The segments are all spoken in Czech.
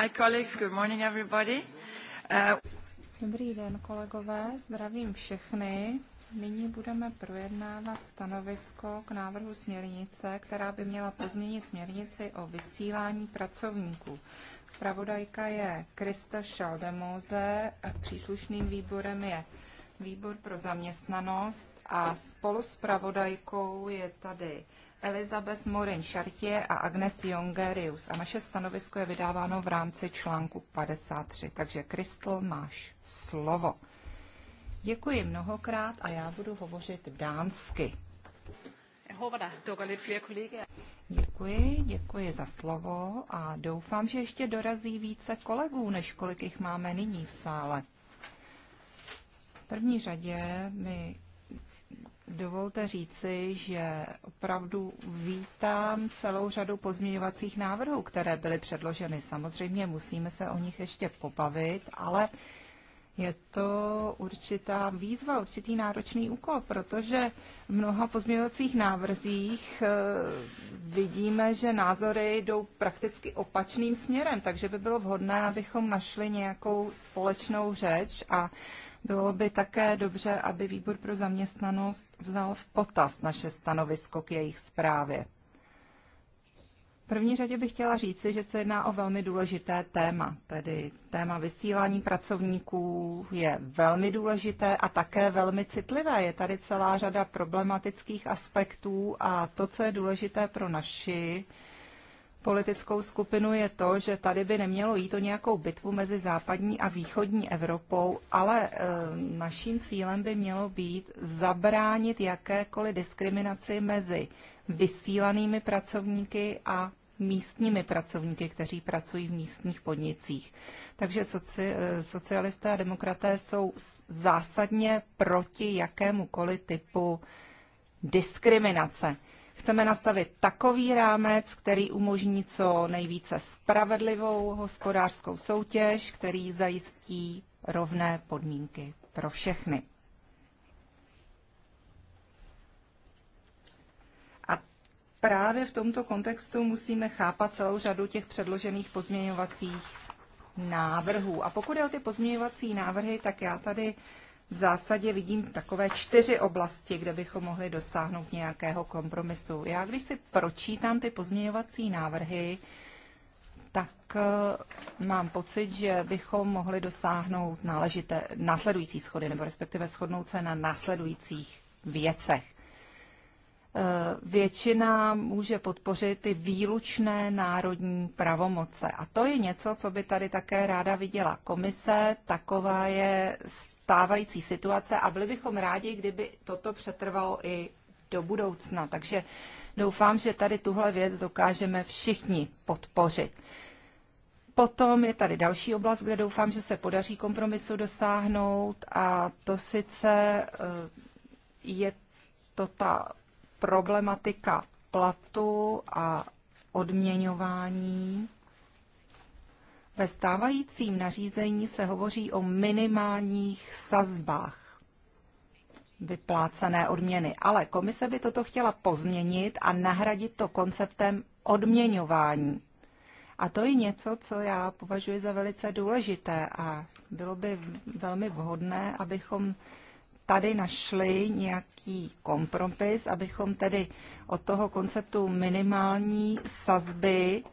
Hi colleagues, good morning everybody. Uh, Dobrý den, kolegové, zdravím všechny. Nyní budeme projednávat stanovisko k návrhu směrnice, která by měla pozměnit směrnici o vysílání pracovníků. Spravodajka je Krista Šaldemose a příslušným výborem je výbor pro zaměstnanost a spolu s pravodajkou je tady Elizabeth Morin Šartě a Agnes Jongerius. A naše stanovisko je vydáváno v rámci článku 53. Takže Kristl, máš slovo. Děkuji mnohokrát a já budu hovořit dánsky. Děkuji, děkuji za slovo a doufám, že ještě dorazí více kolegů, než kolik jich máme nyní v sále první řadě mi dovolte říci, že opravdu vítám celou řadu pozměňovacích návrhů, které byly předloženy. Samozřejmě musíme se o nich ještě pobavit, ale je to určitá výzva, určitý náročný úkol, protože v mnoha pozměňovacích návrzích eh, vidíme, že názory jdou prakticky opačným směrem, takže by bylo vhodné, abychom našli nějakou společnou řeč a bylo by také dobře, aby výbor pro zaměstnanost vzal v potaz naše stanovisko k jejich zprávě. V první řadě bych chtěla říci, že se jedná o velmi důležité téma, tedy téma vysílání pracovníků je velmi důležité a také velmi citlivé. Je tady celá řada problematických aspektů a to, co je důležité pro naši politickou skupinu, je to, že tady by nemělo jít o nějakou bitvu mezi západní a východní Evropou, ale eh, naším cílem by mělo být zabránit jakékoliv diskriminaci mezi vysílanými pracovníky a místními pracovníky, kteří pracují v místních podnicích. Takže soci, eh, socialisté a demokraté jsou zásadně proti jakémukoliv typu diskriminace. Chceme nastavit takový rámec, který umožní co nejvíce spravedlivou hospodářskou soutěž, který zajistí rovné podmínky pro všechny. A právě v tomto kontextu musíme chápat celou řadu těch předložených pozměňovacích návrhů. A pokud je o ty pozměňovací návrhy, tak já tady v zásadě vidím takové čtyři oblasti, kde bychom mohli dosáhnout nějakého kompromisu. Já když si pročítám ty pozměňovací návrhy, tak eh, mám pocit, že bychom mohli dosáhnout náležité, následující schody, nebo respektive shodnout se na následujících věcech. Eh, většina může podpořit ty výlučné národní pravomoce. A to je něco, co by tady také ráda viděla komise. Taková je stávající situace a byli bychom rádi, kdyby toto přetrvalo i do budoucna. Takže doufám, že tady tuhle věc dokážeme všichni podpořit. Potom je tady další oblast, kde doufám, že se podaří kompromisu dosáhnout a to sice eh, je to ta problematika platu a odměňování. Ve stávajícím nařízení se hovoří o minimálních sazbách vyplácené odměny, ale komise by toto chtěla pozměnit a nahradit to konceptem odměňování. A to je něco, co já považuji za velice důležité a bylo by velmi vhodné, abychom tady našli nějaký kompromis, abychom tedy od toho konceptu minimální sazby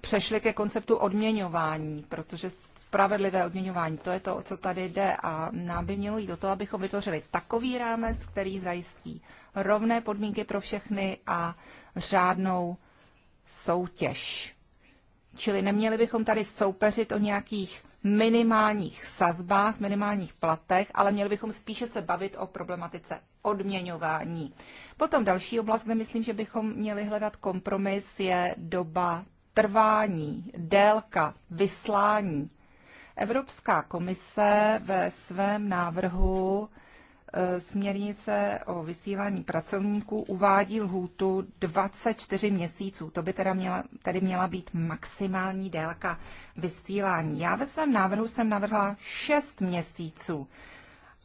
přešli ke konceptu odměňování, protože spravedlivé odměňování, to je to, o co tady jde a nám by mělo jít o to, abychom vytvořili takový rámec, který zajistí rovné podmínky pro všechny a řádnou soutěž. Čili neměli bychom tady soupeřit o nějakých minimálních sazbách, minimálních platech, ale měli bychom spíše se bavit o problematice odměňování. Potom další oblast, kde myslím, že bychom měli hledat kompromis, je doba trvání, délka, vyslání. Evropská komise ve svém návrhu e, směrnice o vysílání pracovníků uvádí lhůtu 24 měsíců. To by teda měla, tady měla být maximální délka vysílání. Já ve svém návrhu jsem navrhla 6 měsíců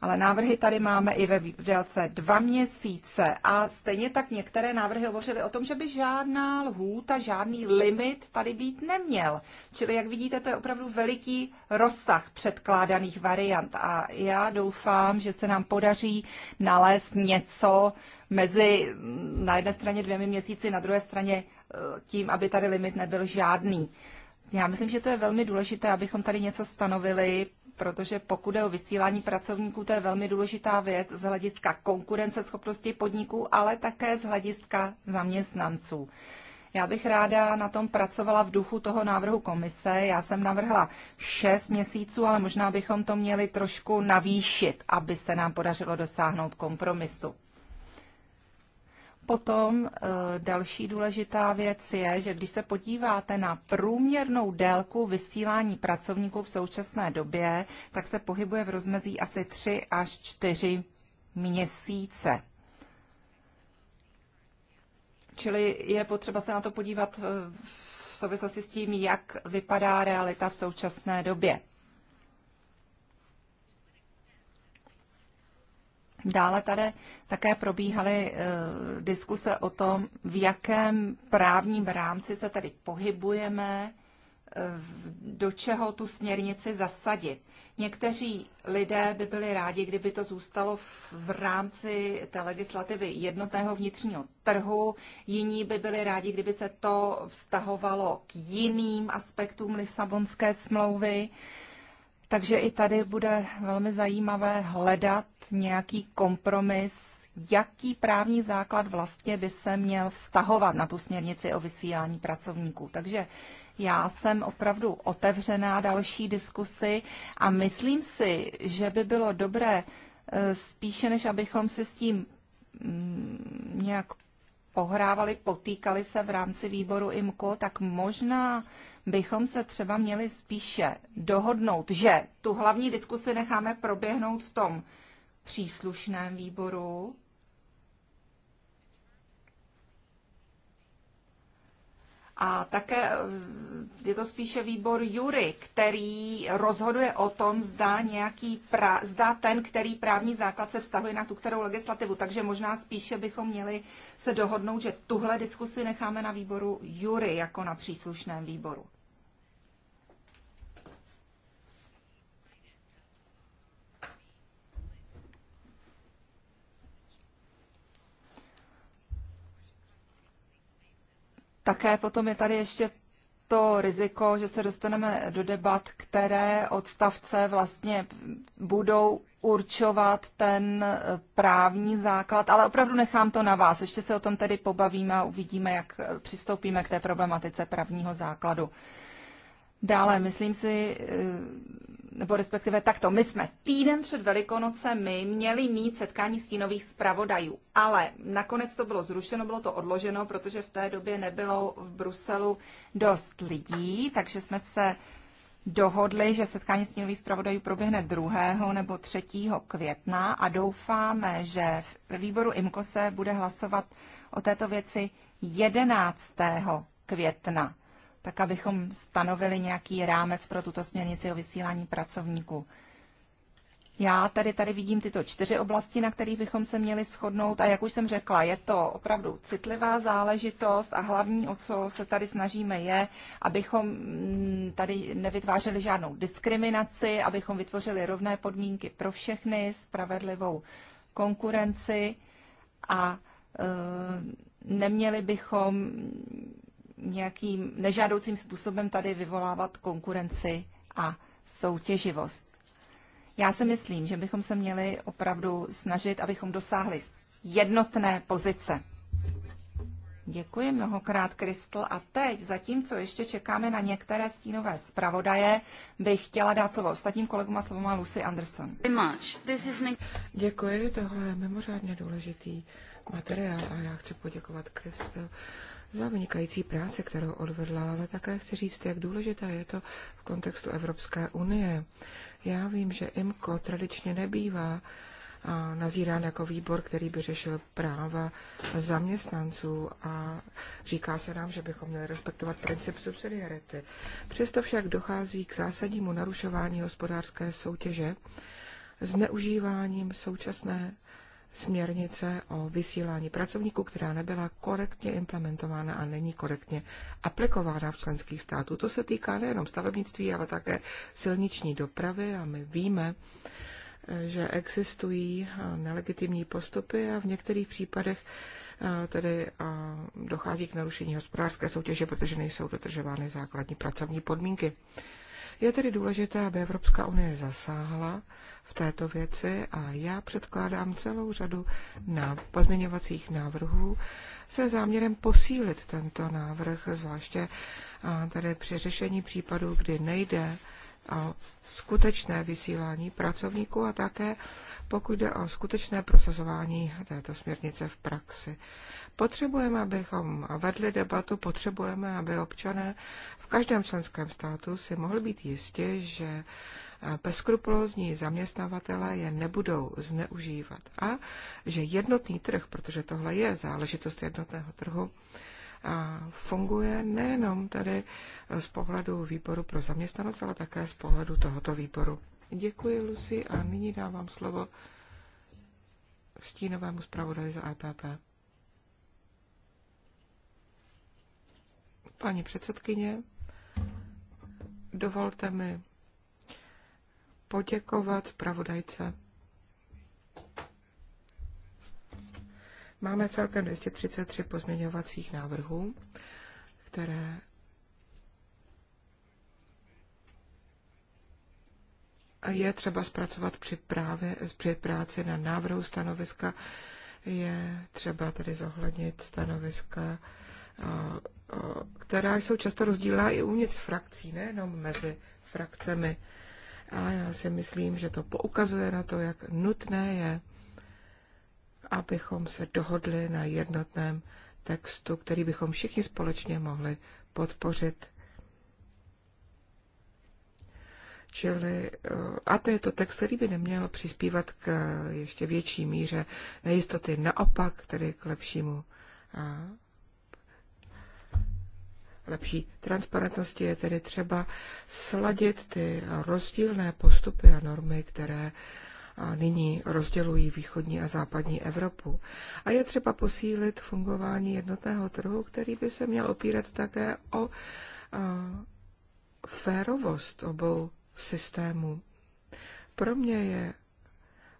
ale návrhy tady máme i ve délce dva měsíce a stejně tak některé návrhy hovořily o tom, že by žádná lhůta, žádný limit tady být neměl. Čili jak vidíte, to je opravdu veliký rozsah předkládaných variant a já doufám, že se nám podaří nalézt něco mezi mm, na jedné straně dvěmi měsíci, na druhé straně e, tím, aby tady limit nebyl žádný. Já myslím, že to je velmi důležité, abychom tady něco stanovili, protože pokud je o vysílání pracovníků, to je velmi důležitá věc z hlediska konkurenceschopnosti podniků, ale také z hlediska zaměstnanců. Já bych ráda na tom pracovala v duchu toho návrhu komise. Já jsem navrhla 6 měsíců, ale možná bychom to měli trošku navýšit, aby se nám podařilo dosáhnout kompromisu. Potom eh, další důležitá věc je, že když se podíváte na průměrnou délku vysílání pracovníků v současné době, tak se pohybuje v rozmezí asi 3 až 4 měsíce. Čili je potřeba se na to podívat eh, v souvislosti s tím, jak vypadá realita v současné době. Dále tady také probíhaly eh, diskuse o tom, v jakém právním rámci se tady pohybujeme, eh, do čeho tu směrnici zasadit. Někteří lidé by byli rádi, kdyby to zůstalo v, v rámci té legislativy jednotného vnitřního trhu, jiní by byli rádi, kdyby se to vztahovalo k jiným aspektům Lisabonské smlouvy. Takže i tady bude velmi zajímavé hledat nějaký kompromis, jaký právní základ vlastně by se měl vztahovat na tu směrnici o vysílání pracovníků. Takže já jsem opravdu otevřená další diskusi a myslím si, že by bylo dobré e, spíše, než abychom se s tím mm, nějak pohrávali, potýkali se v rámci výboru IMKO, tak možná bychom se třeba měli spíše dohodnout, že tu hlavní diskusi necháme proběhnout v tom příslušném výboru, A také eh, je to spíše výbor Jury, který rozhoduje o tom, zda, nějaký pra, zda ten, který právní základ se vztahuje na tu kterou legislativu. Takže možná spíše bychom měli se dohodnout, že tuhle diskusi necháme na výboru Jury jako na příslušném výboru. Také potom je tady ještě to riziko, že se dostaneme do debat, které odstavce vlastně budou určovat ten právní základ, ale opravdu nechám to na vás. Ještě se o tom tedy pobavíme a uvidíme, jak přistoupíme k té problematice právního základu. Dále, myslím si, nebo respektive takto, my jsme týden před Velikonocemi měli mít setkání stínových zpravodajů, ale nakonec to bylo zrušeno, bylo to odloženo, protože v té době nebylo v Bruselu dost lidí, takže jsme se dohodli, že setkání stínových zpravodajů proběhne 2. nebo 3. května a doufáme, že ve výboru IMKO se bude hlasovat o této věci 11. května tak abychom stanovili nějaký rámec pro tuto směrnici o vysílání pracovníků. Já tady, tady vidím tyto čtyři oblasti, na kterých bychom se měli shodnout a jak už jsem řekla, je to opravdu citlivá záležitost a hlavní, o co se tady snažíme, je, abychom mm, tady nevytvářeli žádnou diskriminaci, abychom vytvořili rovné podmínky pro všechny, spravedlivou konkurenci a e, neměli bychom nějakým nežádoucím způsobem tady vyvolávat konkurenci a soutěživost. Já si myslím, že bychom se měli opravdu snažit, abychom dosáhli jednotné pozice. Děkuji mnohokrát, Kristl. A teď, zatímco ještě čekáme na některé stínové zpravodaje, bych chtěla dát slovo ostatním kolegům a slovo má Lucy Anderson. Děkuji, tohle je mimořádně důležitý materiál a já chci poděkovat Kristu za vynikající práci, kterou odvedla, ale také chci říct, jak důležité je to v kontextu Evropské unie. Já vím, že IMCO tradičně nebývá nazírán jako výbor, který by řešil práva zaměstnanců a říká se nám, že bychom měli respektovat princip subsidiarity. Přesto však dochází k zásadnímu narušování hospodářské soutěže zneužíváním současné směrnice o vysílání pracovníků, která nebyla korektně implementována a není korektně aplikována v členských států. To se týká nejenom stavebnictví, ale také silniční dopravy a my víme, že existují eh, nelegitimní postupy a v některých případech eh, tedy eh, dochází k narušení hospodářské soutěže, protože nejsou dodržovány základní pracovní podmínky. Je tedy důležité, aby Evropská unie zasáhla v této věci a já předkládám celou řadu na pozměňovacích návrhů se záměrem posílit tento návrh, zvláště tady při řešení případů, kdy nejde o skutečné vysílání pracovníků a také pokud jde o skutečné prosazování této směrnice v praxi. Potřebujeme, abychom vedli debatu, potřebujeme, aby občané v každém členském státu si mohli být jistí, že bezkrupulózní zaměstnavatele je nebudou zneužívat a že jednotný trh, protože tohle je záležitost jednotného trhu, a funguje nejenom tady z pohledu výboru pro zaměstnanost, ale také z pohledu tohoto výboru. Děkuji, Lucy, a nyní dávám slovo stínovému zpravodaji za APP. E Paní předsedkyně, dovolte mi poděkovat zpravodajce. Máme celkem 233 pozměňovacích návrhů, které je třeba zpracovat při, právě, při práci na návrhu stanoviska. Je třeba tedy zohlednit stanoviska, která jsou často rozdílná i uvnitř frakcí, nejenom mezi frakcemi. A já si myslím, že to poukazuje na to, jak nutné je, abychom se dohodli na jednotném textu, který bychom všichni společně mohli podpořit. Čili, eh, a to je to text, který by neměl přispívat k eh, ještě větší míře nejistoty, naopak tedy k lepšímu eh, lepší transparentnosti je tedy třeba sladit ty rozdílné postupy a normy, které nyní rozdělují východní a západní Evropu. A je třeba posílit fungování jednotného trhu, který by se měl opírat také o férovost obou systémů. Pro mě je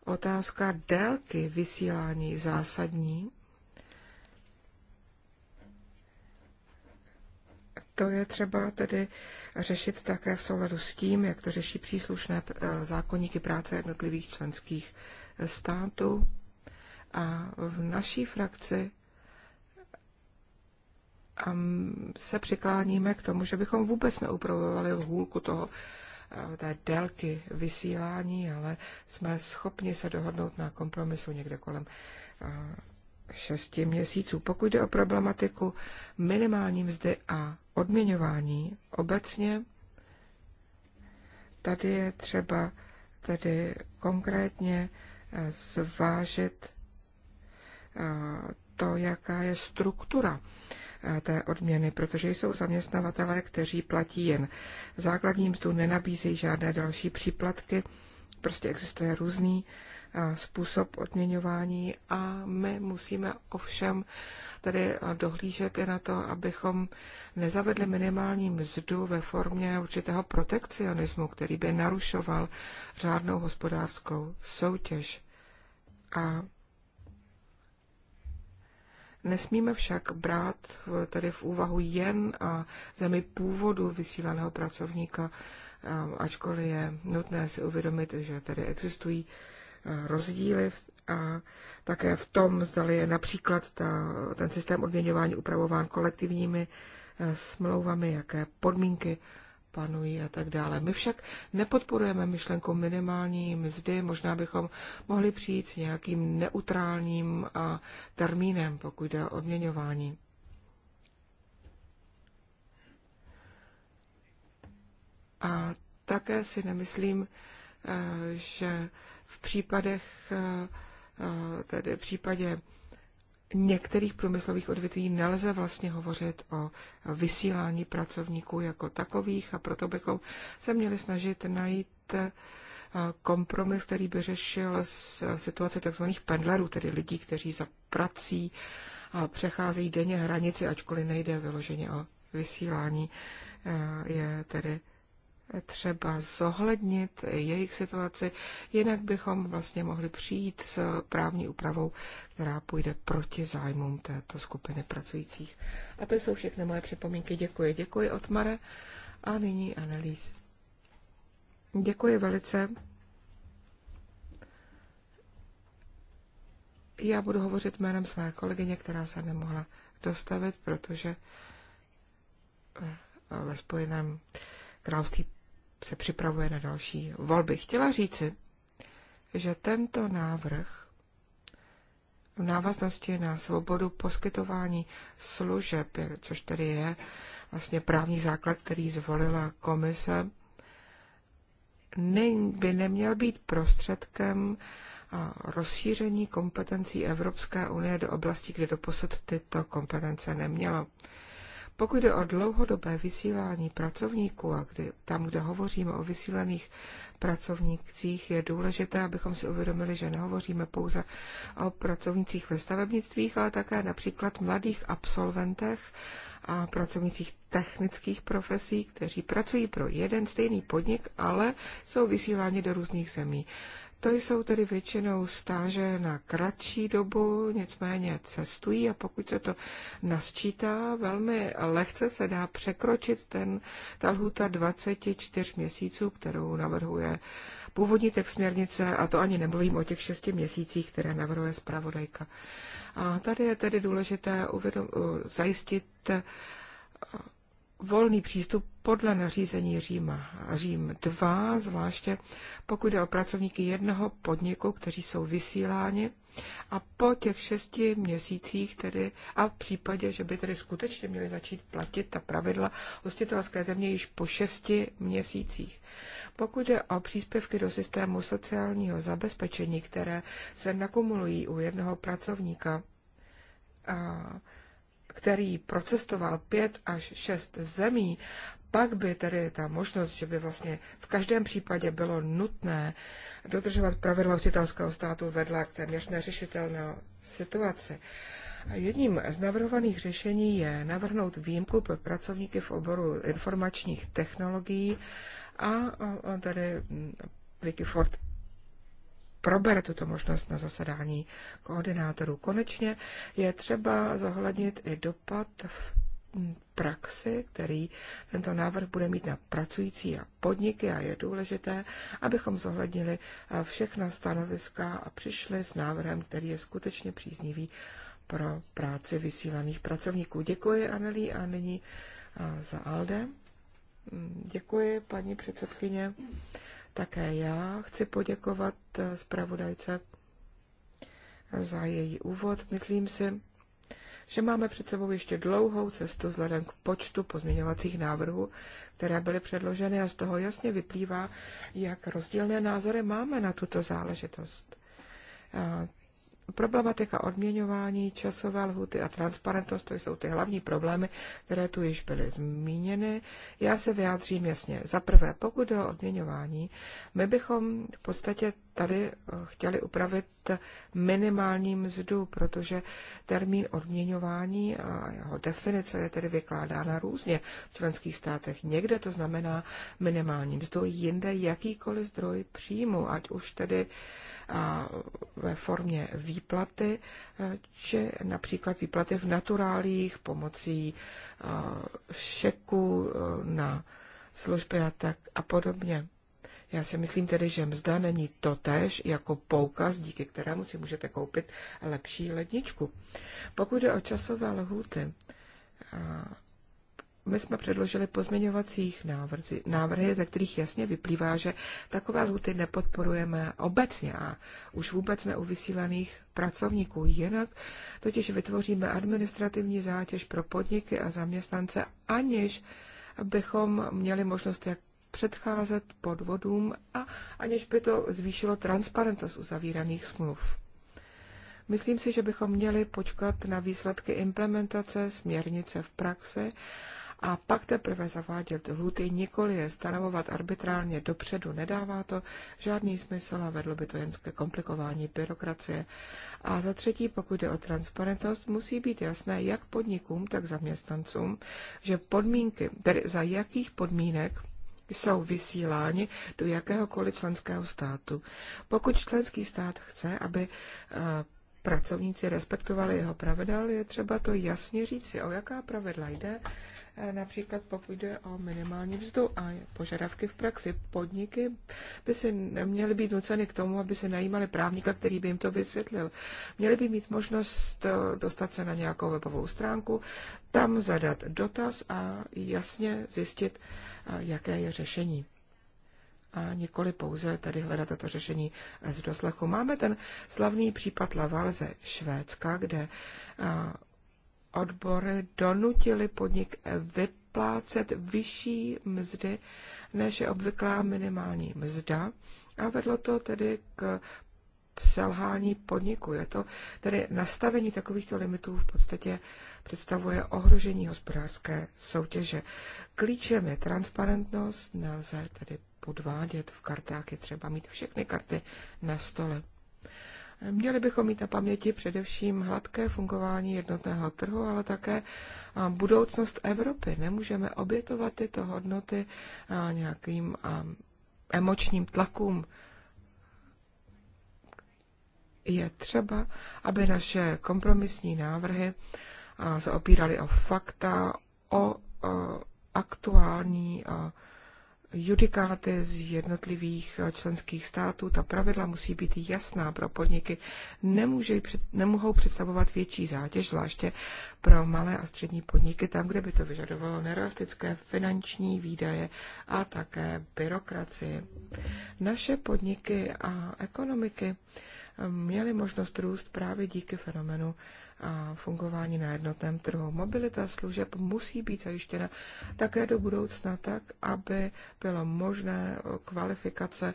otázka délky vysílání zásadní. to je třeba tedy řešit také v souladu s tím, jak to řeší příslušné eh, zákonníky práce jednotlivých členských eh, států. A v naší frakci se přikláníme k tomu, že bychom vůbec neupravovali lhůlku toho, eh, té délky vysílání, ale jsme schopni se dohodnout na kompromisu někde kolem šesti měsíců. Pokud jde o problematiku minimální mzdy a odměňování obecně, tady je třeba tedy konkrétně eh, zvážit eh, to, jaká je struktura eh, té odměny, protože jsou zaměstnavatelé, kteří platí jen základní mzdu, nenabízejí žádné další příplatky, prostě existuje různý způsob odměňování a my musíme ovšem tady dohlížet i na to, abychom nezavedli minimální mzdu ve formě určitého protekcionismu, který by narušoval řádnou hospodářskou soutěž. A Nesmíme však brát tedy v úvahu jen a zemi původu vysílaného pracovníka, ačkoliv je nutné si uvědomit, že tady existují rozdíly a také v tom, zda je například ta, ten systém odměňování upravován kolektivními eh, smlouvami, jaké podmínky panují a tak dále. My však nepodporujeme myšlenku minimální mzdy, možná bychom mohli přijít s nějakým neutrálním eh, termínem, pokud jde o odměňování. A také si nemyslím, eh, že případech, eh, eh, tedy v případě některých průmyslových odvětví nelze vlastně hovořit o vysílání pracovníků jako takových a proto bychom se měli snažit najít eh, kompromis, který by řešil situaci tzv. pendlerů, tedy lidí, kteří za prací přecházejí denně hranici, ačkoliv nejde vyloženě o vysílání, je tedy třeba zohlednit jejich situaci, jinak bychom vlastně mohli přijít s právní úpravou, která půjde proti zájmům této skupiny pracujících. A to jsou všechny moje připomínky. Děkuji. Děkuji, Otmare. A nyní Annelies. Děkuji velice. Já budu hovořit jménem své kolegyně, která se nemohla dostavit, protože eh, ve Spojeném království se připravuje na další volby. Chtěla říci, že tento návrh v návaznosti na svobodu poskytování služeb, což tedy je vlastně právní základ, který zvolila komise, by neměl být prostředkem rozšíření kompetencí Evropské unie do oblasti, kde doposud tyto kompetence nemělo. Pokud jde o dlouhodobé vysílání pracovníků a kdy, tam, kde hovoříme o vysílených pracovnících, je důležité, abychom si uvědomili, že nehovoříme pouze o pracovnících ve stavebnictvích, ale také například mladých absolventech a pracovnicích technických profesí, kteří pracují pro jeden stejný podnik, ale jsou vysíláni do různých zemí. To jsou tedy většinou stáže na kratší dobu, nicméně cestují a pokud se to nasčítá, velmi lehce se dá překročit ten, ta lhuta 24 měsíců, kterou navrhuje původní text směrnice, a to ani nemluvím o těch 6 měsících, které navrhuje zpravodajka. A tady je tedy důležité uvědom, zajistit eh, volný přístup podle nařízení Říma, Řím 2, zvláště pokud jde o pracovníky jednoho podniku, kteří jsou vysíláni a po těch šesti měsících tedy a v případě, že by tedy skutečně měli začít platit ta pravidla hostitelské země již po šesti měsících. Pokud jde o příspěvky do systému sociálního zabezpečení, které se nakumulují u jednoho pracovníka, a který procestoval pět až šest zemí pak by tedy ta možnost, že by vlastně v každém případě bylo nutné dodržovat pravidla učitelského státu vedla k téměř neřešitelné situaci. jedním z navrhovaných řešení je navrhnout výjimku pro pracovníky v oboru informačních technologií a tady hm, Vicky Ford probere tuto možnost na zasedání koordinátorů. Konečně je třeba zohlednit i dopad v praxi, který tento návrh bude mít na pracující a podniky a je důležité, abychom zohlednili eh, všechna stanoviska a přišli s návrhem, který je skutečně příznivý pro práci vysílaných pracovníků. Děkuji, Anelí, a nyní eh, za Alde. Mm, děkuji, paní předsedkyně. Také já chci poděkovat eh, zpravodajce za její úvod. Myslím si, že máme před sebou ještě dlouhou cestu vzhledem k počtu pozměňovacích návrhů, které byly předloženy a z toho jasně vyplývá, jak rozdílné názory máme na tuto záležitost. Problematika odměňování, časové lhuty a transparentnost, to jsou ty hlavní problémy, které tu již byly zmíněny. Já se vyjádřím jasně. Za prvé, pokud o odměňování, my bychom v podstatě tady eh, chtěli upravit minimální mzdu, protože termín odměňování a jeho definice je tedy vykládána různě v členských státech. Někde to znamená minimální mzdu, jinde jakýkoliv zdroj příjmu, ať už tedy ve formě výplaty, eh, či například výplaty v naturálích pomocí eh, šeku na služby a tak a podobně. Já si myslím tedy, že mzda není totéž jako poukaz, díky kterému si můžete koupit lepší ledničku. Pokud jde o časové lhůty, my jsme předložili pozměňovacích návrzy, návrhy, ze kterých jasně vyplývá, že takové lhuty nepodporujeme obecně a už vůbec ne u vysílaných pracovníků. Jinak totiž vytvoříme administrativní zátěž pro podniky a zaměstnance, aniž bychom měli možnost, jak předcházet podvodům a aniž by to zvýšilo transparentnost uzavíraných smluv. Myslím si, že bychom měli počkat na výsledky implementace směrnice v praxi a pak teprve zavádět lhuty, nikoli je stanovovat arbitrálně dopředu. Nedává to žádný smysl a vedlo by to jen ke komplikování byrokracie. A za třetí, pokud jde o transparentnost, musí být jasné jak podnikům, tak zaměstnancům, že podmínky, tedy za jakých podmínek jsou vysíláni do jakéhokoliv členského státu. Pokud členský stát chce, aby eh, pracovníci respektovali jeho pravidel, je třeba to jasně říci, o jaká pravidla jde, eh, například pokud jde o minimální mzdu a požadavky v praxi. Podniky by si měly být nuceny k tomu, aby se najímali právníka, který by jim to vysvětlil. Měly by mít možnost eh, dostat se na nějakou webovou stránku, tam zadat dotaz a jasně zjistit, jaké je řešení. A nikoli pouze tady hledat toto řešení z doslechu. Máme ten slavný případ Laval ze Švédska, kde odbory donutili podnik vyplácet vyšší mzdy, než je obvyklá minimální mzda. A vedlo to tedy k selhání podniku. Je to tedy nastavení takovýchto limitů v podstatě představuje ohrožení hospodářské soutěže. Klíčem je transparentnost, nelze tedy podvádět v kartách, je třeba mít všechny karty na stole. Měli bychom mít na paměti především hladké fungování jednotného trhu, ale také budoucnost Evropy. Nemůžeme obětovat tyto hodnoty nějakým emočním tlakům je třeba, aby naše kompromisní návrhy se opíraly o fakta, o aktuální judikáty z jednotlivých členských států. Ta pravidla musí být jasná pro podniky. Nemůže, nemohou představovat větší zátěž, zvláště pro malé a střední podniky, tam, kde by to vyžadovalo nerealistické finanční výdaje a také byrokracii. Naše podniky a ekonomiky měly možnost růst právě díky fenomenu a fungování na jednotném trhu. Mobilita služeb musí být zajištěna také do budoucna tak, aby bylo možné kvalifikace,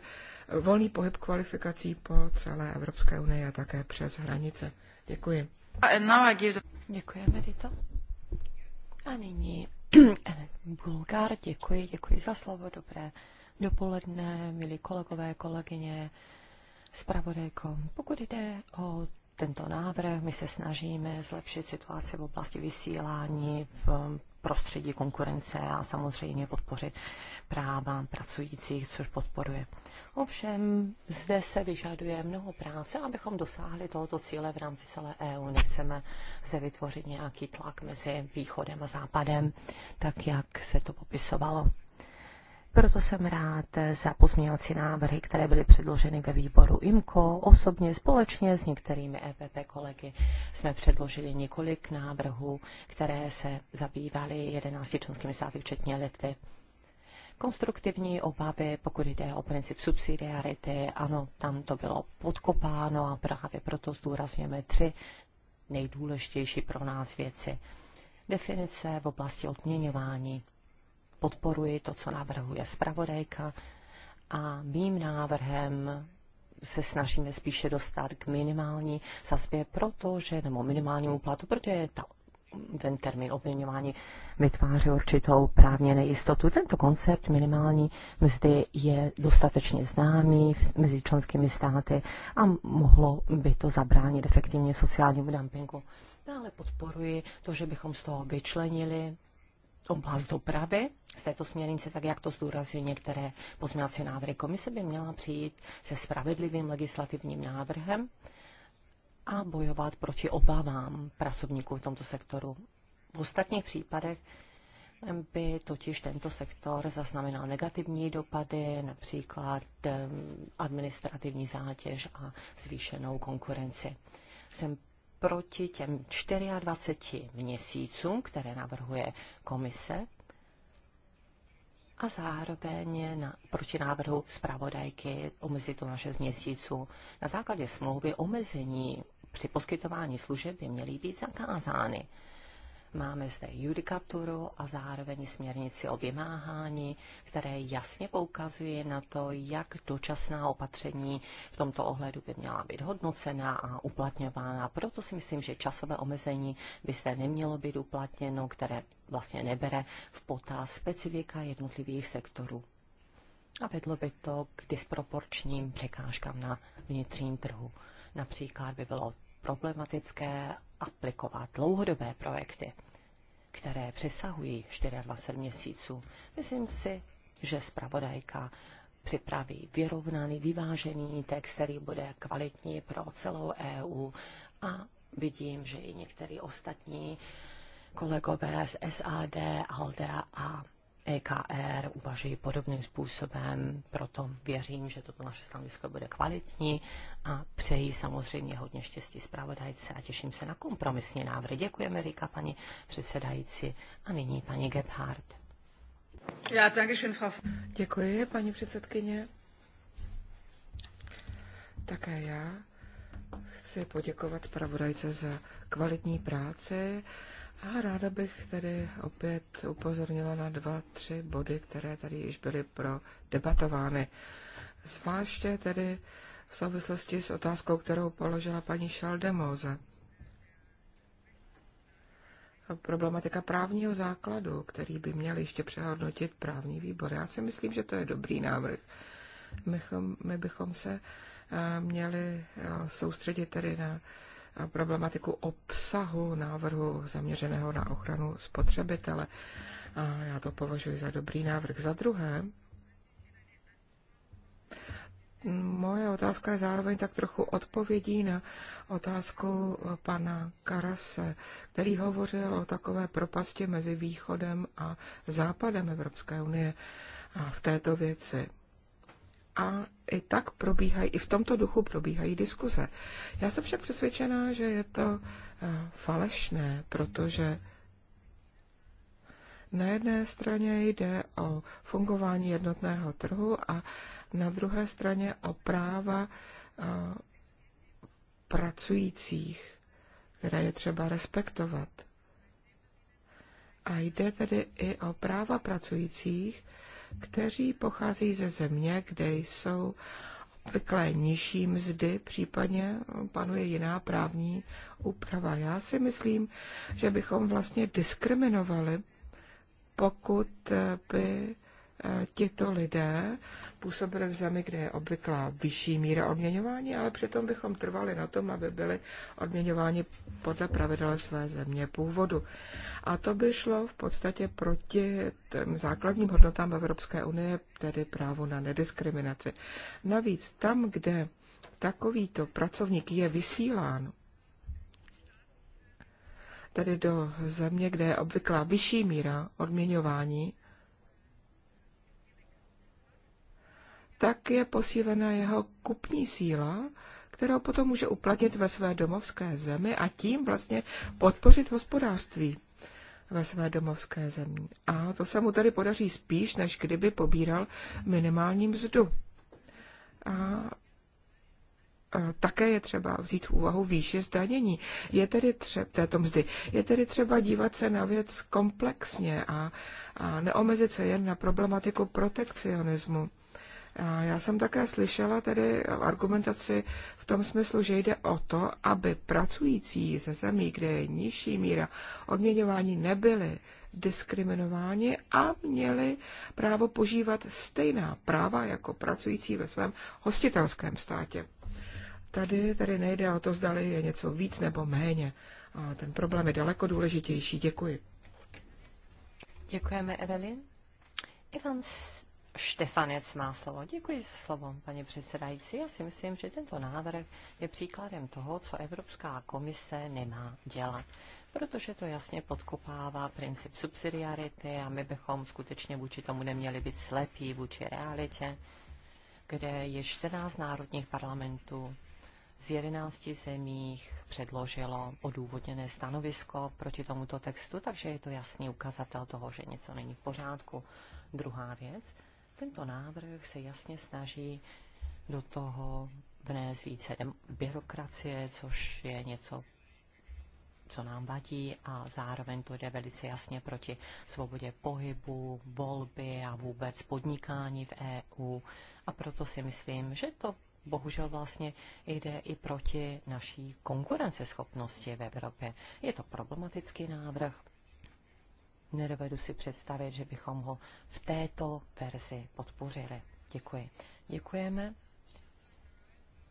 volný pohyb kvalifikací po celé Evropské unii a také přes hranice. Děkuji. Děkuji, Dito. A nyní Bulgár, děkuji, děkuji za slovo, dobré dopoledne, milí kolegové, kolegyně zpravodajkou. Pokud jde o tento návrh, my se snažíme zlepšit situaci v oblasti vysílání v prostředí konkurence a samozřejmě podpořit práva pracujících, což podporuje. Ovšem, zde se vyžaduje mnoho práce, abychom dosáhli tohoto cíle v rámci celé EU. Nechceme zde vytvořit nějaký tlak mezi východem a západem, tak jak se to popisovalo. Proto jsem rád za pozměňovací návrhy, které byly předloženy ve výboru IMCO. Osobně společně s některými EPP kolegy jsme předložili několik návrhů, které se zabývaly 11 členskými státy, včetně Litvy. Konstruktivní obavy, pokud jde o princip subsidiarity, ano, tam to bylo podkopáno a právě proto zdůrazňujeme tři nejdůležitější pro nás věci. Definice v oblasti odměňování podporuji to, co navrhuje zpravodajka a mým návrhem se snažíme spíše dostat k minimální sazbě, protože, nebo minimálnímu platu, protože ta, ten termín obměňování vytváří určitou právně nejistotu. Tento koncept minimální mzdy je dostatečně známý mezi členskými státy a mohlo by to zabránit efektivně sociálnímu dumpingu. Dále podporuji to, že bychom z toho vyčlenili oblast dopravy z této směrnice, tak jak to zdůrazňují některé pozměňovací návrhy. Komise by měla přijít se spravedlivým legislativním návrhem a bojovat proti obavám pracovníků v tomto sektoru. V ostatních případech by totiž tento sektor zaznamenal negativní dopady, například administrativní zátěž a zvýšenou konkurenci. Jsem proti těm 24 měsícům, které navrhuje komise, a zároveň na, proti návrhu zpravodajky omezit to na 6 měsíců. Na základě smlouvy omezení při poskytování služeb by měly být zakázány. Máme zde judikaturu a zároveň směrnici o vymáhání, které jasně poukazuje na to, jak dočasná opatření v tomto ohledu by měla být hodnocena a uplatňována. Proto si myslím, že časové omezení by se nemělo být uplatněno, které vlastně nebere v potaz specifika jednotlivých sektorů. A vedlo by to k disproporčním překážkám na vnitřním trhu. Například by bylo problematické aplikovat dlouhodobé projekty, které přesahují 24 měsíců. Myslím si, že zpravodajka připraví vyrovnaný, vyvážený text, který bude kvalitní pro celou EU a vidím, že i některý ostatní kolegové z SAD, ALDE a EKR uvažují podobným způsobem, proto věřím, že toto naše stanovisko bude kvalitní a přeji samozřejmě hodně štěstí zpravodajce a těším se na kompromisní návrhy. Děkujeme, říká paní předsedající a nyní paní Gebhardt. Já taky Děkuji, paní předsedkyně. Také já chci poděkovat zpravodajce za kvalitní práci. A ráda bych tedy opět upozornila na dva, tři body, které tady již byly pro debatovány. Zvláště tedy v souvislosti s otázkou, kterou položila paní Šaldemoze. Problematika právního základu, který by měl ještě přehodnotit právní výbor. Já si myslím, že to je dobrý návrh. My, my bychom se eh, měli eh, soustředit tedy na problematiku obsahu návrhu zaměřeného na ochranu spotřebitele. A já to považuji za dobrý návrh. Za druhé, moje otázka je zároveň tak trochu odpovědí na otázku pana Karase, který hovořil o takové propasti mezi východem a západem Evropské unie a v této věci a i tak probíhají, i v tomto duchu probíhají diskuze. Já jsem však přesvědčená, že je to eh, falešné, protože na jedné straně jde o fungování jednotného trhu a na druhé straně o práva eh, pracujících, které je třeba respektovat. A jde tedy i o práva pracujících, kteří pocházejí ze země, kde jsou obvykle nižší mzdy, případně panuje jiná právní úprava. Já si myslím, že bychom vlastně diskriminovali, pokud by tito lidé působili v zemi, kde je obvyklá vyšší míra odměňování, ale přitom bychom trvali na tom, aby byli odměňováni podle pravidel své země původu. A to by šlo v podstatě proti těm základním hodnotám Evropské unie, tedy právo na nediskriminaci. Navíc tam, kde takovýto pracovník je vysílán, tedy do země, kde je obvyklá vyšší míra odměňování, tak je posílena jeho kupní síla, kterou potom může uplatnit ve své domovské zemi a tím vlastně podpořit hospodářství ve své domovské zemi. A to se mu tady podaří spíš, než kdyby pobíral minimální mzdu. A také je třeba vzít v úvahu výši zdanění. Je tedy třeba, této mzdy, je tedy třeba dívat se na věc komplexně a, a neomezit se jen na problematiku protekcionismu. Já jsem také slyšela tedy argumentaci v tom smyslu, že jde o to, aby pracující ze zemí, kde je nižší míra odměňování, nebyly diskriminováni a měli právo požívat stejná práva jako pracující ve svém hostitelském státě. Tady tady nejde o to, zdali je něco víc nebo méně. A ten problém je daleko důležitější. Děkuji. Děkujeme, Evelyn. Ivan Štefanec má slovo. Děkuji za slovo, paní předsedající. Já si myslím, že tento návrh je příkladem toho, co Evropská komise nemá dělat protože to jasně podkopává princip subsidiarity a my bychom skutečně vůči tomu neměli být slepí, vůči realitě, kde je 14 národních parlamentů z 11 zemích předložilo odůvodněné stanovisko proti tomuto textu, takže je to jasný ukazatel toho, že něco není v pořádku. Druhá věc, tento návrh se jasně snaží do toho vnést více byrokracie, což je něco, co nám vadí a zároveň to jde velice jasně proti svobodě pohybu, volby a vůbec podnikání v EU. A proto si myslím, že to bohužel vlastně jde i proti naší konkurenceschopnosti v Evropě. Je to problematický návrh, nedovedu si představit, že bychom ho v této verzi podpořili. Děkuji. Děkujeme.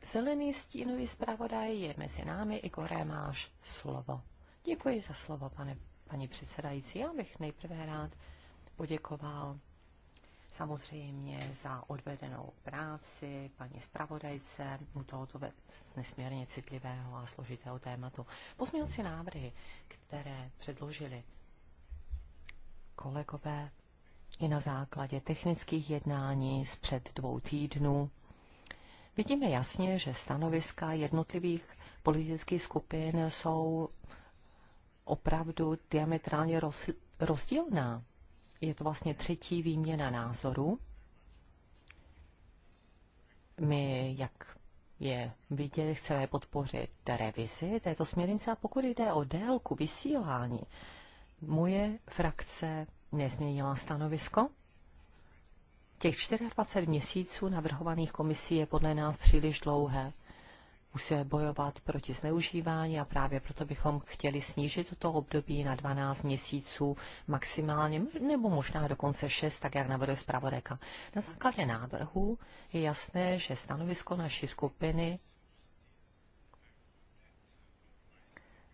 Zelený stínový zpravodaj je mezi námi. Igore, máš slovo. Děkuji za slovo, pane, paní předsedající. Já bych nejprve rád poděkoval samozřejmě za odvedenou práci paní zpravodajce u tohoto nesmírně citlivého a složitého tématu. Pozměňovací návrhy, které předložili kolegové, i na základě technických jednání z před dvou týdnů vidíme jasně, že stanoviska jednotlivých politických skupin jsou opravdu diametrálně roz, rozdílná. Je to vlastně třetí výměna názoru. My, jak je vidět, chceme podpořit revizi této směrnice a pokud jde o délku vysílání, Moje frakce nezměnila stanovisko. Těch 24 měsíců navrhovaných komisí je podle nás příliš dlouhé. Musíme bojovat proti zneužívání a právě proto bychom chtěli snížit toto období na 12 měsíců maximálně, nebo možná dokonce 6, tak jak navrhuje zpravodajka. Na základě návrhu je jasné, že stanovisko naší skupiny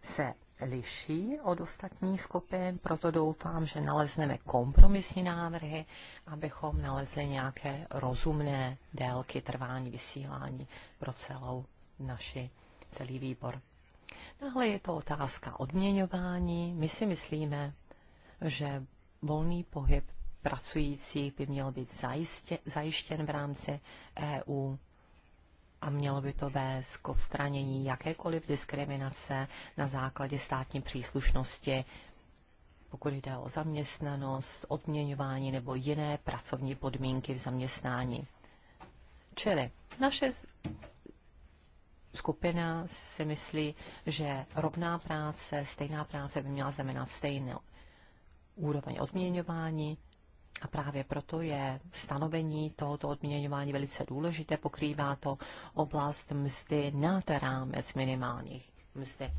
se liší od ostatních skupin, proto doufám, že nalezneme kompromisní návrhy, abychom nalezli nějaké rozumné délky trvání vysílání pro celou naši celý výbor. Nahle je to otázka odměňování. My si myslíme, že volný pohyb pracujících by měl být zajistě, zajištěn v rámci EU a mělo by to vést k odstranění jakékoliv diskriminace na základě státní příslušnosti, pokud jde o zaměstnanost, odměňování nebo jiné pracovní podmínky v zaměstnání. Čili naše skupina si myslí, že rovná práce, stejná práce by měla znamenat stejnou úroveň odměňování, a právě proto je stanovení tohoto odměňování velice důležité. Pokrývá to oblast mzdy nad rámec minimálních mzdy.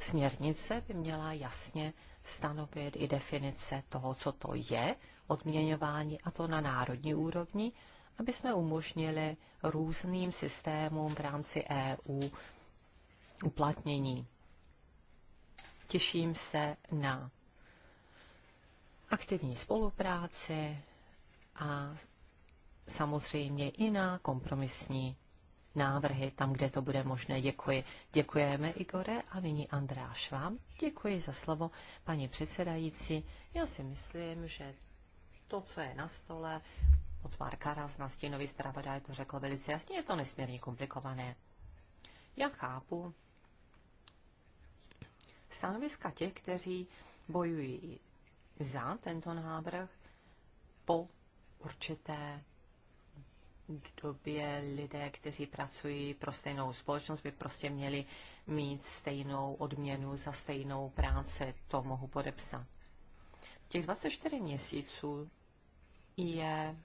Směrnice by měla jasně stanovit i definice toho, co to je odměňování, a to na národní úrovni, aby jsme umožnili různým systémům v rámci EU uplatnění. Těším se na aktivní spolupráci a samozřejmě i na kompromisní návrhy tam, kde to bude možné. Děkuji. Děkujeme, Igore. A nyní Andráš vám. Děkuji za slovo, paní předsedající. Já si myslím, že to, co je na stole, od Marka Raz na stínový zpravodaj to řekl velice jasně, je to nesmírně komplikované. Já chápu stanoviska těch, kteří bojují za tento návrh po určité době lidé, kteří pracují pro stejnou společnost, by prostě měli mít stejnou odměnu za stejnou práci. To mohu podepsat. Těch 24 měsíců je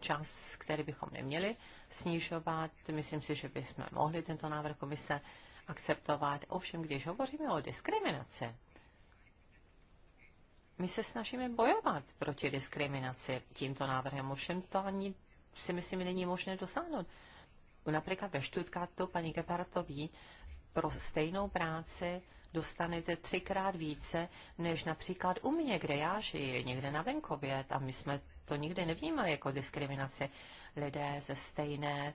čas, který bychom neměli snižovat. Myslím si, že bychom mohli tento návrh komise akceptovat. Ovšem, když hovoříme o diskriminaci, my se snažíme bojovat proti diskriminaci tímto návrhem, ovšem to ani si myslím, není možné dosáhnout. Například ve Stuttgartu, paní Gebhardt ví, pro stejnou práci dostanete třikrát více, než například u mě, kde já žiji, někde na venkově. A my jsme to nikdy nevnímali jako diskriminaci. Lidé ze stejné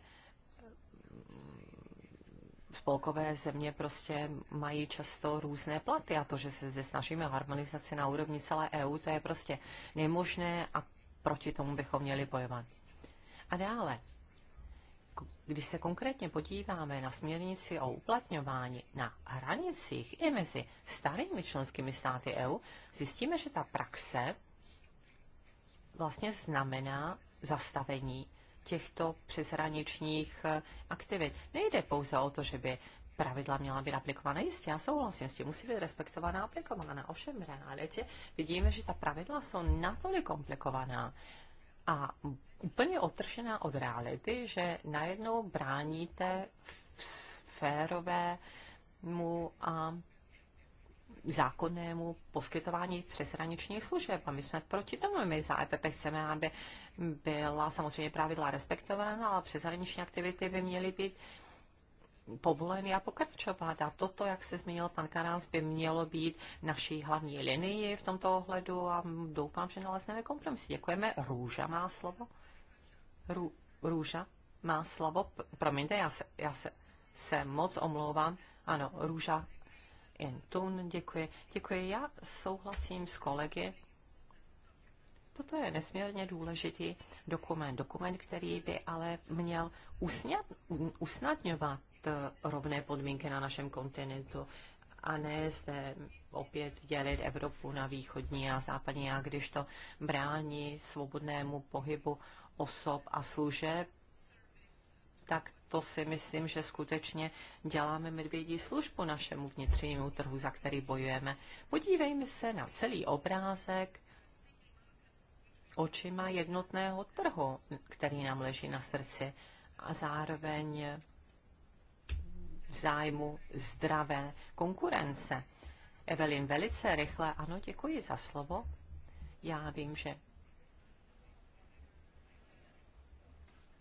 spolkové země prostě mají často různé platy a to, že se zde snažíme harmonizaci na úrovni celé EU, to je prostě nemožné a proti tomu bychom měli bojovat. A dále, když se konkrétně podíváme na směrnici o uplatňování na hranicích i mezi starými členskými státy EU, zjistíme, že ta praxe vlastně znamená zastavení těchto přeshraničních eh, aktivit. Nejde pouze o to, že by pravidla měla být aplikována. Jistě, já souhlasím s tím, musí být respektovaná a aplikovaná. Ovšem v realitě vidíme, že ta pravidla jsou natolik komplikovaná a úplně otržená od reality, že najednou bráníte sférovému a zákonnému poskytování přeshraničních služeb. A my jsme proti tomu. My za EPP chceme, aby byla samozřejmě pravidla respektována, ale přeshraniční aktivity by měly být povoleny a pokračovat. A toto, jak se zmínil pan Karáns, by mělo být naší hlavní linii v tomto ohledu a doufám, že nalezneme kompromis. Děkujeme. Růža má slovo. Rů, růža má slovo. Promiňte, já se, já se, se moc omlouvám. Ano, Růža tun, děkuji. Děkuji, já souhlasím s kolegy Toto je nesmírně důležitý dokument. Dokument, který by ale měl usnad, usnadňovat rovné podmínky na našem kontinentu a ne zde opět dělit Evropu na východní a západní, a když to brání svobodnému pohybu osob a služeb, tak to si myslím, že skutečně děláme medvědí službu našemu vnitřnímu trhu, za který bojujeme. Podívejme se na celý obrázek očima jednotného trhu, který nám leží na srdci a zároveň v zájmu zdravé konkurence. Evelyn, velice rychle, ano, děkuji za slovo. Já vím, že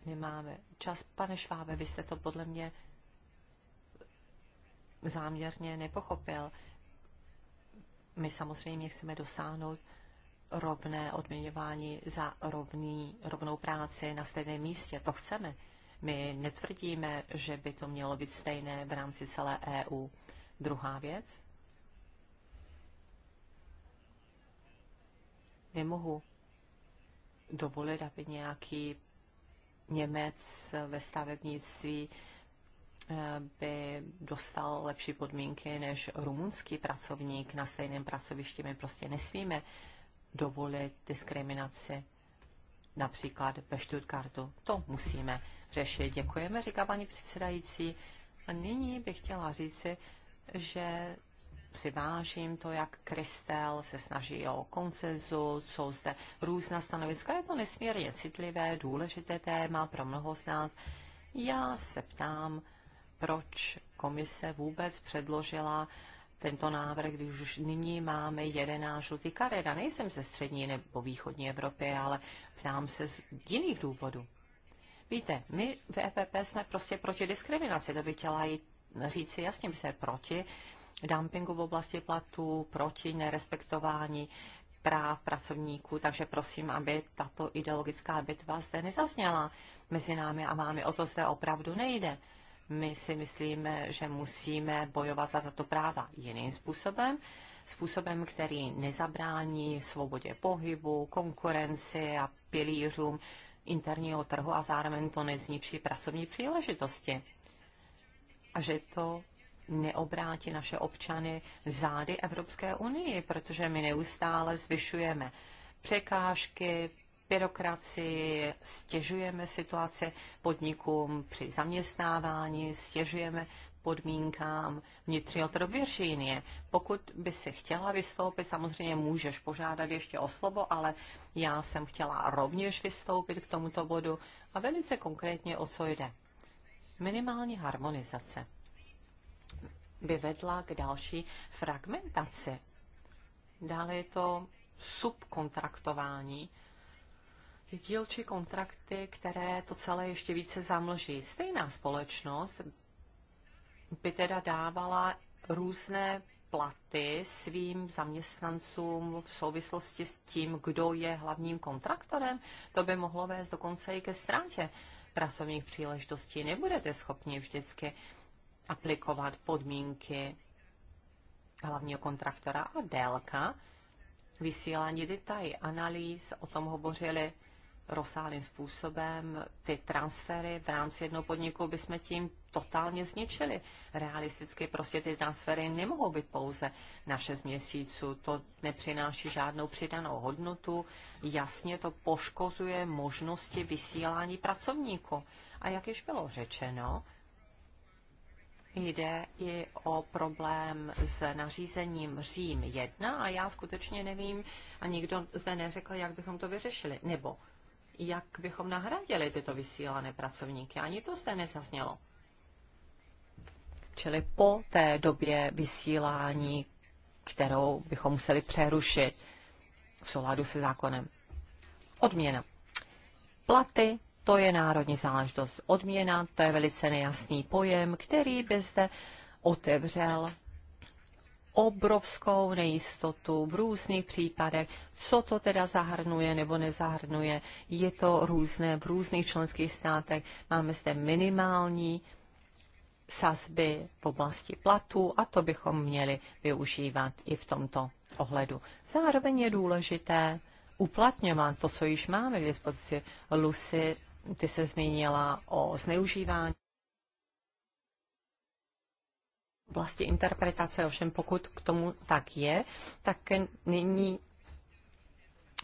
nemáme čas. Pane Švábe, vy jste to podle mě záměrně nepochopil. My samozřejmě chceme dosáhnout rovné odměňování za rovný, rovnou práci na stejném místě. To chceme. My netvrdíme, že by to mělo být stejné v rámci celé EU. Druhá věc. Nemohu dovolit, aby nějaký Němec ve stavebnictví eh, by dostal lepší podmínky než rumunský pracovník na stejném pracovišti. My prostě nesmíme dovolit diskriminaci například ve Stuttgartu. To musíme řešit. Děkujeme, říká paní předsedající. A nyní bych chtěla říci, že si vážím to, jak Kristel se snaží o koncenzu, jsou zde různá stanoviska. Je to nesmírně citlivé, důležité téma pro mnoho z nás. Já se ptám, proč komise vůbec předložila uh, tento návrh, když už nyní máme 11 žlutý karet. A nejsem ze střední nebo východní Evropy, ale ptám se z jiných důvodů. Víte, my v EPP jsme prostě proti diskriminaci, to by chtěla i říci jasně, my jsme proti dumpingu v oblasti platů, proti nerespektování práv pracovníků, takže prosím, aby tato ideologická bitva zde nezazněla mezi námi a máme O to zde opravdu nejde my si myslíme, že musíme bojovat za tato práva jiným způsobem, způsobem, který nezabrání svobodě pohybu, konkurenci a pilířům interního trhu a zároveň to nezničí pracovní příležitosti. A že to neobrátí naše občany zády Evropské unii, protože my neustále zvyšujeme překážky, byrokracii, stěžujeme situace podnikům při zaměstnávání, stěžujeme podmínkám vnitřního trhu Pokud by si chtěla vystoupit, samozřejmě můžeš požádat ještě o slovo, ale já jsem chtěla rovněž vystoupit k tomuto bodu a velice konkrétně o co jde. Minimální harmonizace by vedla k další fragmentaci. Dále je to subkontraktování dílčí kontrakty, které to celé ještě více zamlží. Stejná společnost by teda dávala různé platy svým zaměstnancům v souvislosti s tím, kdo je hlavním kontraktorem, to by mohlo vést dokonce i ke ztrátě pracovních příležitostí. Nebudete schopni vždycky aplikovat podmínky hlavního kontraktora a délka vysílání detail, analýz, o tom hovořili rozsáhlým způsobem ty transfery v rámci jednoho podniku bychom tím totálně zničili. Realisticky prostě ty transfery nemohou být pouze na 6 měsíců. To nepřináší žádnou přidanou hodnotu. Jasně to poškozuje možnosti vysílání pracovníků. A jak již bylo řečeno, Jde i o problém s nařízením Řím 1 a já skutečně nevím a nikdo zde neřekl, jak bychom to vyřešili. Nebo jak bychom nahradili tyto vysílané pracovníky. Ani to zde nezaznělo. Čili po té době vysílání, kterou bychom museli přerušit v souladu se zákonem. Odměna. Platy, to je národní záležitost. Odměna, to je velice nejasný pojem, který by zde otevřel obrovskou nejistotu v různých případech, co to teda zahrnuje nebo nezahrnuje. Je to různé v různých členských státech. Máme zde minimální sazby v oblasti platů a to bychom měli využívat i v tomto ohledu. Zároveň je důležité uplatňovat to, co již máme k dispozici. Lucy, ty se zmínila o zneužívání oblasti interpretace, ovšem pokud k tomu tak je, tak není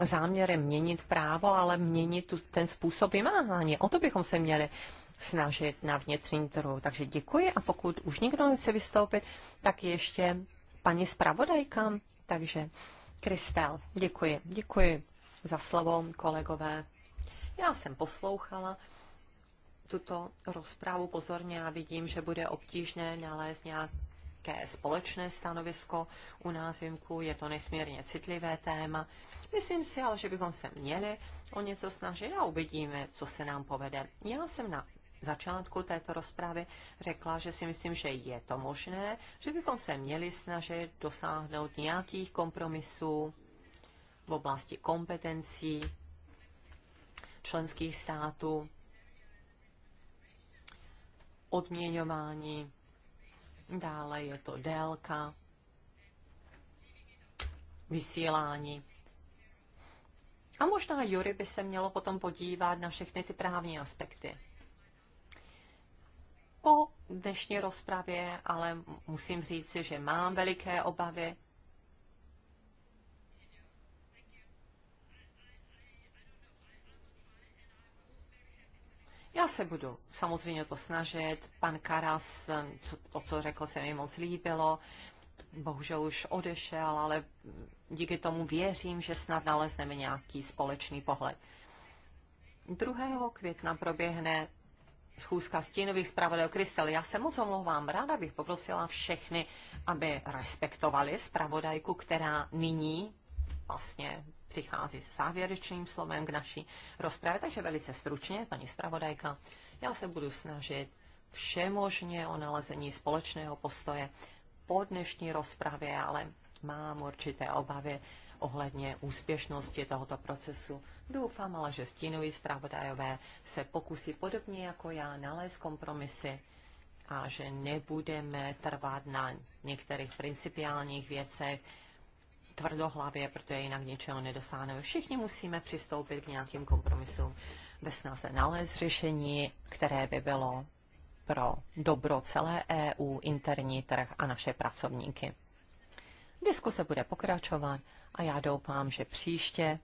záměrem měnit právo, ale měnit tu, ten způsob vymáhání. O to bychom se měli snažit na vnitřní trhu. Takže děkuji a pokud už nikdo nechce vystoupit, tak ještě paní zpravodajka. Takže Kristel, děkuji. Děkuji za slovo, kolegové. Já jsem poslouchala tuto rozprávu pozorně a vidím, že bude obtížné nalézt nějaké společné stanovisko u nás Je to nesmírně citlivé téma. Myslím si ale, že bychom se měli o něco snažit a uvidíme, co se nám povede. Já jsem na začátku této rozpravy řekla, že si myslím, že je to možné, že bychom se měli snažit dosáhnout nějakých kompromisů v oblasti kompetencí členských států odměňování, dále je to délka vysílání. A možná Jury by se mělo potom podívat na všechny ty právní aspekty. Po dnešní rozpravě ale musím říci, že mám veliké obavy, Já se budu samozřejmě to snažit. Pan Karas, to, co řekl, se mi moc líbilo. Bohužel už odešel, ale díky tomu věřím, že snad nalezneme nějaký společný pohled. 2. května proběhne schůzka stínových zpravodajů Kristel. Já se moc omlouvám, ráda bych poprosila všechny, aby respektovali zpravodajku, která nyní vlastně přichází s závěrečným slovem k naší rozpravě, takže velice stručně, paní zpravodajka, já se budu snažit všemožně o nalezení společného postoje po dnešní rozpravě, ale mám určité obavy ohledně úspěšnosti tohoto procesu. Doufám ale, že stínoví zpravodajové se pokusí podobně jako já nalézt kompromisy a že nebudeme trvat na některých principiálních věcech, tvrdohlavě, protože jinak něčeho nedosáhneme. Všichni musíme přistoupit k nějakým kompromisům ve snaze nalézt řešení, které by bylo pro dobro celé EU, interní trh a naše pracovníky. Diskuse bude pokračovat a já doufám, že příště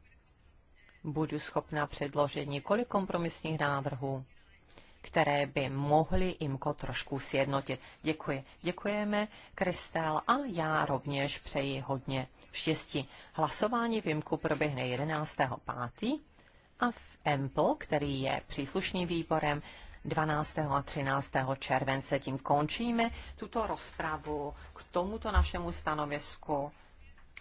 budu schopna předložit několik kompromisních návrhů které by mohly IMKO trošku sjednotit. Děkuji. Děkujeme, Kristel, a já rovněž přeji hodně štěstí. Hlasování v IMKU proběhne 11.5. a v EMPL, který je příslušným výborem, 12. a 13. července. Tím končíme tuto rozpravu k tomuto našemu stanovisku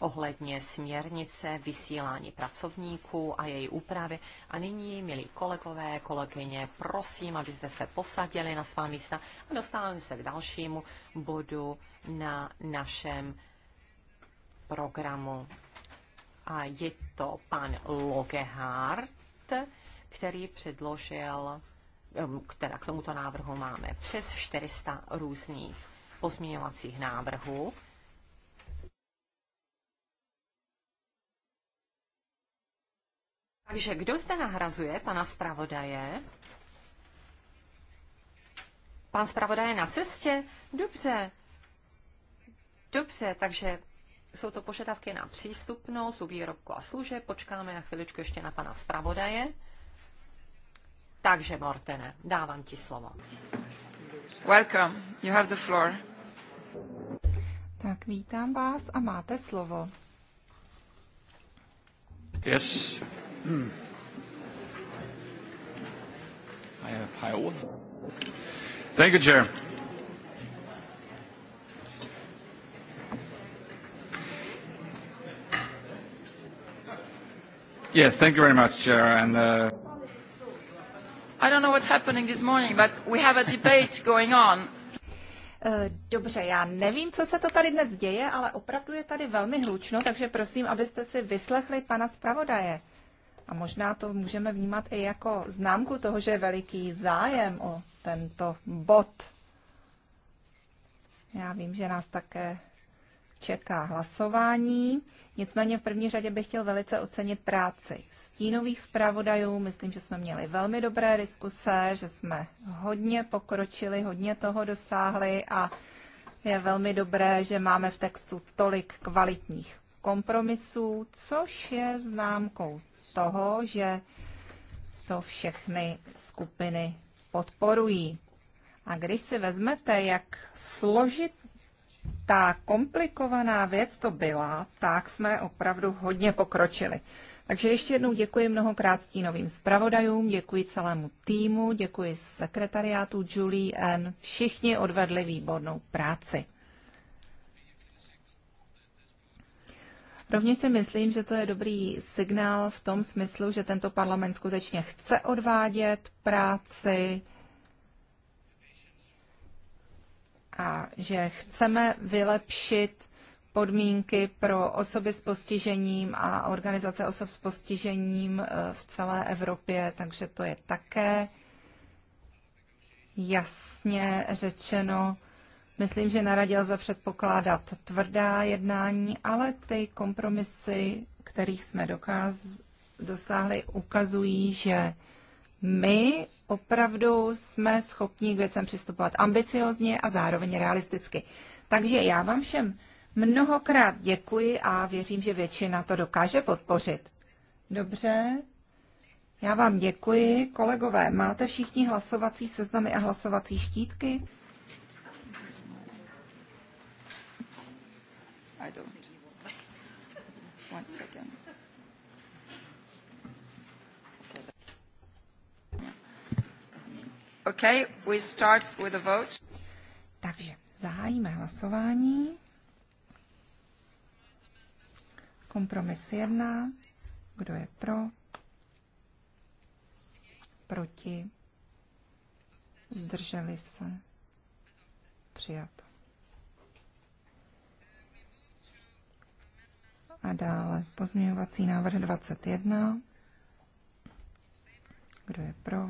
ohledně směrnice vysílání pracovníků a její úpravy. A nyní, milí kolegové, kolegyně, prosím, abyste se posadili na svá místa a dostáváme se k dalšímu bodu na našem programu. A je to pan Logehart, který předložil, která ehm, k tomuto návrhu máme přes 400 různých pozměňovacích návrhů Takže kdo zde nahrazuje pana zpravodaje? Pan zpravodaj je na cestě? Dobře. Dobře, takže jsou to požadavky na přístupnost u výrobku a služe. Počkáme na chviličku ještě na pana zpravodaje. Takže, Mortene, dávám ti slovo. Welcome. You have the floor. Tak vítám vás a máte slovo. Yes. I hmm. have high order. Thank you, Chair. Yes, thank you very much, Chair. And, uh... I don't know what's happening this morning, but we have a debate going on. Eh, dobře, já nevím, co se to tady dnes děje, ale opravdu je tady velmi hlučno, takže prosím, abyste si vyslechli pana zpravodaje. A možná to můžeme vnímat i jako známku toho, že je veliký zájem o tento bod. Já vím, že nás také čeká hlasování. Nicméně v první řadě bych chtěl velice ocenit práci stínových zpravodajů. Myslím, že jsme měli velmi dobré diskuse, že jsme hodně pokročili, hodně toho dosáhli a je velmi dobré, že máme v textu tolik kvalitních kompromisů, což je známkou toho, že to všechny skupiny podporují. A když si vezmete, jak složit ta komplikovaná věc to byla, tak jsme opravdu hodně pokročili. Takže ještě jednou děkuji mnohokrát stínovým zpravodajům, děkuji celému týmu, děkuji sekretariátu Julie N. Všichni odvedli výbornou práci. Rovně si myslím, že to je dobrý signál v tom smyslu, že tento parlament skutečně chce odvádět práci a že chceme vylepšit podmínky pro osoby s postižením a organizace osob s postižením eh, v celé Evropě, takže to je také jasně řečeno Myslím, že naradil za předpokládat tvrdá jednání, ale ty kompromisy, kterých jsme dokáz, dosáhli, ukazují, že my opravdu jsme schopni k věcem přistupovat ambiciozně a zároveň realisticky. Takže já vám všem mnohokrát děkuji a věřím, že většina to dokáže podpořit. Dobře, já vám děkuji. Kolegové, máte všichni hlasovací seznamy a hlasovací štítky? I don't. One second. Okay, we start with the vote. Takže zahájíme hlasování. Kompromis jedna. Kdo je pro? Proti? Zdrželi se? Přijato. A dále pozměňovací návrh 21. Kdo je pro?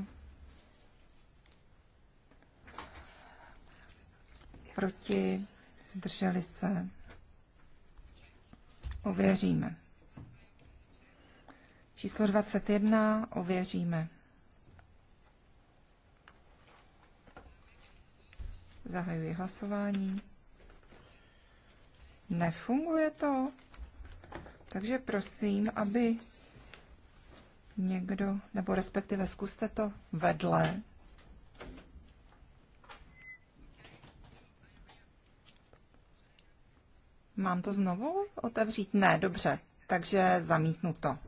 Proti? Zdrželi se? Ověříme. Číslo 21 ověříme. Zahajuji hlasování. Nefunguje to? Takže prosím, aby někdo, nebo respektive zkuste to vedle. Mám to znovu otevřít? Ne, dobře, takže zamítnu to.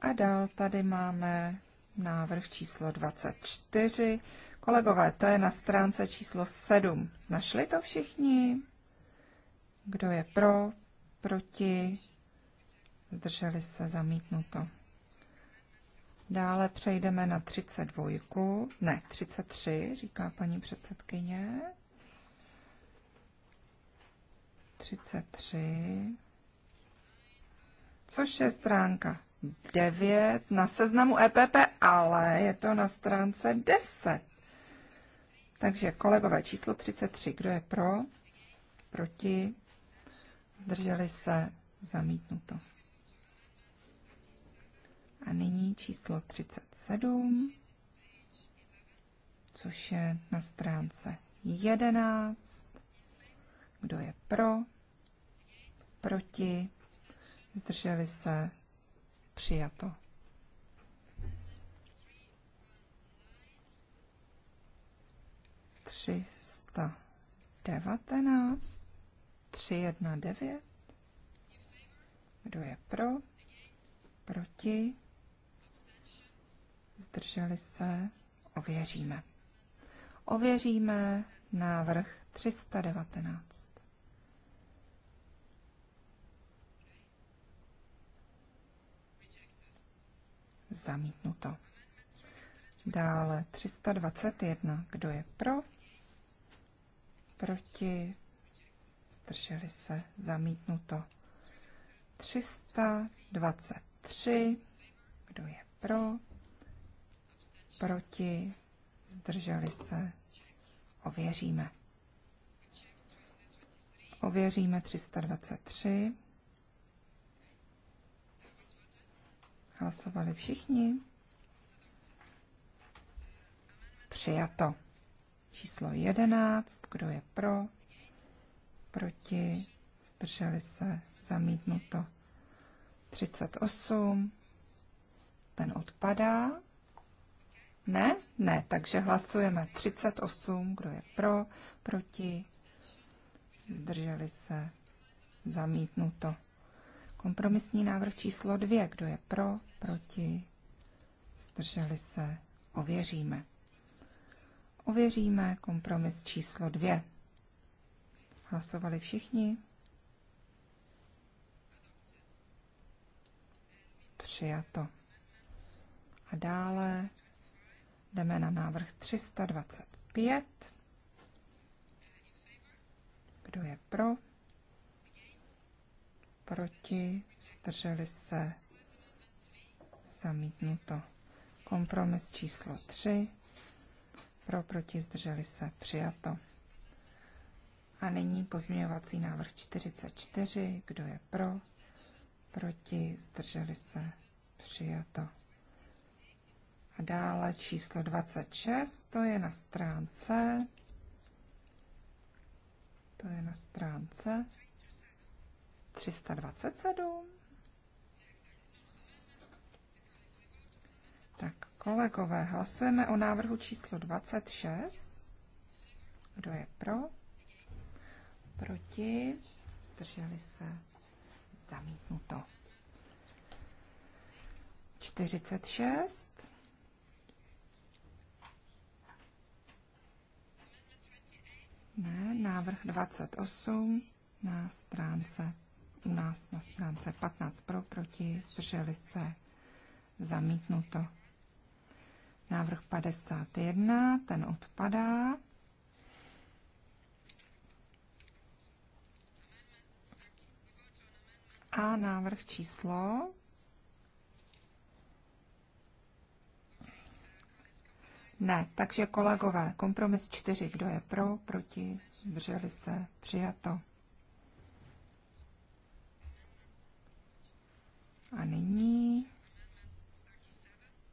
A dál tady máme návrh číslo 24 Kolegové, to je na stránce číslo 7. Našli to všichni? Kdo je pro, proti, zdrželi se zamítnuto. Dále přejdeme na 32, ne, 33, říká paní předsedkyně. 33, což je stránka 9 na seznamu EPP, ale je to na stránce 10. Takže kolegové, číslo 33, kdo je pro? Proti? Zdrželi se? Zamítnuto. A nyní číslo 37, což je na stránce 11. Kdo je pro? Proti? Zdrželi se? Přijato. 319, 319. Kdo je pro? Proti? Zdrželi se? Ověříme. Ověříme návrh 319. Zamítnuto. Dále 321. Kdo je pro? proti, zdrželi se, zamítnuto. 323, kdo je pro, proti, zdrželi se, ověříme. Ověříme 323. Hlasovali všichni. Přijato číslo 11. Kdo je pro? Proti? Zdrželi se? Zamítnuto. 38. Ten odpadá. Ne? Ne. Takže hlasujeme 38. Kdo je pro? Proti? Zdrželi se? Zamítnuto. Kompromisní návrh číslo 2. Kdo je pro? Proti? Zdrželi se? Ověříme. Ověříme kompromis číslo dvě. Hlasovali všichni? Přijato. A dále jdeme na návrh 325. Kdo je pro? Proti? Zdrželi se? Zamítnuto. Kompromis číslo 3. Pro, proti, zdrželi se, přijato. A nyní pozměňovací návrh 44. Kdo je pro? Proti, zdrželi se, přijato. A dále číslo 26, to je na stránce. To je na stránce 327. Tak, Kolegové, hlasujeme o návrhu číslo 26. Kdo je pro? Proti? Zdrželi se? Zamítnuto. 46. Ne, návrh 28 na stránce, u nás na stránce 15 pro, proti, zdrželi se, zamítnuto. Návrh 51, ten odpadá. A návrh číslo Ne, takže kolegové, kompromis 4, kdo je pro, proti, zdrželi se, přijato. A nyní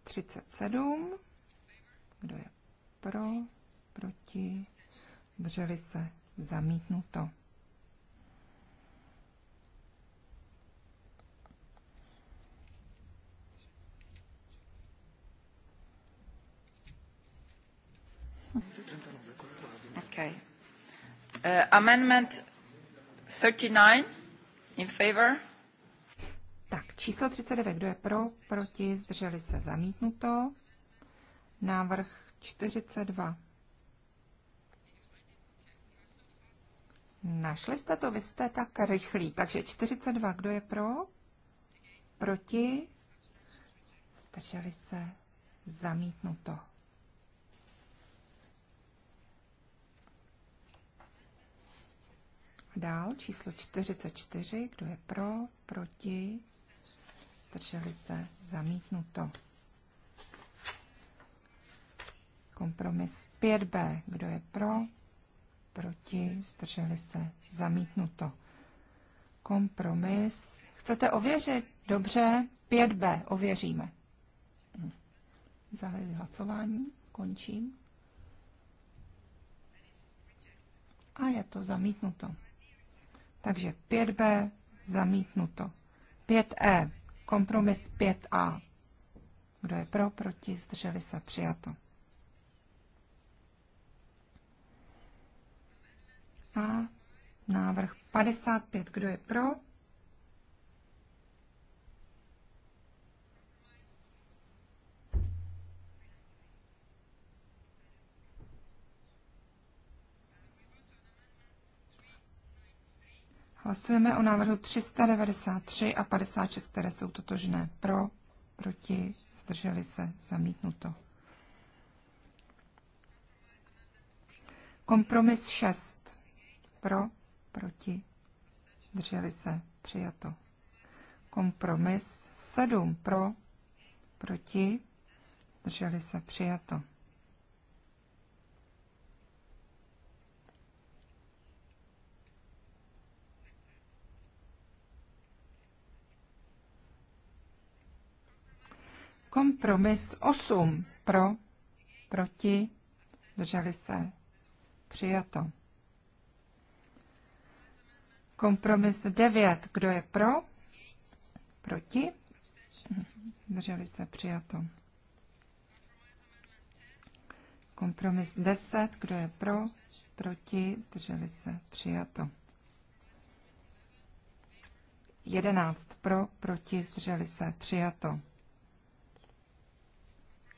37. Kdo je pro? Proti? Drželi se? Zamítnuto. Okay. Uh, amendment 39 in favor. Tak, číslo 39, kdo je pro, proti, zdrželi se, zamítnuto. Uh, Návrh 42. Našli jste to, vy jste tak rychlí. Takže 42, kdo je pro? Proti? Zdrželi se zamítnuto. Dál číslo 44, kdo je pro, proti, zdrželi se, zamítnuto. Kompromis 5b. Kdo je pro? Proti? Zdrželi se? Zamítnuto. Kompromis. Chcete ověřit? Dobře. 5b. Ověříme. Hm. Zahajuji hlasování. Končím. A je to zamítnuto. Takže 5b zamítnuto. 5e. Kompromis 5a. Kdo je pro, proti, zdrželi se, přijato. A návrh 55. Kdo je pro? Hlasujeme o návrhu 393 a 56, které jsou totožné pro, proti, zdrželi se, zamítnuto. Kompromis 6. Pro, proti, drželi se, přijato. Kompromis 7 pro, proti, drželi se, přijato. Kompromis 8 pro, proti, drželi se, přijato. Kompromis 9. Kdo je pro? Proti? Drželi se přijato. Kompromis 10. Kdo je pro? Proti? Zdrželi se přijato. 11 pro, proti, zdrželi se, přijato.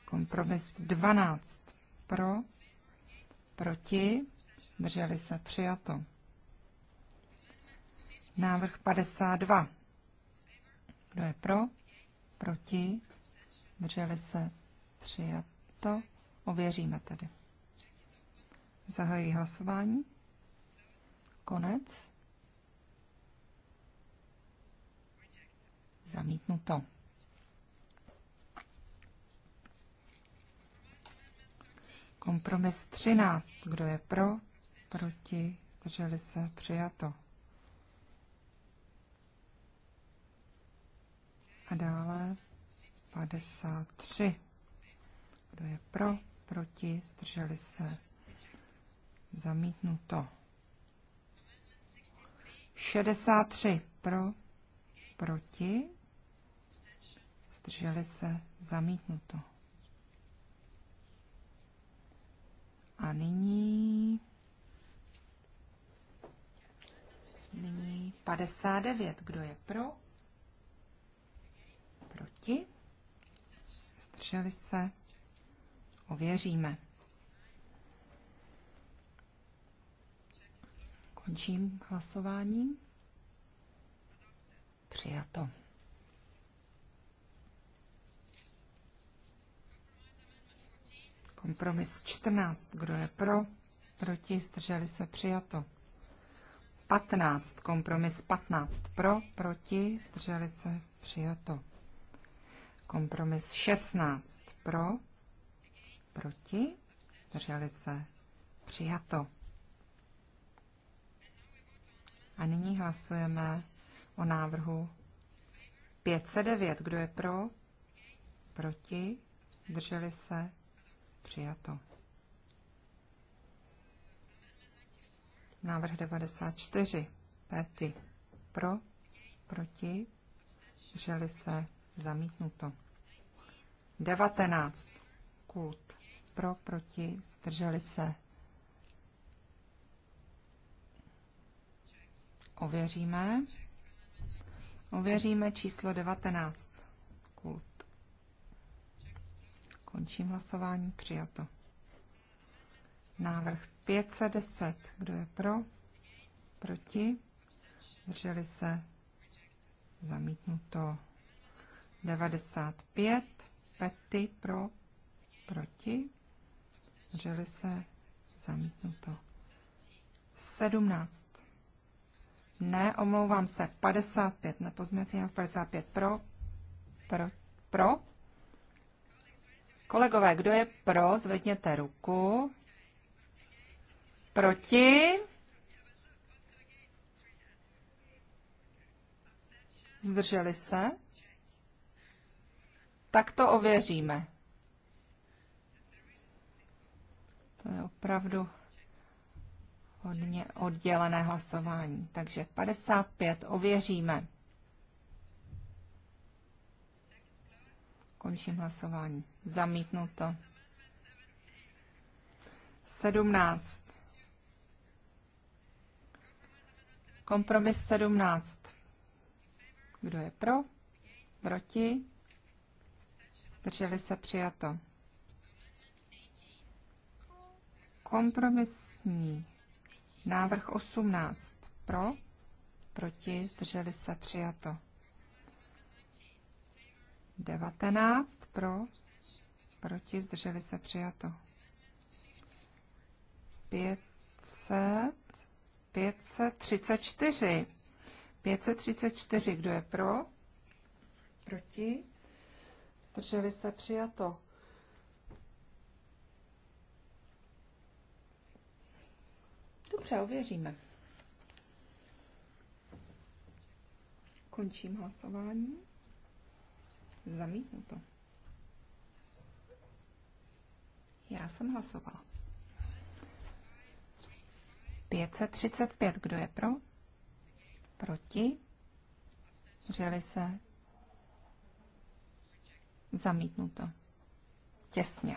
Kompromis 12 pro, proti, zdrželi se, přijato. Návrh 52. Kdo je pro? Proti? Drželi se? Přijato? Ověříme tedy. Zahajuji hlasování. Konec. Zamítnuto. Kompromis 13. Kdo je pro? Proti? Zdrželi se? Přijato. A dále 53. Kdo je pro, proti, zdrželi se, zamítnuto. 63 pro, proti, zdrželi se, zamítnuto. A nyní, nyní 59, kdo je pro, Proti? Zdrželi se? Ověříme. Končím hlasování. Přijato. Kompromis 14. Kdo je pro? Proti? Zdrželi se? Přijato. 15. Kompromis 15. Pro? Proti? Zdrželi se? Přijato. Kompromis 16 pro, proti, drželi se, přijato. A nyní hlasujeme o návrhu 509. Kdo je pro? Proti? drželi se? Přijato. Návrh 94. Pety. Pro? Proti? drželi se? zamítnuto. 19. Kult. Pro, proti, zdrželi se. Ověříme. Ověříme číslo 19. Kult. Končím hlasování. Přijato. Návrh 510. Kdo je pro? Proti? Drželi se? Zamítnuto. 95. Pety pro, proti. zdrželi se zamítnuto. 17. Ne, omlouvám se. 55. Nepozměňovací návrh 55 pro, pro, pro. Kolegové, kdo je pro, zvedněte ruku. Proti. Zdrželi se? Tak to ověříme. To je opravdu hodně oddělené hlasování. Takže 55 ověříme. Končím hlasování. Zamítnuto. 17. Kompromis 17. Kdo je pro? Proti? Drželi se přijato. Kompromisní návrh 18 pro, proti, zdrželi se přijato. 19 pro, proti, zdrželi se přijato. 500, 534. 534, kdo je pro? Proti? zdrželi se přijato. Dobře, ověříme. Končím hlasování. Zamítnu to. Já jsem hlasovala. 535, kdo je pro? Proti? Zdrželi se Zamítnuto. Těsně.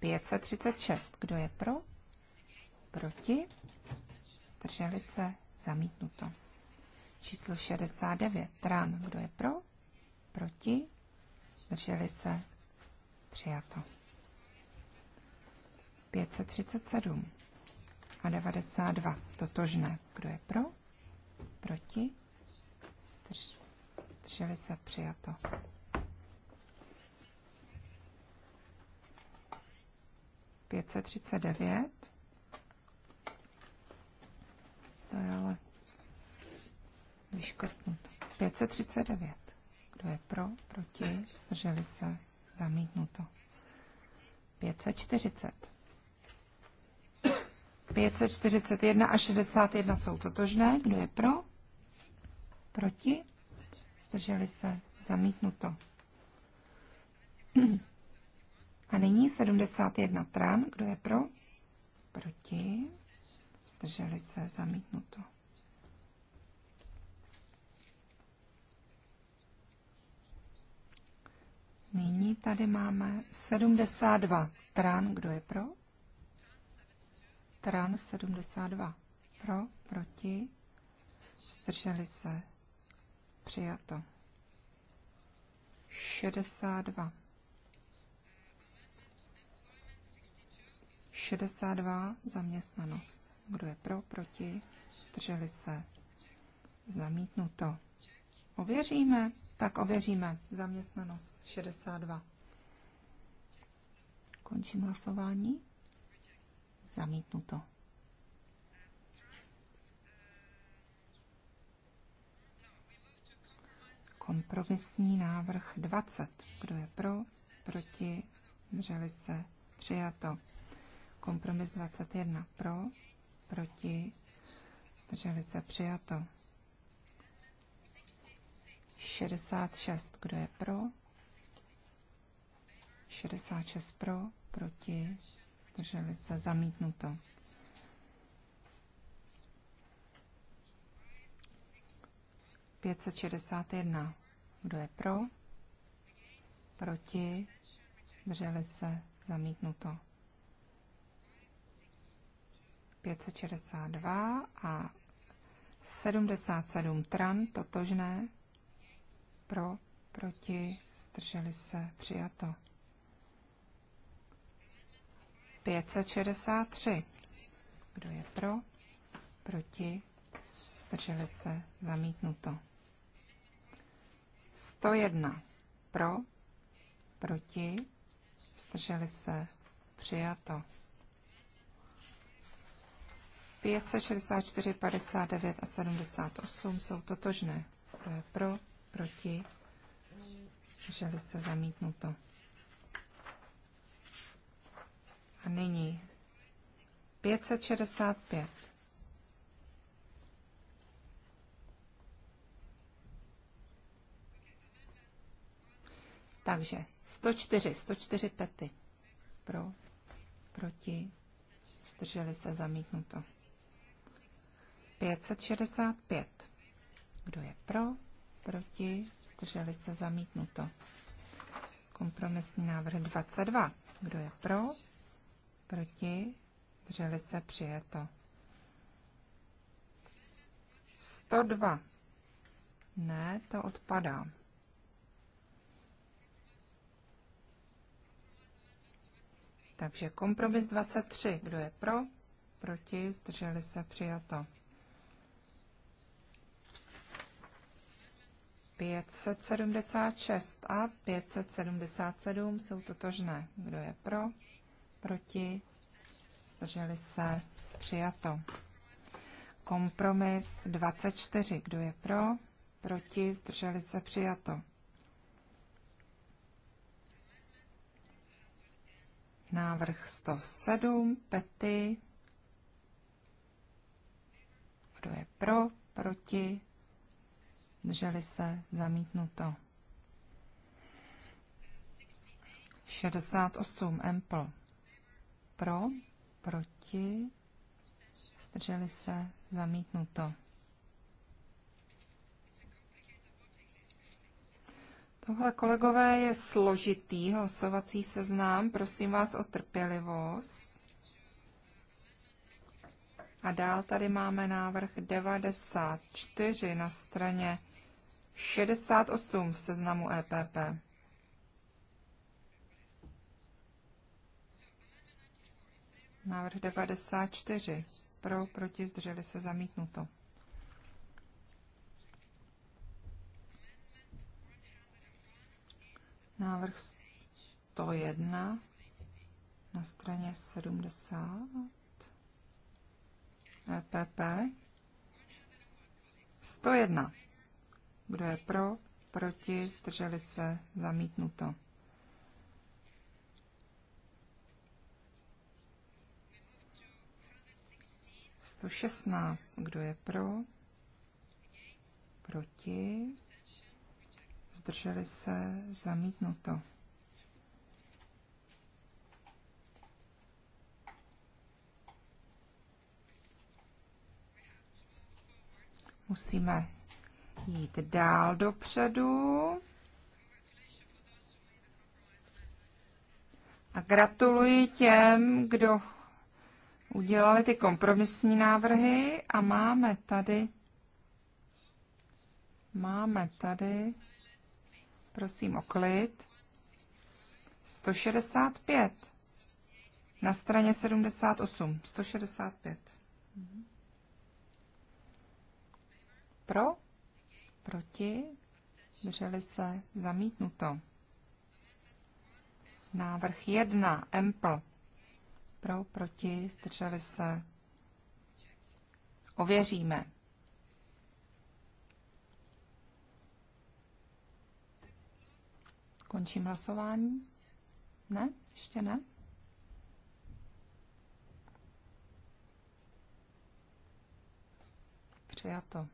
536. Kdo je pro? Proti? Zdrželi se? Zamítnuto. Číslo 69. Tran. Kdo je pro? Proti? Zdrželi se? Přijato. 537 a 92. Totožné. Kdo je pro? Proti? Zdrželi se? Přijato. 539. To je ale vyškrtnu. 539. Kdo je pro, proti, zdrželi se, zamítnuto. 540. 541 a 61 jsou totožné. Kdo je pro? Proti? Zdrželi se, zamítnuto. A nyní 71 tran, kdo je pro? Proti. Zdrželi se, zamítnuto. Nyní tady máme 72 tran, kdo je pro? Tran 72. Pro, proti, zdrželi se, přijato. 62. 62 zaměstnanost. Kdo je pro, proti, zdrželi se. Zamítnuto. Ověříme? Tak ověříme. Zaměstnanost 62. Končím hlasování. Zamítnuto. Kompromisní návrh 20. Kdo je pro, proti, zdrželi se. Přijato. Kompromis 21 pro, proti, zdrželi se přijato. 66, kdo je pro? 66 pro, proti, zdrželi se zamítnuto. Pětset šedesát jedna. Kdo je pro? Proti? Drželi se? Zamítnuto. 562 a 77 tran, totožné, pro, proti, strželi se, přijato. 563. Kdo je pro, proti, strželi se, zamítnuto. 101. Pro, proti, strželi se, přijato. 564, 59 a 78 jsou totožné. Kdo je pro, proti, zdrželi se zamítnuto. A nyní 565. Takže 104, 104 pety. Pro, proti, zdrželi se zamítnuto. 565. Kdo je pro? Proti? Zdrželi se zamítnuto. Kompromisní návrh 22. Kdo je pro? Proti? Zdrželi se přijeto. 102. Ne, to odpadá. Takže kompromis 23. Kdo je pro? Proti? Zdrželi se přijato. 576 a 577 jsou totožné. Kdo je pro? Proti? Zdrželi se? Přijato. Kompromis 24. Kdo je pro? Proti? Zdrželi se? Přijato. Návrh 107. Pety. Kdo je pro? Proti? zdrželi se, zamítnuto. 68 Empl. Pro, proti, zdrželi se, zamítnuto. Tohle, kolegové, je složitý hlasovací seznám. Prosím vás o trpělivost. A dál tady máme návrh 94 na straně 68 v seznamu EPP. Návrh 94. Pro, proti, zdrželi se zamítnuto. Návrh 101 na straně 70. EPP. 101. Kdo je pro? Proti? Zdrželi se? Zamítnuto. Sto šestnáct. Kdo je pro? Proti? Zdrželi se? Zamítnuto. Musíme jít dál dopředu. A gratuluji těm, kdo udělali ty kompromisní návrhy a máme tady máme tady prosím o klid 165 na straně 78 165 mhm. pro Proti? Drželi se zamítnuto. Návrh 1. Empl. Pro, proti, zdrželi se. Ověříme. Končím hlasování. Ne? Ještě ne? Přijato.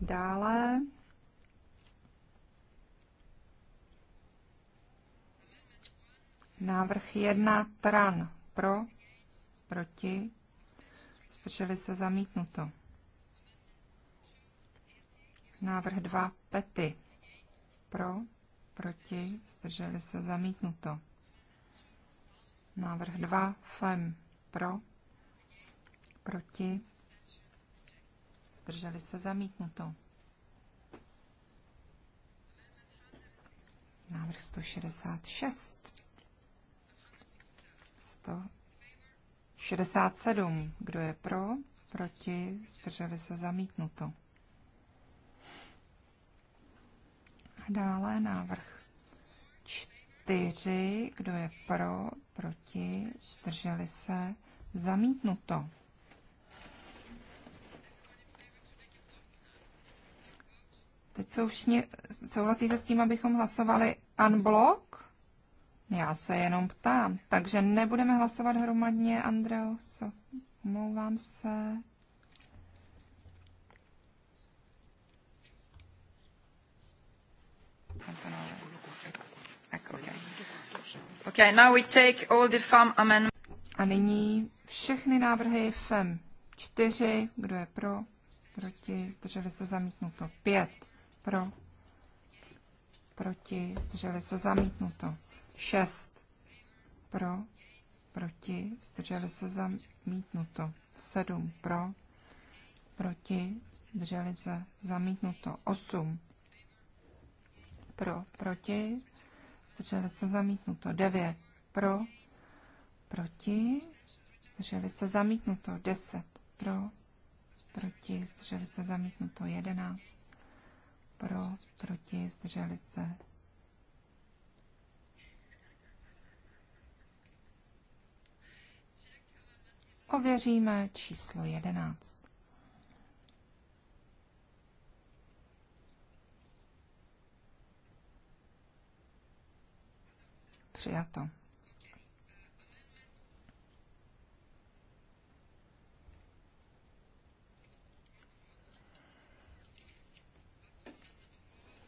Dále návrh 1 tran pro, proti, zdrželi se zamítnuto. Návrh 2 pety pro, proti, zdrželi se zamítnuto. Návrh 2 fem pro, proti, zdrželi se zamítnuto. Návrh 166. 167. Kdo je pro? Proti? Zdrželi se zamítnuto. A dále návrh 4. Kdo je pro? Proti? Zdrželi se zamítnuto. Teď jsou souhlasíte s tím, abychom hlasovali unblock? Já se jenom ptám. Takže nebudeme hlasovat hromadně, Andreus. Omlouvám se. Okay, now we take all the FAM A nyní všechny návrhy FEM 4, kdo je pro, proti, zdrželi se zamítnuto 5. Pro. Proti. Zdrželi se zamítnuto. 6. Pro. Proti. Zdrželi se zamítnuto. 7. Pro. Proti. Zdrželi se zamítnuto. 8. Pro. Proti. Zdrželi se zamítnuto. 9. Pro. Proti. Zdrželi se zamítnuto. 10. Pro. Proti. Zdrželi se zamítnuto. 11 pro, proti, zdrželi se. Ověříme číslo 11. Přijato.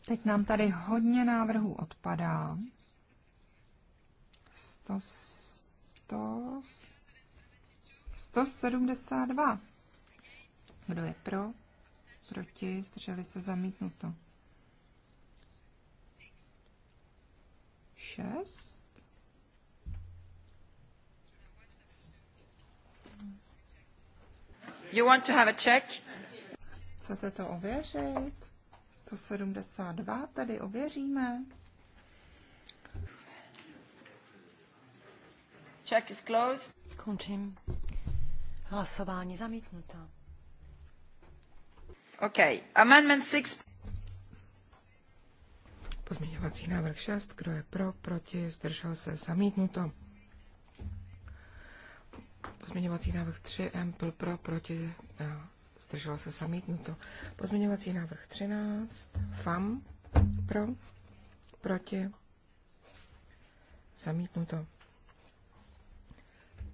Teď nám tady hodně návrhů odpadá. 100, 100, 172. Kdo je pro? Proti? Zdrželi se zamítnuto. 6. You want to have a check? Chcete to ověřit? 172 tedy ověříme. Check is closed. Končím. Hlasování zamítnuto. OK. Amendment 6. Pozměňovací návrh 6. Kdo je pro, proti, zdržel se, zamítnuto. Pozměňovací návrh 3. M byl pro, proti, eh, zdrželo se zamítnuto. Pozměňovací návrh 13, FAM, pro, proti, zamítnuto.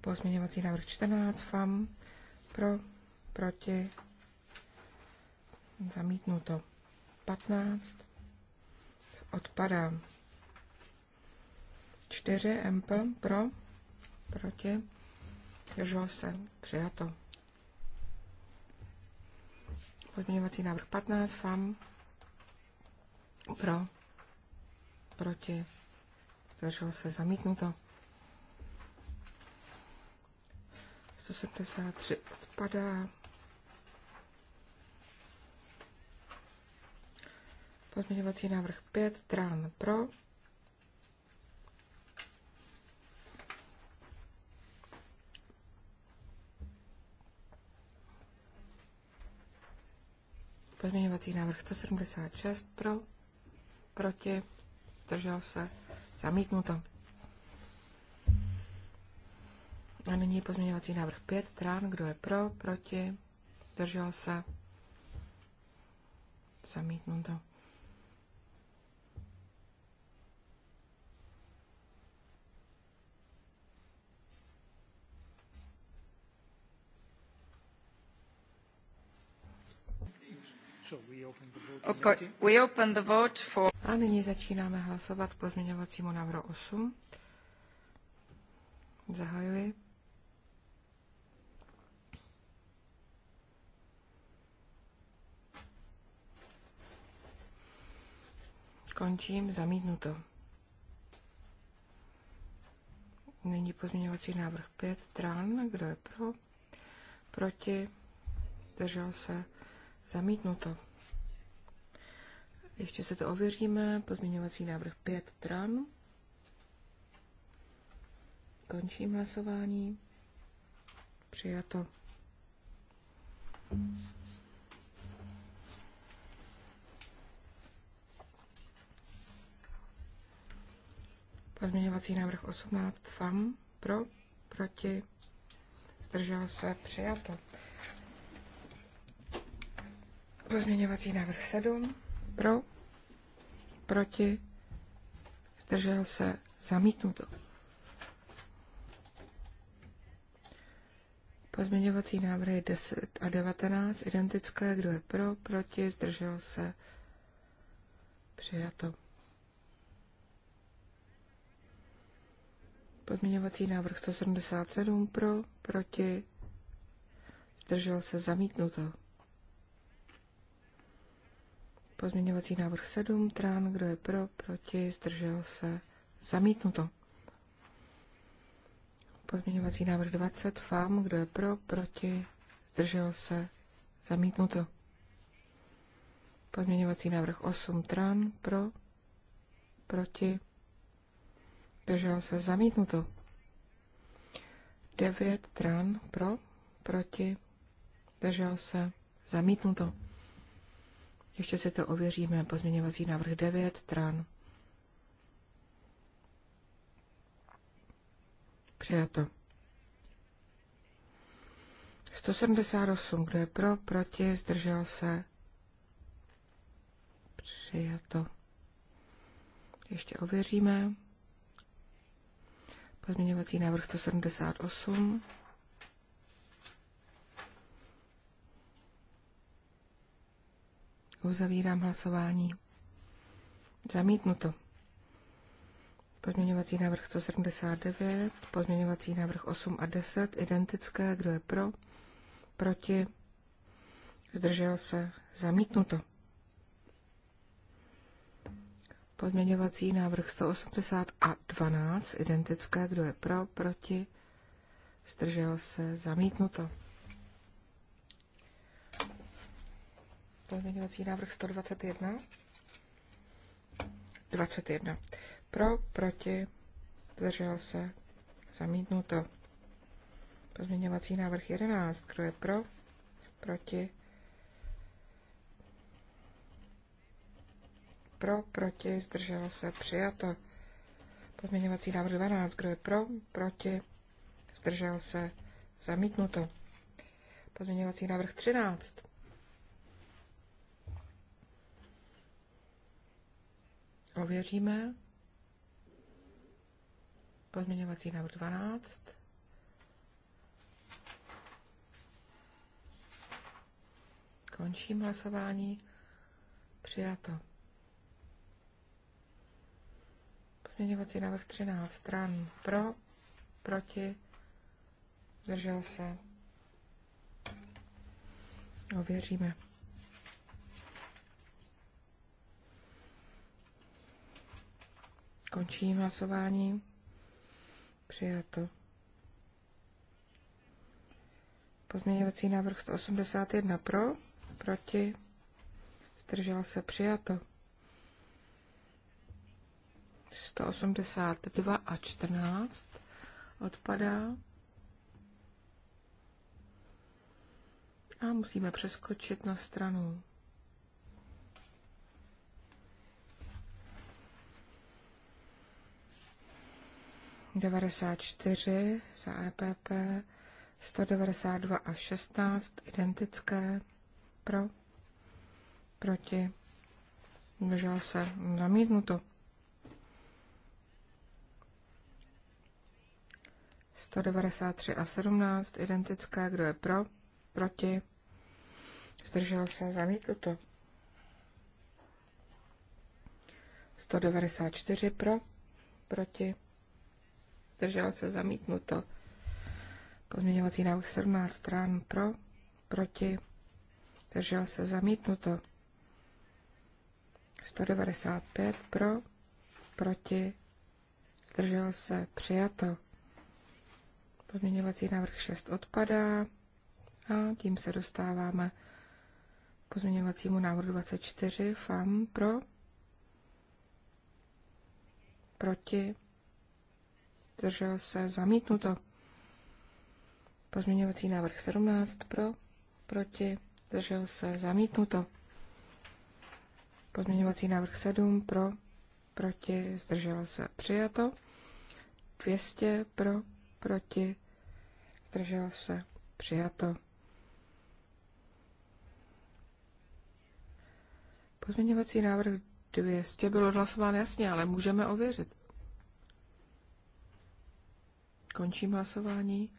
Pozměňovací návrh 14, FAM, pro, proti, zamítnuto. 15, odpadá. 4, MP, pro, proti, zdrželo se, přijato. Pozměňovací návrh 15, FAM, pro, proti, zdrželo se zamítnuto. 173 odpadá. Pozměňovací návrh 5, TRAN pro, Pozměňovací návrh 176 pro, proti, držel se, zamítnuto. A nyní pozměňovací návrh 5, trán, kdo je pro, proti, držel se, zamítnuto. A nyní začínáme hlasovat k pozměňovacímu návrhu 8. Zahajuji. Končím, zamítnuto. Nyní pozměňovací návrh 5, tran, kdo je pro, proti, držel se, Zamítnuto. Ještě se to ověříme. Pozměňovací návrh 5 tran. Končím hlasování. Přijato. Pozměňovací návrh 18 FAM pro, proti, zdržel se, přijato. Pozměňovací návrh 7. Pro. Proti. Zdržel se. Zamítnuto. Pozměňovací návrhy 10 a 19 identické. Kdo je pro, proti, zdržel se. Přijato. Pozměňovací návrh 177 pro, proti, zdržel se zamítnuto. Pozměňovací návrh 7, Trán, kdo je pro, proti, zdržel se, zamítnuto. Pozměňovací návrh 20, FAM, kdo je pro, proti, zdržel se, zamítnuto. Pozměňovací návrh 8, Trán, pro, proti, zdržel se, zamítnuto. 9, Trán, pro, proti, zdržel se, zamítnuto. Ještě si to ověříme. Pozměňovací návrh 9, tran. Přijato. 178, kdo je pro, proti, zdržel se. Přijato. Ještě ověříme. Pozměňovací návrh 178. Uzavírám hlasování. Zamítnuto. Pozměňovací návrh 179, pozměňovací návrh 8 a 10, identické, kdo je pro, proti, zdržel se, zamítnuto. Pozměňovací návrh 180 a 12, identické, kdo je pro, proti, zdržel se, zamítnuto. Pozměňovací návrh 121. 21. Pro, proti, zdržel se, zamítnuto. Pozměňovací návrh 11. Kdo je pro, proti, pro, proti, zdržel se, přijato. Pozměňovací návrh 12. Kdo je pro, proti, zdržel se, zamítnuto. Pozměňovací návrh 13. Ověříme. Pozměňovací návrh 12. Končím hlasování. Přijato. Pozměňovací návrh 13. Stran pro, proti, zdržel se. Ověříme. Končím hlasování. Přijato. Pozměňovací návrh 181 pro, proti, zdržela se přijato. 182 a 14 odpadá. A musíme přeskočit na stranu 94 za EPP, 192 a 16 identické pro, proti, držel se zamítnuto. 193 a 17 identické, kdo je pro, proti, zdržel se zamítnuto. 194 pro, proti, zdržel se zamítnuto. Pozměňovací návrh 17 stran pro, proti, zdržel se zamítnuto. 195 pro, proti, zdržel se přijato. Pozměňovací návrh 6 odpadá a tím se dostáváme k pozměňovacímu návrhu 24 FAM pro, proti, zdržel se, zamítnuto. Pozměňovací návrh 17 pro, proti, zdržel se, zamítnuto. Pozměňovací návrh 7 pro, proti, zdržel se, přijato. 200 pro, proti, zdržel se, přijato. Pozměňovací návrh 200 byl odhlasován jasně, ale můžeme ověřit. Končím hlasování.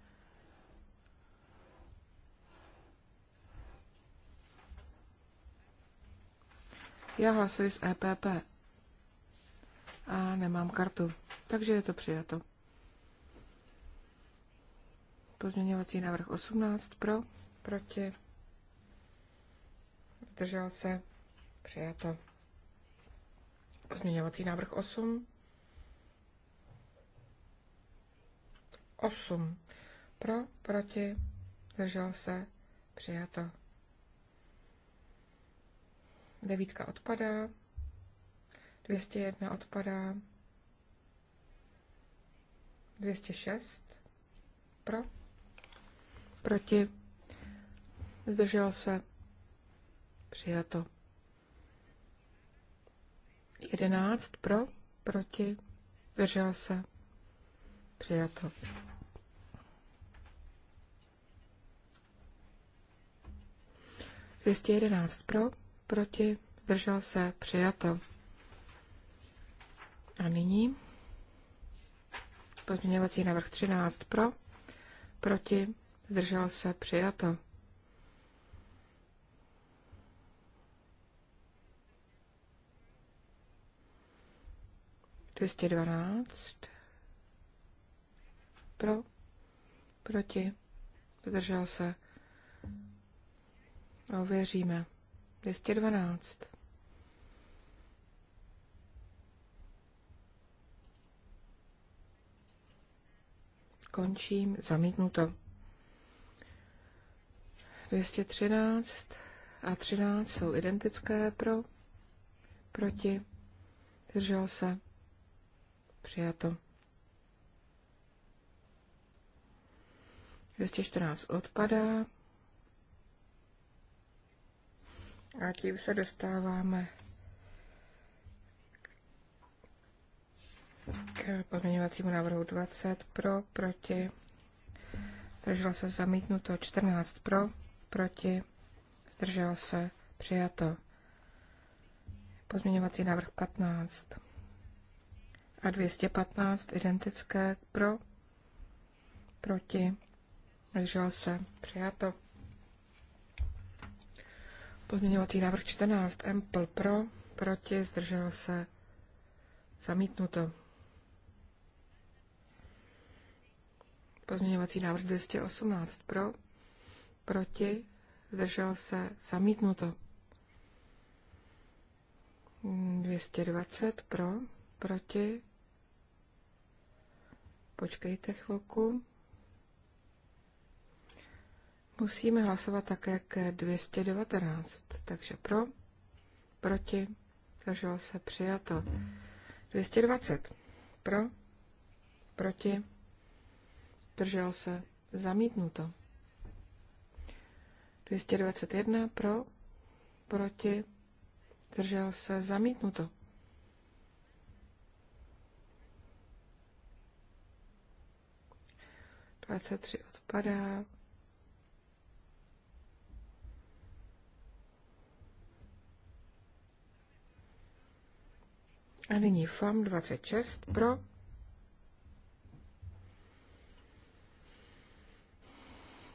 Já hlasuji z EPP a nemám kartu, takže je to přijato. Pozměňovací návrh 18 pro, proti, držel se, přijato. Pozměňovací návrh 8 8. Pro, proti, držel se, přijato. Devítka odpadá. 201 odpadá. 206. Pro. Proti. Zdržel se. Přijato. 11. Pro. Proti. Zdržel se. Přijato. 211 pro, proti, zdržel se, přijato. A nyní pozměňovací návrh 13 pro, proti, zdržel se, přijato. Dvěstě dvanáct. Pro. Proti. Zdržel se. Ověříme. 212. Končím. Zamítnuto. 213 a 13 jsou identické pro, proti, držel se, přijato. 214 odpadá, A tím se dostáváme k pozměňovacímu návrhu 20 pro, proti, zdržel se zamítnuto 14 pro, proti, zdržel se přijato. Pozměňovací návrh 15 a 215 identické pro, proti, zdržel se přijato. Pozměňovací návrh 14. Empl pro, proti, zdržel se, zamítnuto. Pozměňovací návrh 218 pro, proti, zdržel se, zamítnuto. 220 pro, proti, počkejte chvilku. Musíme hlasovat také k 219. Takže pro, proti, zdrželo se, přijato. 220. Pro, proti, zdrželo se, zamítnuto. 221. Pro, proti, zdrželo se, zamítnuto. 23 odpadá. A nyní FAM 26 pro.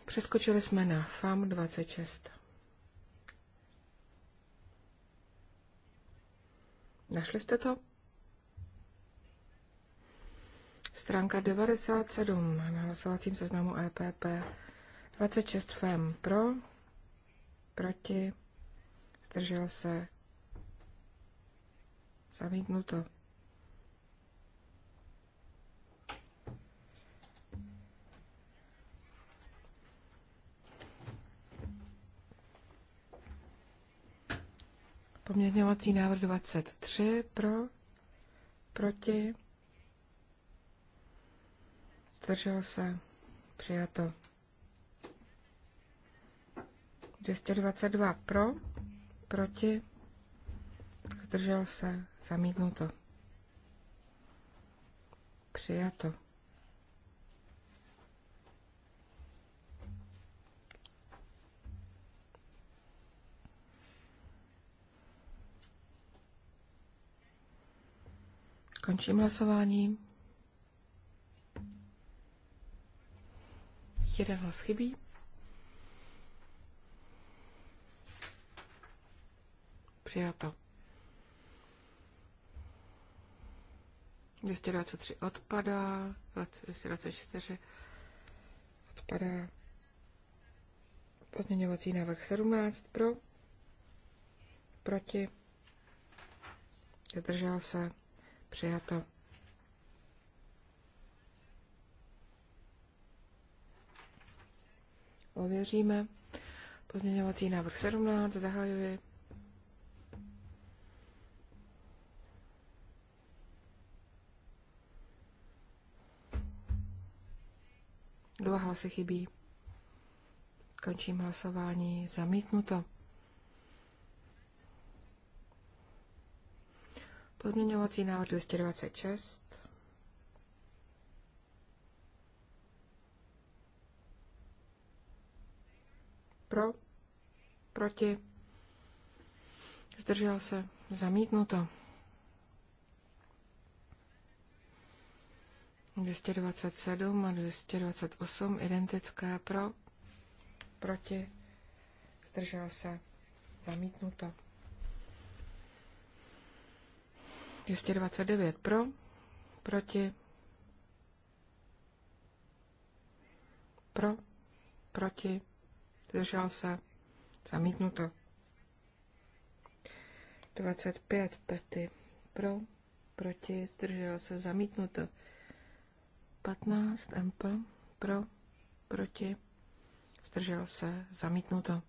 Přeskočili jsme na FAM 26. Našli jste to? Stránka 97 na hlasovacím seznamu EPP. 26 FEM pro, proti, zdržel se, Zamítnuto. Poměrňovací návrh 23 pro, proti, zdržel se, přijato. 222 pro, proti, zdržel se, zamítnuto. Přijato. Končím hlasování. Jeden hlas chybí. Přijato. 223 odpadá, 224 odpadá. Pozměňovací návrh 17 pro, proti, zdržel se, přijato. Ověříme. Pozměňovací návrh 17 zahajuji. Dva hlasy chybí. Končím hlasování. Zamítnuto. Podměňovací návrh 226. Pro, proti, zdržel se, zamítnuto. 227 a 228 identické pro, proti, zdržel se, zamítnuto. 229 pro, proti, pro, proti, zdržel se, zamítnuto. 25 pety pro, proti, zdržel se, zamítnuto. 15 MP pro, proti, zdržel se, zamítnuto.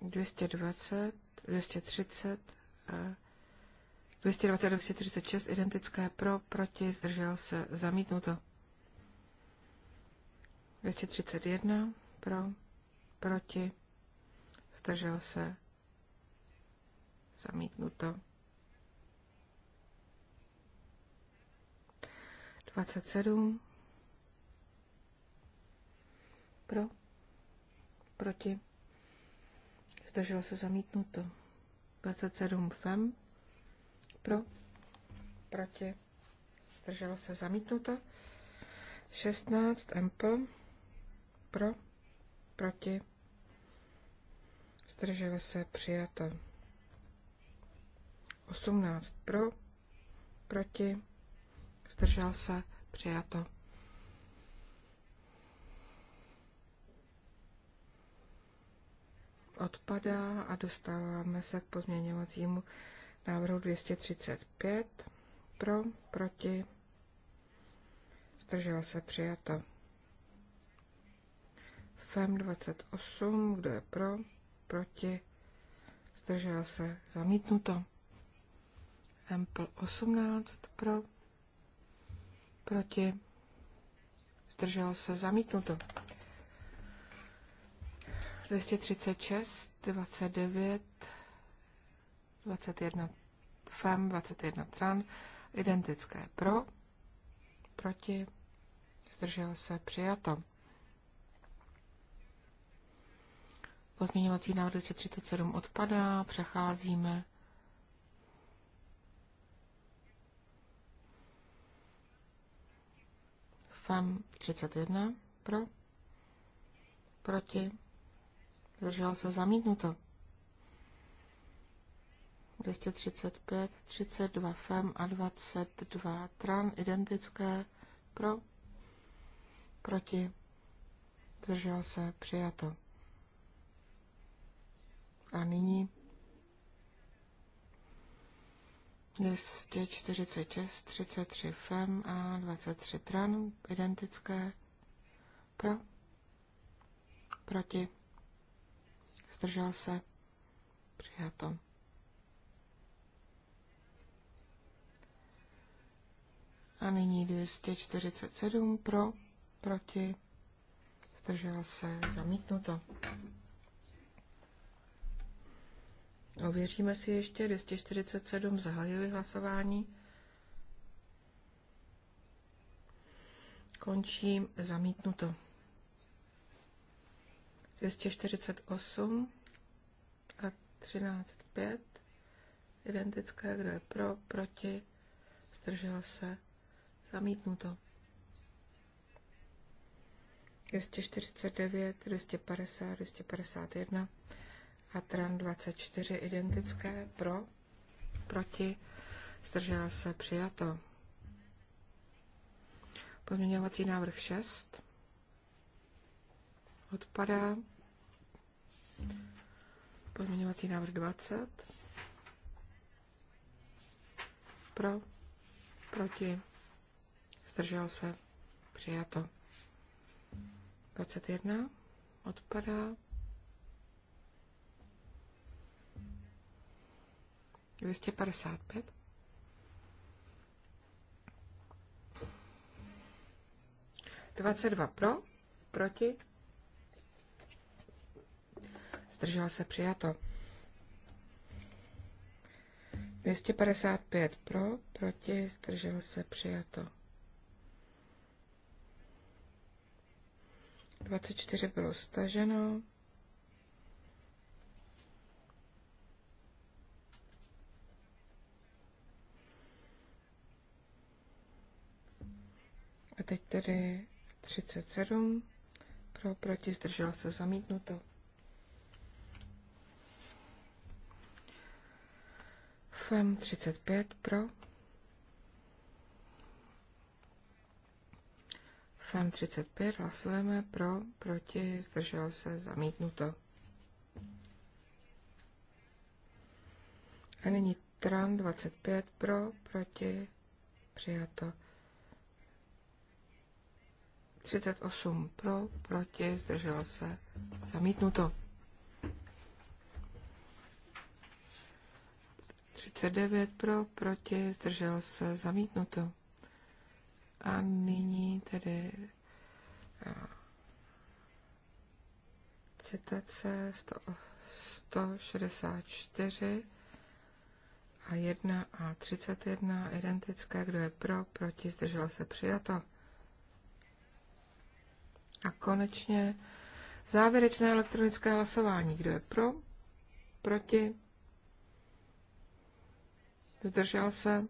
220, 230, 220 236 identické pro, proti, zdržel se, zamítnuto. 231 pro, proti, zdržel se, zamítnuto. 27. Pro. Proti. Zdrželo se zamítnuto. 27 fem. Pro. Proti. Zdrželo se zamítnuto. 16 empl. Pro. Proti. Zdrželo se přijato. 18 pro. Proti zdržel se, přijato. Odpadá a dostáváme se k pozměňovacímu návrhu 235. Pro, proti, zdržel se, přijato. FEM 28, kdo je pro, proti, zdržel se, zamítnuto. Ample 18 pro, proti, zdržel se zamítnuto. 236, 29, 21 FEM, 21 TRAN, identické pro, proti, zdržel se přijato. Pozměňovací návrh 237 odpadá, přecházíme FEM 31 pro, proti, zdržel se zamítnuto. 235, 32 FEM a 22 TRAN identické pro, proti, zdržel se přijato. A nyní 246, 33 FEM a 23 TRAN, identické, pro, proti, zdržel se, přijato. A nyní 247 pro, proti, zdržel se, zamítnuto. Ověříme si ještě 247, zahajuji hlasování. Končím zamítnuto. 248 a 13 5. Identické, kdo je pro, proti, zdržel se, zamítnuto. 249, 250, 251 a TRAN 24 identické pro, proti, zdržela se přijato. Pozměňovací návrh 6 odpadá. Pozměňovací návrh 20 pro, proti, zdržel se, přijato. 21 odpadá. 255. Dvacet dva pro, proti, zdržel se přijato. 255 pro, proti, zdržel se přijato. 24 bylo staženo. A teď tedy 37. Pro, proti, zdržel se, zamítnuto. FEM 35 pro. FEM 35 hlasujeme pro, proti, zdržel se, zamítnuto. A nyní TRAN 25 pro, proti, přijato. 38 pro, proti, zdržel se, zamítnuto. 39 pro, proti, zdržel se, zamítnuto. A nyní tedy citace 164 a 1 a 31 identické, kdo je pro, proti, zdržel se, přijato. A konečně závěrečné elektronické hlasování. Kdo je pro? Proti? Zdržel se?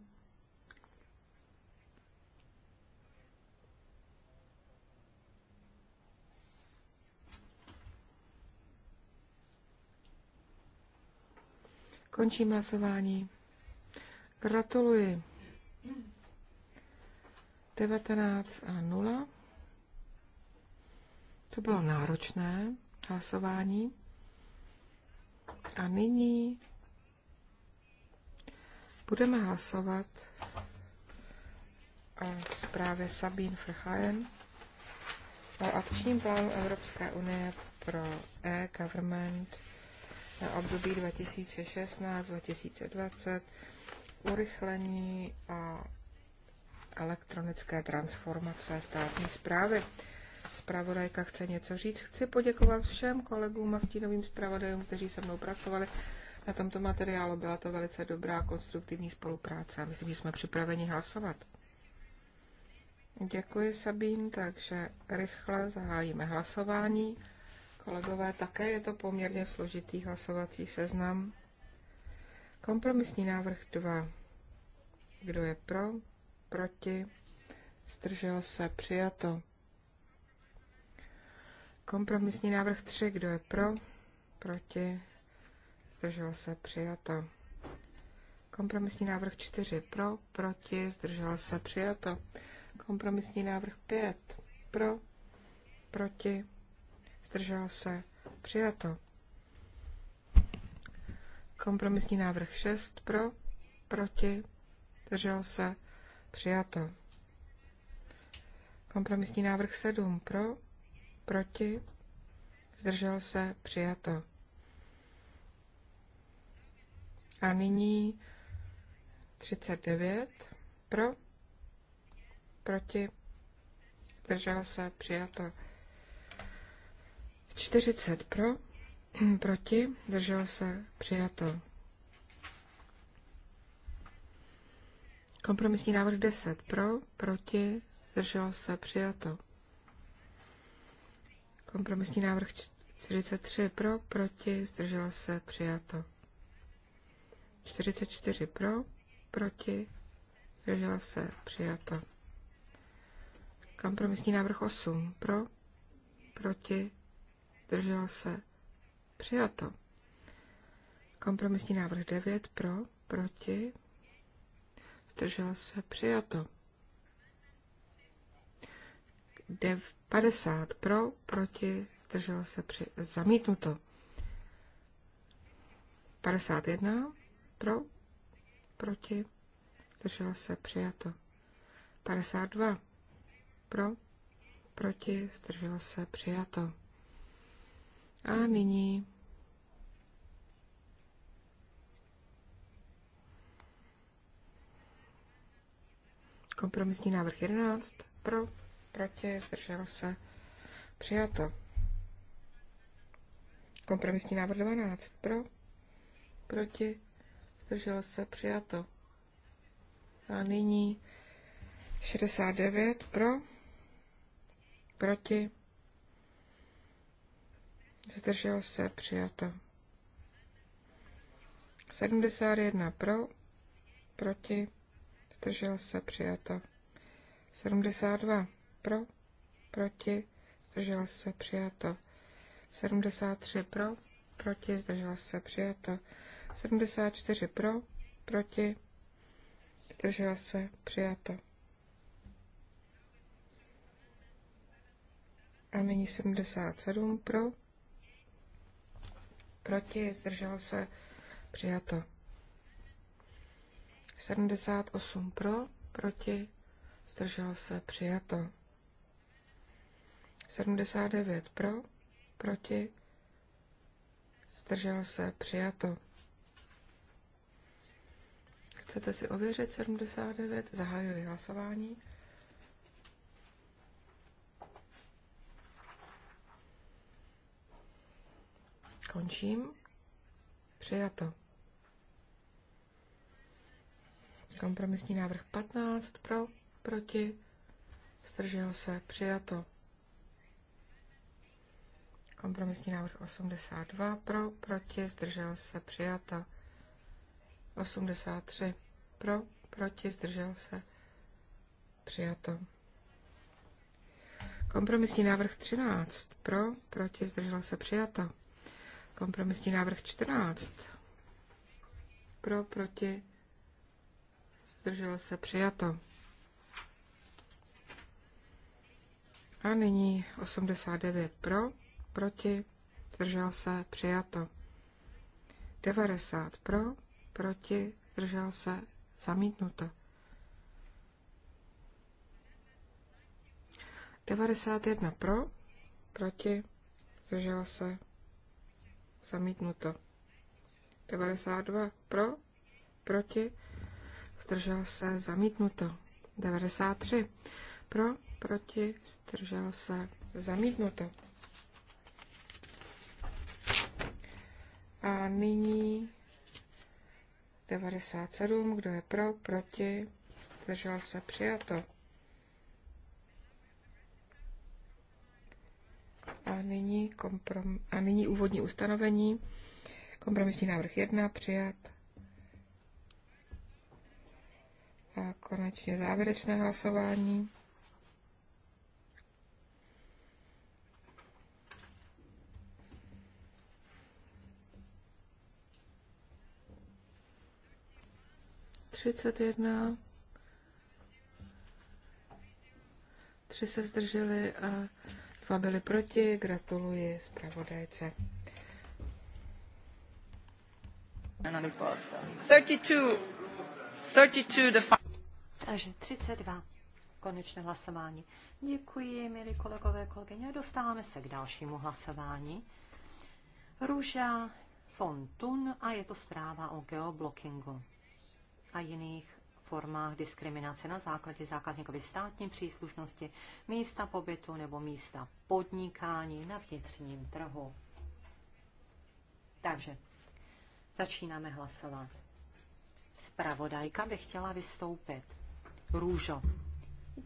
Končím hlasování. Gratuluji. 19 a 0. To bylo náročné hlasování. A nyní budeme hlasovat o zprávě Sabín Frchajen o akčním plánu Evropské unie pro e-government na období 2016-2020, urychlení a elektronické transformace státní zprávy zpravodajka chce něco říct. Chci poděkovat všem kolegům a stínovým zpravodajům, kteří se mnou pracovali na tomto materiálu. Byla to velice dobrá konstruktivní spolupráce a myslím, že jsme připraveni hlasovat. Děkuji, Sabín, takže rychle zahájíme hlasování. Kolegové, také je to poměrně složitý hlasovací seznam. Kompromisní návrh 2. Kdo je pro? Proti? Zdržel se? Přijato. Kompromisní návrh 3, kdo je pro? Proti? Zdržel se přijato. Kompromisní návrh 4 pro, proti, zdržel se přijato. Kompromisní návrh 5 pro, proti, zdržel se přijato. Kompromisní návrh 6 pro, proti, zdržel se přijato. Kompromisní návrh 7 pro, proti, zdržel se, přijato. A nyní 39 pro, proti, zdržel se, přijato. 40 pro, proti, zdržel se, přijato. Kompromisní návrh 10 pro, proti, zdržel se, přijato. Kompromisní návrh 43 pro, proti, zdržela se, přijato. 44 pro, proti, zdržela se, přijato. Kompromisní návrh 8 pro, proti, zdržela se, přijato. Kompromisní návrh 9 pro, proti, zdržela se, přijato. 50 pro, proti, zdrželo se při, zamítnuto. 51 pro, proti, zdrželo se přijato. 52 pro, proti, zdrželo se přijato. A nyní kompromisní návrh 11 pro, proti, zdržel se, přijato. Kompromisní návrh 12 pro, proti, zdržel se, přijato. A nyní 69 pro, proti, zdržel se, přijato. 71 pro, proti, zdržel se, přijato. 72 pro, proti, zdržela se přijato. 73 pro, proti, zdržela se přijato. 74 pro, proti, zdržela se přijato. A nyní 77 pro, proti, zdržel se přijato. 78 pro, proti, zdržel se přijato. 79 pro, proti, zdržel se, přijato. Chcete si ověřit 79? Zahajuji hlasování. Končím. Přijato. Kompromisní návrh 15 pro, proti, zdržel se, přijato. Kompromisní návrh 82 pro, proti, zdržel se, přijato. 83 pro, proti, zdržel se, přijato. Kompromisní návrh 13 pro, proti, zdržel se, přijato. Kompromisní návrh 14 pro, proti, zdržel se, přijato. A nyní 89 pro, proti, zdržel se, přijato. 90 pro, proti, zdržel se, zamítnuto. 91 pro, proti, zdržel se, zamítnuto. 92 pro, proti, zdržel se, zamítnuto. 93 pro, proti, zdržel se, zamítnuto. A nyní 97, kdo je pro, proti, zdržel se, přijato. A nyní, komprom, a nyní úvodní ustanovení. Kompromisní návrh 1 přijat. A konečně závěrečné hlasování. 31. Tři se zdrželi a dva byli proti. Gratuluji zpravodajce. 32. 32 Takže 32. Konečné hlasování. Děkuji, milí kolegové, kolegyně. Dostáváme se k dalšímu hlasování. Růža Fontun a je to zpráva o geoblockingu a jiných formách diskriminace na základě zákazníkovy státní příslušnosti, místa pobytu nebo místa podnikání na vnitřním trhu. Takže začínáme hlasovat. Spravodajka by chtěla vystoupit. Růžo,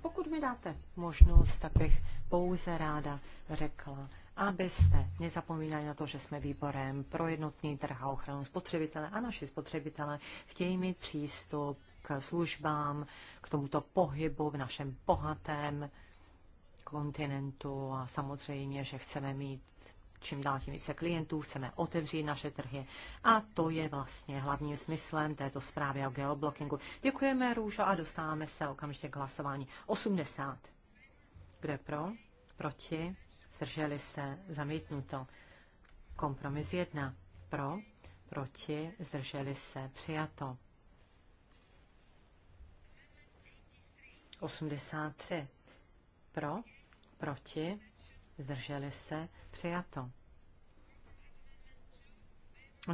pokud mi dáte možnost, tak bych pouze ráda řekla, abyste nezapomínali na to, že jsme výborem pro jednotný trh a ochranu spotřebitele a naši spotřebitele chtějí mít přístup k službám, k tomuto pohybu v našem bohatém kontinentu a samozřejmě, že chceme mít čím dál tím více klientů, chceme otevřít naše trhy a to je vlastně hlavním smyslem této zprávy o geoblockingu. Děkujeme, Růžo, a dostáváme se okamžitě k hlasování. 80. Kdo je pro? Proti? zdrželi se, zamítnuto. Kompromis 1 pro, proti, zdrželi se, přijato. 83 pro, proti, zdrželi se, přijato.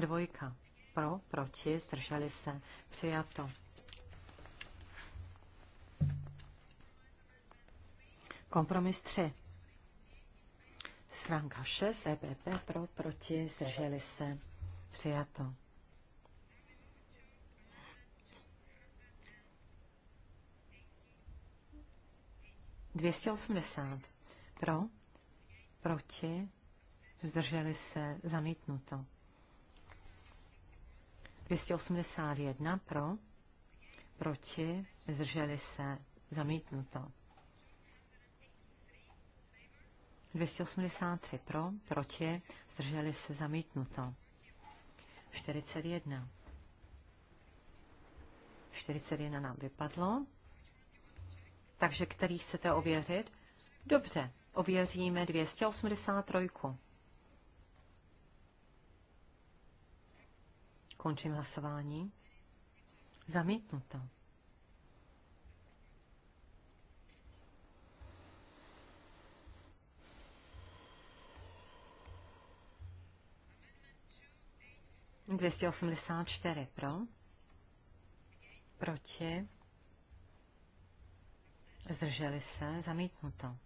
Dvojka. Pro, proti, zdrželi se, přijato. Kompromis 3. Stránka 6, EPP pro, proti, zdrželi se, přijato. Dvěstě osmdesát. Pro, proti, zdrželi se, zamítnuto. Dvěstě jedna pro, proti, zdrželi se, zamítnuto. 283 pro, proti, zdrželi se zamítnuto. 41. 41 nám vypadlo. Takže který chcete ověřit? Dobře, ověříme 283. Končím hlasování. Zamítnuto. 284 pro, proti, zdrželi se, zamítnuto.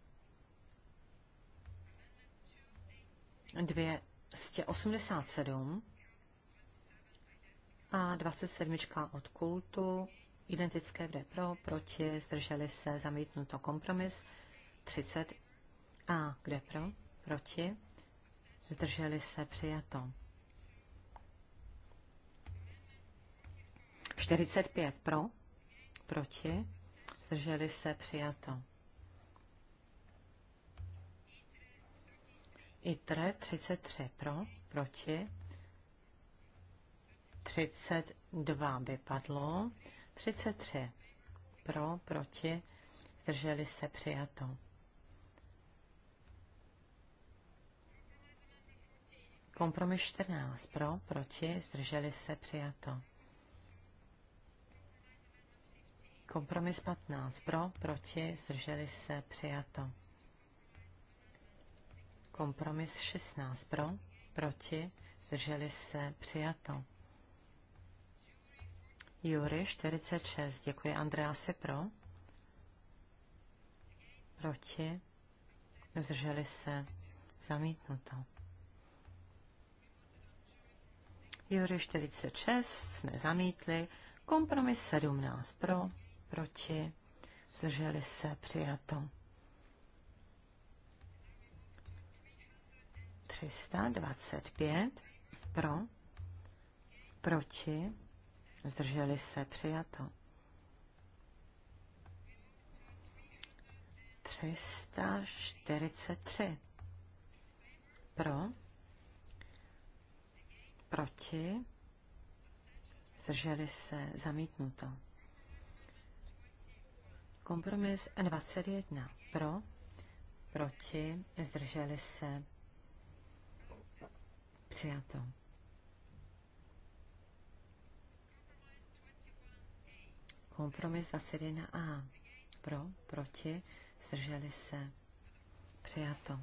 287 a 27 od kultu, identické kde pro, proti, zdrželi se, zamítnuto kompromis, 30 a kde pro, proti, zdrželi se, přijato. 45 pro, proti, zdrželi se přijato. ITRE 33 pro, proti, 32 vypadlo, 33 pro, proti, zdrželi se přijato. Kompromis 14 pro, proti, zdrželi se přijato. Kompromis 15 pro, proti, zdrželi se, přijato. Kompromis 16 pro, proti, zdrželi se, přijato. Jury 46, děkuji Andreasi pro, proti, zdrželi se, zamítnuto. Jury 46 jsme zamítli, kompromis 17 pro, proti, zdrželi se, přijato. 325 pro, proti, zdrželi se, přijato. 343 pro, proti, zdrželi se, zamítnuto. Kompromis 21 pro, proti, zdrželi se, přijato. Kompromis 21a pro, proti, zdrželi se, přijato.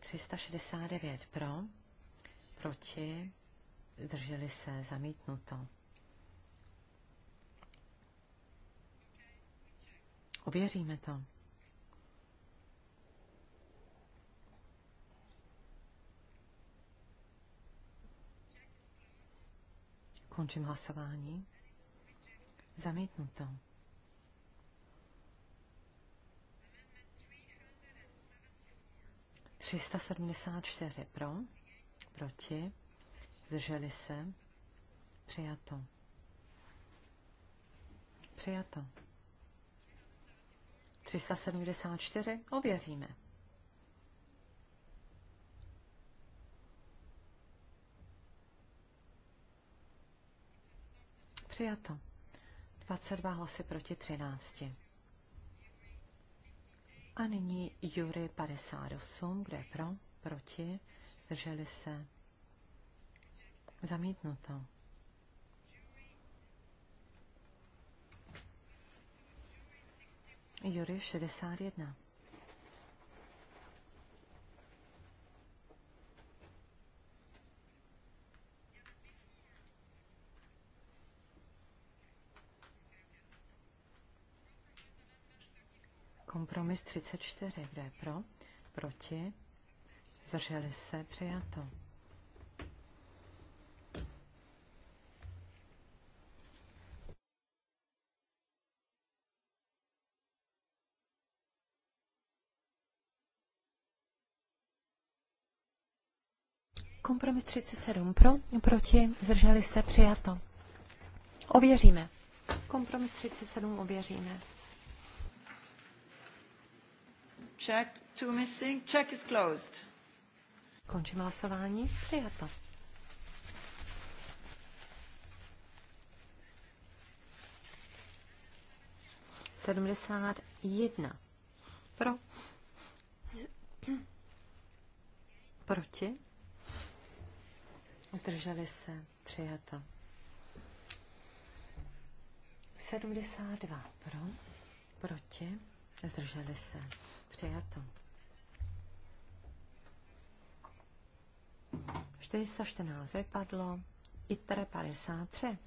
369 pro, proti, zdrželi se, zamítnuto. Ověříme to. Končím hlasování. Zamítnuto. Třista sedmdesát čtyři pro, proti, zdrželi se, přijato. Přijato. 374 ověříme. Přijato. 22 hlasy proti 13. A nyní Jury 58, kde je pro, proti, drželi se. Zamítnuto. Jury 61. Kompromis 34. Kdo je pro? Proti? Zdrželi se? Přijato. Kompromis 37 pro, proti, zdrželi se, přijato. Ověříme. Kompromis 37 ověříme. Check, two missing, check is closed. Končím hlasování, přijato. Sedmdesát jedna. Pro. Proti zdrželi se, přijato. 72 pro, proti, zdrželi se, přijato. 414 vypadlo, ITRE 53.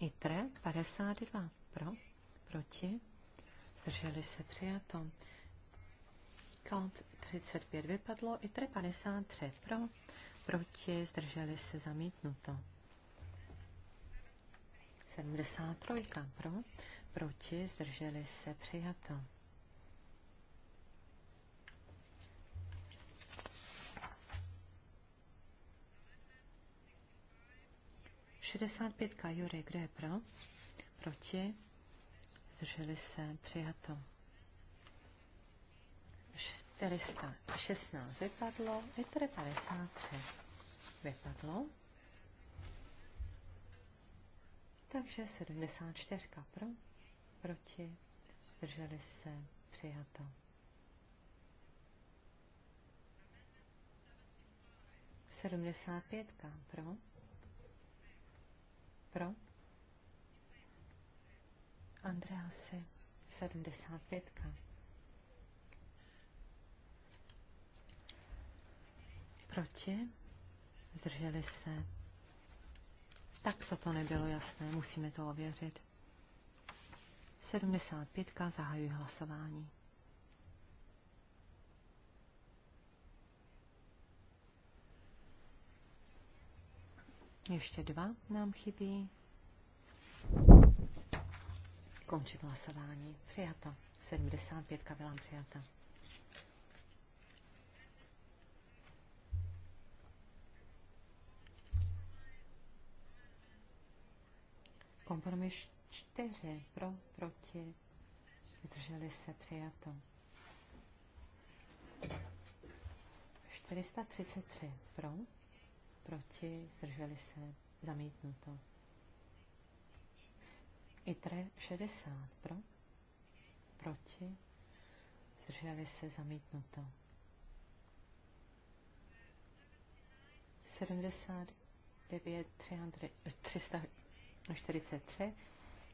ITRE 52 pro proti, zdrželi se přijato. Kalt 35 vypadlo, i 53 pro, proti, zdrželi se zamítnuto. 73 pro, proti, zdrželi se přijato. Šedesát pětka Jury, kdo je pro? Proti, zdrželi se, přijato. 416 vypadlo, tady 53 vypadlo. Takže 74 pro, proti, zdrželi se, přijato. Sedmdesát pětka pro, pro, Andrease 75. Proti? Zdrželi se. Tak toto nebylo jasné, musíme to ověřit. 75. Zahajuji hlasování. Ještě dva nám chybí. Končím hlasování. Přijata. 75 byla přijata. Kompromis 4. Pro, proti. Zdrželi se přijato. 433. Pro, proti. Zdrželi se zamítnuto. ITRE 60 pro, proti, zdrželi se zamítnuto. 79, 343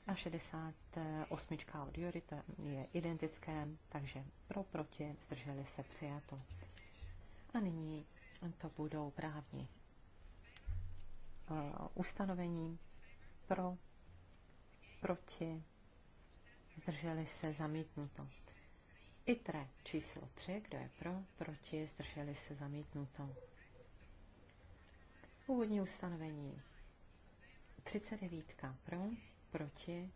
a 68 od Jury, to je identické, takže pro, proti, zdrželi se přijato. A nyní to budou právní uh, ustanovení pro proti, zdrželi se, zamítnuto. ITRE číslo 3, kdo je pro, proti, zdrželi se, zamítnuto. Původní ustanovení 39 pro, proti,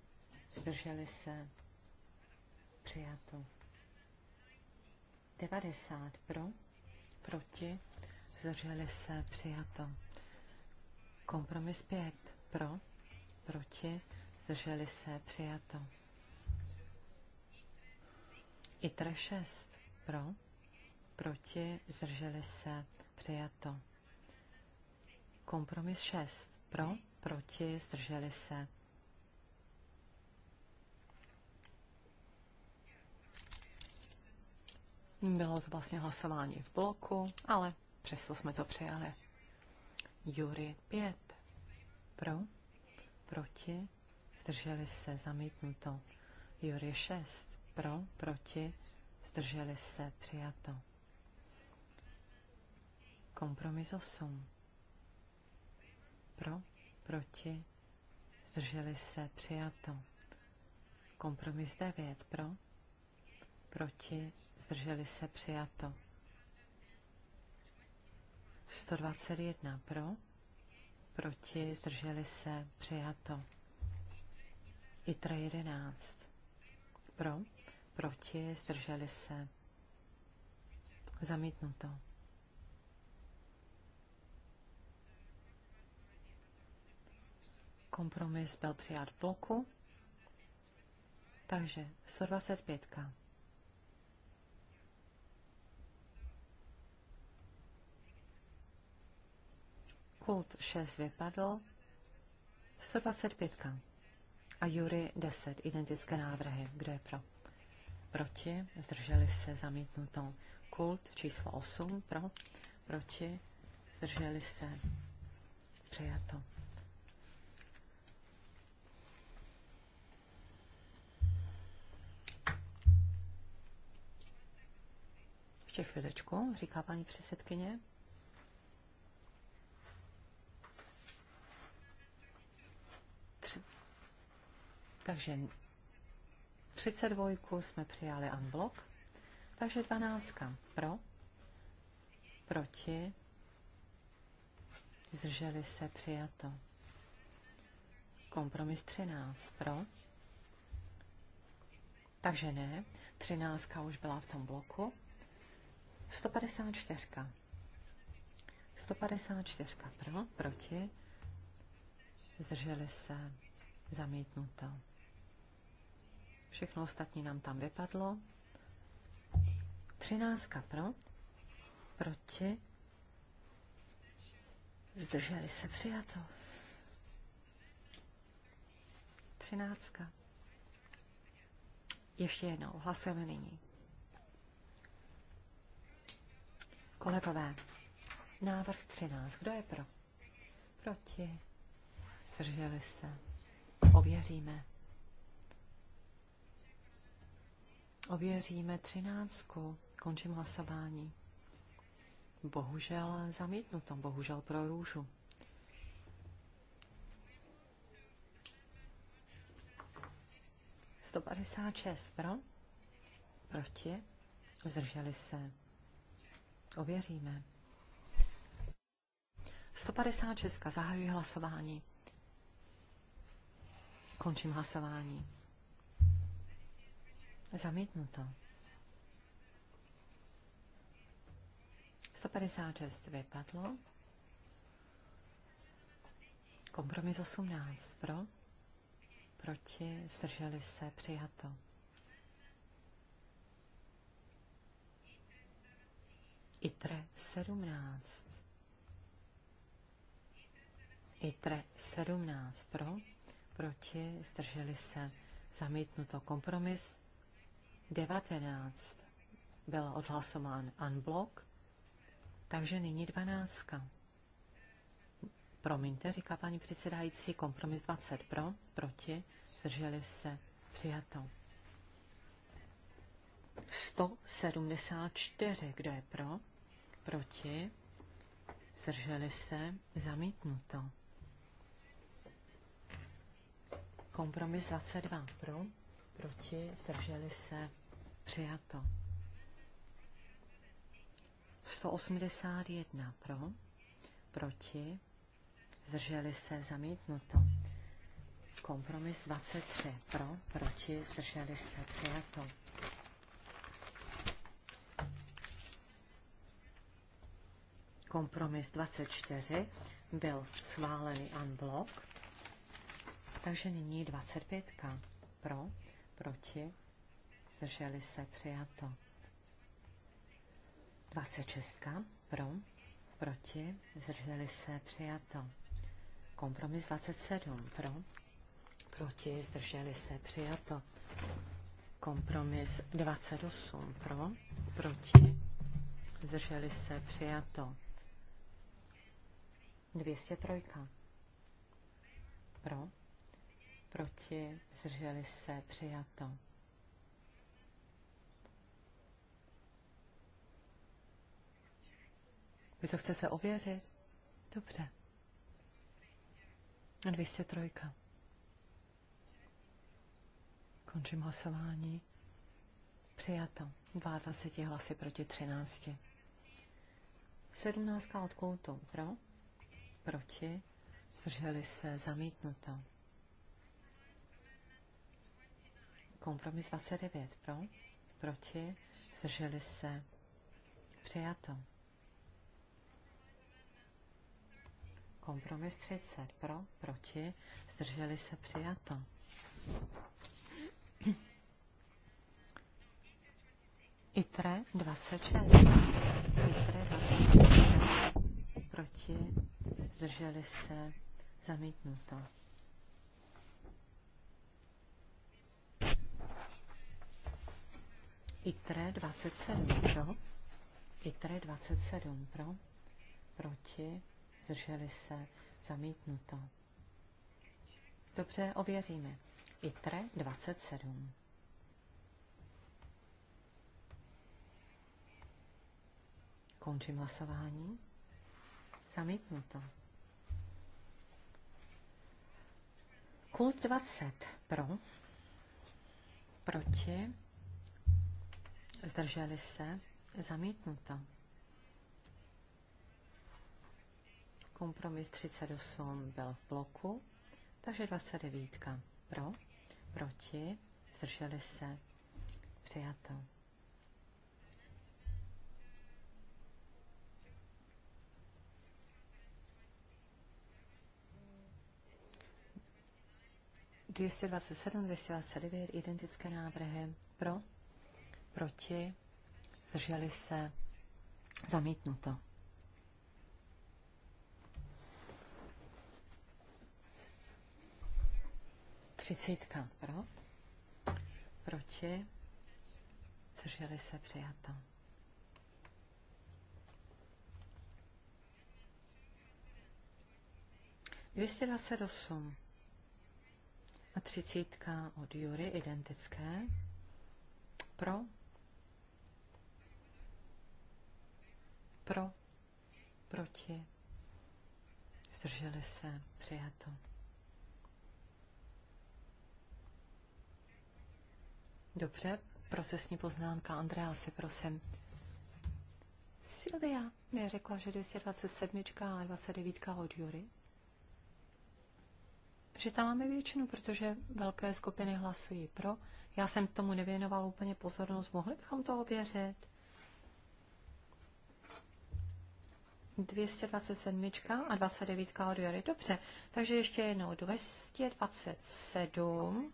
zdrželi se, přijato. 90 pro, proti, zdrželi se, přijato. Kompromis 5 pro, proti, zdrželi se, přijato. ITRE 6 pro, proti, zdrželi se, přijato. Kompromis šest pro, proti, zdrželi se. Bylo to vlastně hlasování v bloku, ale přesto jsme to přijali. Jury 5. Pro, proti, zdrželi se, zamítnuto. Jury 6, pro, proti, zdrželi se, přijato. Kompromis 8, pro, proti, zdrželi se, přijato. Kompromis 9, pro, proti, zdrželi se, přijato. 121 pro, proti, zdrželi se, přijato. ITRA 11. Pro, proti, zdrželi se. Zamítnuto. Kompromis byl přijat v bloku, takže 125. Kult 6 vypadl, 125 a Jury 10, identické návrhy. Kdo je pro? Proti, zdrželi se zamítnuto. Kult číslo 8, pro, proti, zdrželi se přijato. Ještě chvilečku, říká paní předsedkyně. Takže 32 jsme přijali unblock, takže 12 pro, proti, zdrželi se přijato. Kompromis 13 pro, takže ne, 13 už byla v tom bloku. 154. 154 pro, proti, zdrželi se zamítnuto. Všechno ostatní nám tam vypadlo. Třináctka pro, proti, zdrželi se přijato. Třináctka. Ještě jednou, hlasujeme nyní. Kolegové, návrh 13. Kdo je pro? Proti. Zdrželi se. Ověříme. Ověříme třináctku. Končím hlasování. Bohužel zamítnuto, bohužel pro růžu. Sto padesát šest pro, proti, zdrželi se. Ověříme. 156. Zahajuji hlasování. Končím hlasování. Zamítnuto. 156 vypadlo. Kompromis 18 pro. Proti zdrželi se přijato. ITRE 17. ITRE 17 pro, proti, zdrželi se, zamítnuto kompromis 19 byl odhlasován unblock, takže nyní 12. Promiňte, říká paní předsedající, kompromis 20 pro, proti, zdrželi se, přijato. 174, kdo je pro, proti, zdrželi se, zamítnuto. Kompromis 22 pro, proti, zdrželi se, přijato. 181 pro, proti, zdrželi se, zamítnuto. Kompromis 23 pro, proti, zdrželi se, přijato. Kompromis 24 byl schválený unblock, takže nyní 25 pro, proti, zdrželi se, přijato. 26 pro, proti, zdrželi se, přijato. Kompromis 27 pro, proti, zdrželi se, přijato. Kompromis 28 pro, proti, zdrželi se, přijato. 203 pro, proti, zdrželi se, přijato. Vy to chcete ověřit? Dobře. 203. Končím hlasování. Přijato. 22 hlasy proti 13. 17 od koutu. Pro? Proti? Zdrželi se. Zamítnuto. Kompromis 29 pro, proti, zdrželi se, přijato. Kompromis 30 pro, proti, zdrželi se, přijato. ITRE 26. ITRE 26. Proti, zdrželi se, zamítnuto. ITRE 27 pro, ITRE 27 pro, proti, zdrželi se, zamítnuto. Dobře, ověříme. ITRE 27. Končím hlasování. Zamítnuto. Kult 20 pro, proti, zdrželi se, zamítnuto. Kompromis 38 byl v bloku, takže 29 pro, proti, zdrželi se, přijato. Dvěstě dvacet sedm, dvěstě dvacet devět, identické návrhy pro, proti, zdrželi se, zamítnuto. Třicítka pro, proti, zdrželi se, přijato. Dvěstě dvacet osm a třicítka od Jury identické pro, Pro, proti, zdrželi se, přijato. Dobře, procesní poznámka Andrea si prosím. Silvia mi řekla, že 227 a 29 od Jury. Že tam máme většinu, protože velké skupiny hlasují pro. Já jsem tomu nevěnoval úplně pozornost. Mohli bychom to ověřit? 227 a 29 od Dobře, takže ještě jednou 227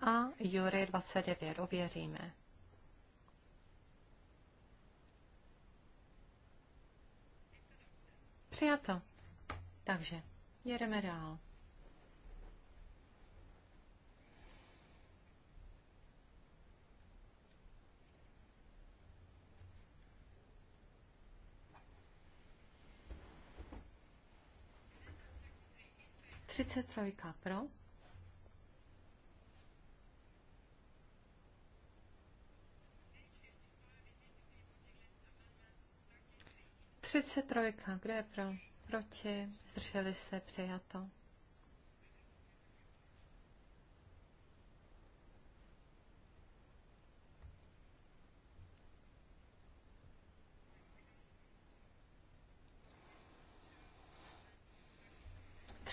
a Jury 29. Ověříme. Přijato. Takže jedeme dál. 33 pro. Třicet trojka, kdo je pro? Proti, zdrželi se, přijato.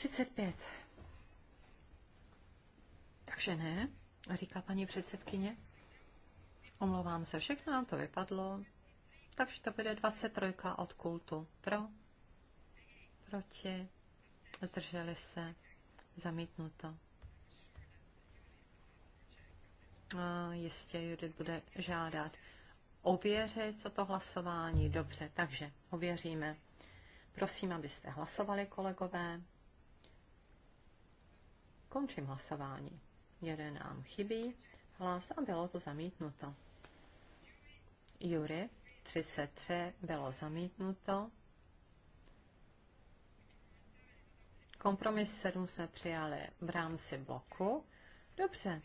35. Takže ne, říká paní předsedkyně. Omlouvám se, všechno nám to vypadlo. Takže to bude 23 od kultu. Pro, proti, zdrželi se, zamítnuto. A jistě Judith bude žádat ověřit toto hlasování. Dobře, takže ověříme. Prosím, abyste hlasovali, kolegové. Končím hlasování. Jeden nám chybí hlas a bylo to zamítnuto. Jury 33 bylo zamítnuto. Kompromis 7 jsme přijali v rámci bloku. Dobře.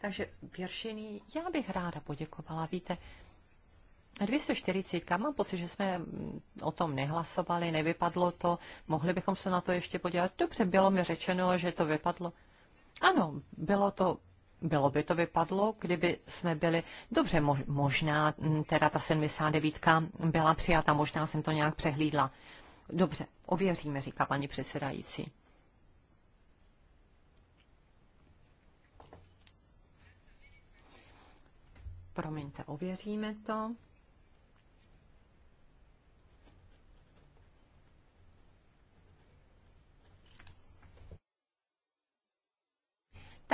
Takže Věršiny, já bych ráda poděkovala. Víte, 240, mám pocit, že jsme o tom nehlasovali, nevypadlo to, mohli bychom se na to ještě podívat. Dobře, bylo mi řečeno, že to vypadlo. Ano, bylo to bylo by to vypadlo, kdyby jsme byli, dobře, možná hm, teda ta 79 byla přijata, možná jsem to nějak přehlídla. Dobře, ověříme, říká paní předsedající. Promiňte, ověříme to.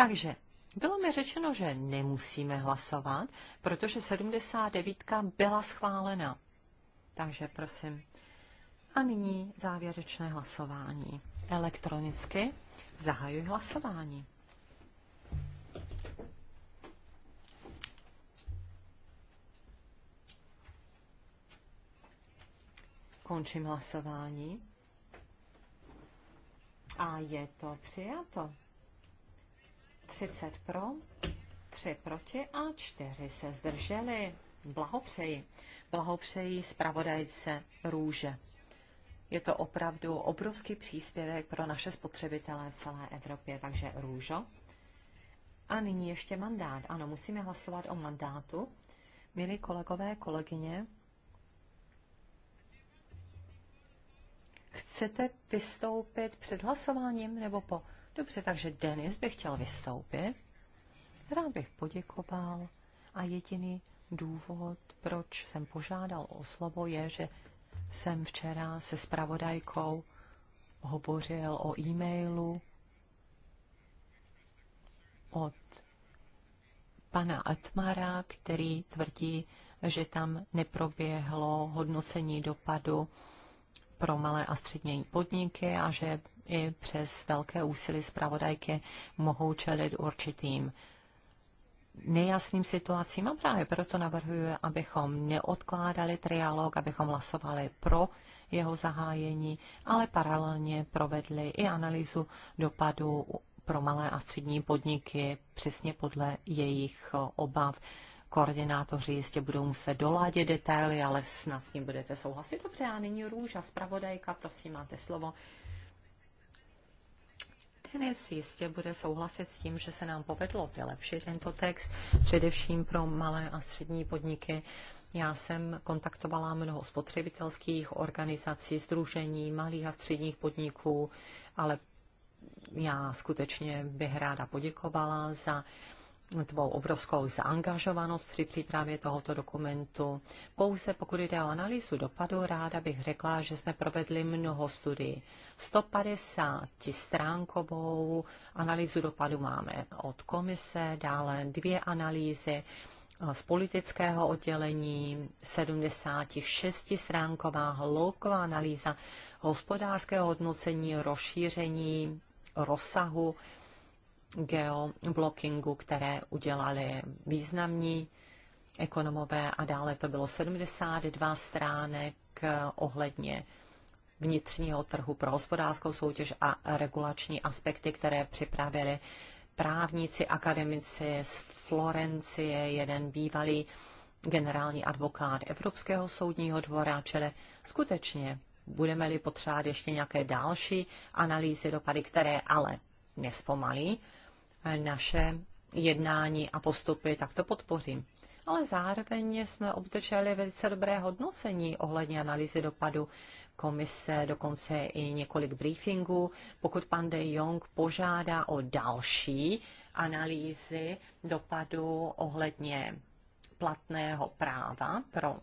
Takže bylo mi řečeno, že nemusíme hlasovat, protože 79 byla schválena. Takže prosím. A nyní závěrečné hlasování. Elektronicky zahajuji hlasování. Končím hlasování. A je to přijato. 30 pro, 3 proti a 4 se zdrželi. Blahopřeji. Blahopřeji zpravodajce Růže. Je to opravdu obrovský příspěvek pro naše spotřebitelé v celé Evropě, takže Růžo. A nyní ještě mandát. Ano, musíme hlasovat o mandátu. Milí kolegové, kolegyně, chcete vystoupit před hlasováním nebo po? Dobře, takže Denis bych chtěl vystoupit. Rád bych poděkoval a jediný důvod, proč jsem požádal o slovo, je, že jsem včera se spravodajkou hovořil o e-mailu od pana Atmara, který tvrdí, že tam neproběhlo hodnocení dopadu pro malé a střední podniky a že i přes velké úsilí zpravodajky mohou čelit určitým nejasným situacím a právě proto navrhuji, abychom neodkládali trialog, abychom hlasovali pro jeho zahájení, ale paralelně provedli i analýzu dopadu pro malé a střední podniky přesně podle jejich obav. Koordinátoři jistě budou muset doládět detaily, ale snad s ním budete souhlasit. Dobře, a nyní Růža, zpravodajka, prosím, máte slovo. Denis jistě bude souhlasit s tím, že se nám povedlo vylepšit tento text, především pro malé a střední podniky. Já jsem kontaktovala mnoho spotřebitelských organizací, združení, malých a středních podniků, ale já skutečně bych ráda poděkovala za tvou obrovskou zaangažovanost při přípravě tohoto dokumentu. Pouze pokud jde o analýzu dopadu, ráda bych řekla, že jsme provedli mnoho studií. 150 stránkovou analýzu dopadu máme od komise, dále dvě analýzy z politického oddělení, 76 stránková hloubková analýza hospodářského hodnocení, rozšíření rozsahu geoblockingu, které udělali významní ekonomové a dále to bylo 72 stránek eh, ohledně vnitřního trhu pro hospodářskou soutěž a regulační aspekty, které připravili právníci, akademici z Florencie, jeden bývalý generální advokát Evropského soudního dvora, čili skutečně budeme-li potřebovat ještě nějaké další analýzy dopady, které ale nespomalí naše jednání a postupy, tak to podpořím. Ale zároveň jsme obdrželi velice dobré hodnocení ohledně analýzy dopadu komise, dokonce i několik briefingů. Pokud pan de Jong požádá o další analýzy dopadu ohledně platného práva pro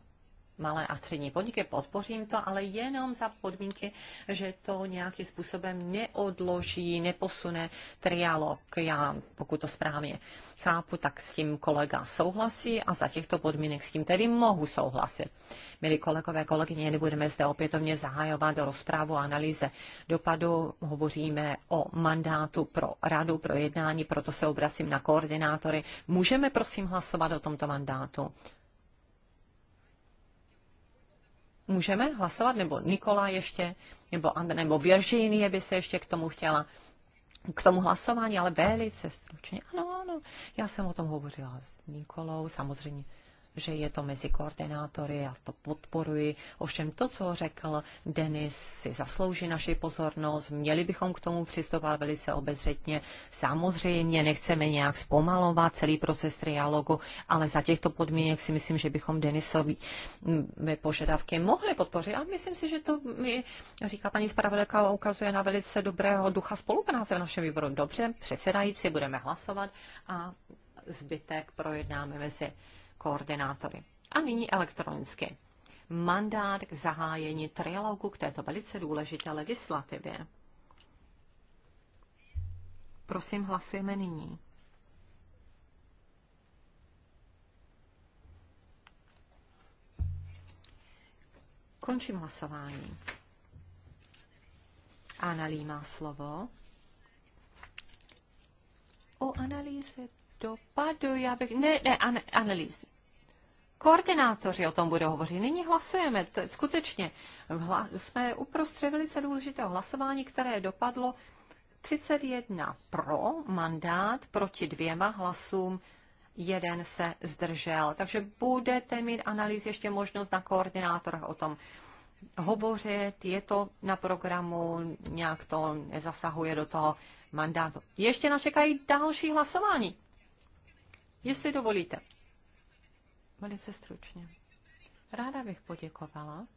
malé a střední podniky, podpořím to, ale jenom za podmínky, že to nějakým způsobem neodloží, neposune trialog. Já, pokud to správně chápu, tak s tím kolega souhlasí a za těchto podmínek s tím tedy mohu souhlasit. Milí kolegové, kolegyně, nebudeme zde opětovně zahajovat do rozprávu a analýze dopadu. Hovoříme o mandátu pro radu, pro jednání, proto se obracím na koordinátory. Můžeme prosím hlasovat o tomto mandátu? Můžeme hlasovat? Nebo Nikola ještě? Nebo, nebo Virginie by se ještě k tomu chtěla? K tomu hlasování, ale velice stručně. Ano, ano. Já jsem o tom hovořila s Nikolou, samozřejmě že je to mezi koordinátory, já to podporuji. Ovšem to, co řekl Denis, si zaslouží naši pozornost, měli bychom k tomu přistupovat velice obezřetně. Samozřejmě nechceme nějak zpomalovat celý proces trialogu, ale za těchto podmínek si myslím, že bychom Denisovi požadavky mohli podpořit. A myslím si, že to mi říká paní zpravodajka, ukazuje na velice dobrého ducha spolupráce v našem výboru. Dobře, předsedající, budeme hlasovat a zbytek projednáme mezi koordinátory. A nyní elektronicky. Mandát k zahájení trialogu k této velice důležité legislativě. Prosím, hlasujeme nyní. Končím hlasování. Analý má slovo. O analýze dopadu, já bych... Ne, ne, an, analýzy. Koordinátoři o tom budou hovořit. Nyní hlasujeme, to je, skutečně. Hla, jsme uprostřed velice důležitého hlasování, které dopadlo 31 pro mandát, proti dvěma hlasům jeden se zdržel. Takže budete mít analýz ještě možnost na koordinátorech o tom hovořit, je to na programu, nějak to nezasahuje do toho mandátu. Ještě nás čekají další hlasování. Jestli dovolíte. Velice stručně. Ráda bych poděkovala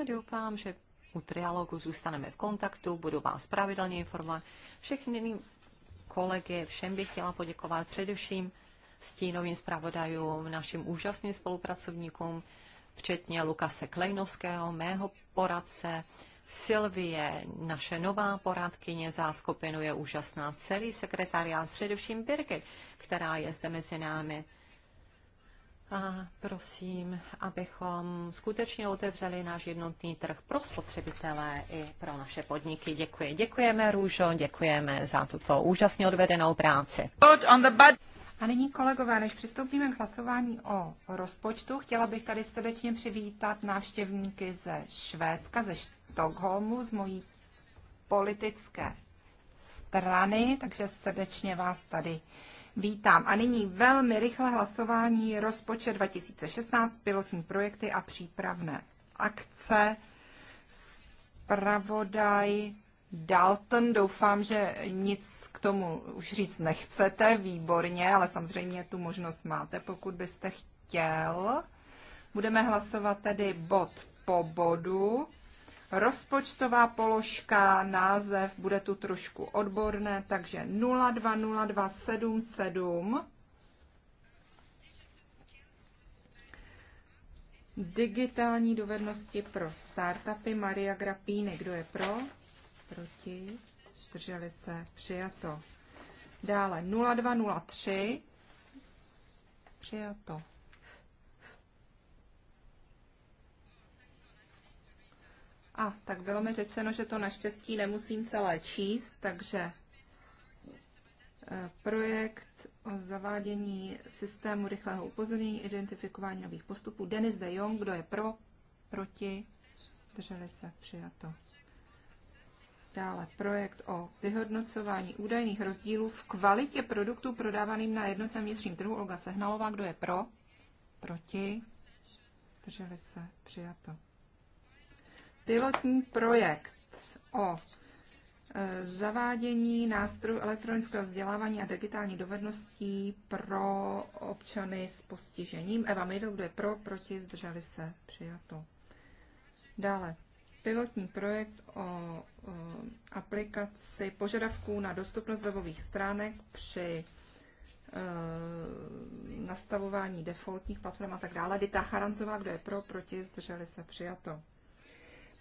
a doufám, že u trialogu zůstaneme v kontaktu, budu vás pravidelně informovat. Všechny kolegy, všem bych chtěla poděkovat především stínovým zpravodajům, našim úžasným spolupracovníkům, včetně Lukase Klejnovského, mého poradce, Silvie, naše nová poradkyně za skupinu je úžasná, celý sekretariát, především Birgit, která je zde mezi námi. A prosím, abychom skutečně otevřeli náš jednotný trh pro spotřebitele i pro naše podniky. Děkuji. Děkujeme, Růžo, děkujeme za tuto úžasně odvedenou práci. A nyní, kolegové, než přistoupíme k hlasování o rozpočtu, chtěla bych tady srdečně přivítat návštěvníky ze Švédska, ze Stockholmu, z mojí politické strany, takže srdečně vás tady vítám. A nyní velmi rychle hlasování rozpočet 2016, pilotní projekty a přípravné akce. Spravodaj Dalton, doufám, že nic tomu už říct nechcete, výborně, ale samozřejmě tu možnost máte, pokud byste chtěl. Budeme hlasovat tedy bod po bodu. Rozpočtová položka, název, bude tu trošku odborné, takže 020277 Digitální dovednosti pro startupy Maria Grapíny. Kdo je pro? Proti? zdrželi se, přijato. Dále 0203, přijato. A tak bylo mi řečeno, že to naštěstí nemusím celé číst, takže eh, projekt o zavádění systému rychlého upozornění, identifikování nových postupů. Denis de Jong, kdo je pro, proti, drželi se, přijato. Dále projekt o vyhodnocování údajných rozdílů v kvalitě produktů prodávaným na jednotném vnitřním trhu. Olga Sehnalová, kdo je pro? Proti? Zdrželi se? Přijato. Pilotní projekt o e, zavádění nástrojů elektronického vzdělávání a digitální dovedností pro občany s postižením. Eva Meidl, kdo je pro, proti, zdrželi se, přijato. Dále pilotní projekt o aplikaci požadavků na dostupnost webových stránek při e, nastavování defaultních platform a tak dále. Dita Charanzová, kdo je pro, proti, zdrželi se, přijato.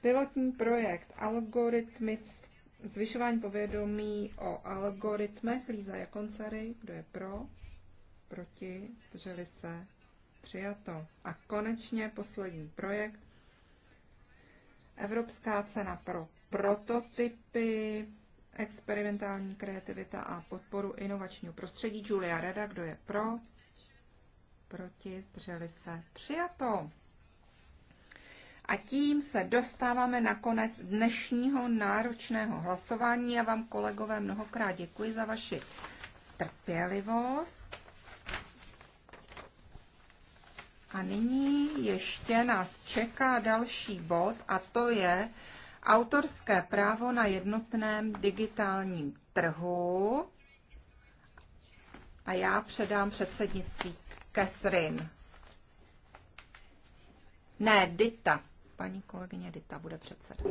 Pilotní projekt algoritmic, zvyšování povědomí o algoritmech Líza Jakoncery, kdo je pro, proti, zdrželi se, přijato. A konečně poslední projekt Evropská cena pro prototypy, experimentální kreativita a podporu inovačního prostředí. Julia Rada, kdo je pro? Proti, zdrželi se. Přijato. A tím se dostáváme na konec dnešního náročného hlasování. Já vám, kolegové, mnohokrát děkuji za vaši trpělivost. A nyní ještě nás čeká další bod a to je autorské právo na jednotném digitálním trhu. A já předám předsednictví Catherine. Ne, Dita. Paní kolegyně Dita bude předsedat.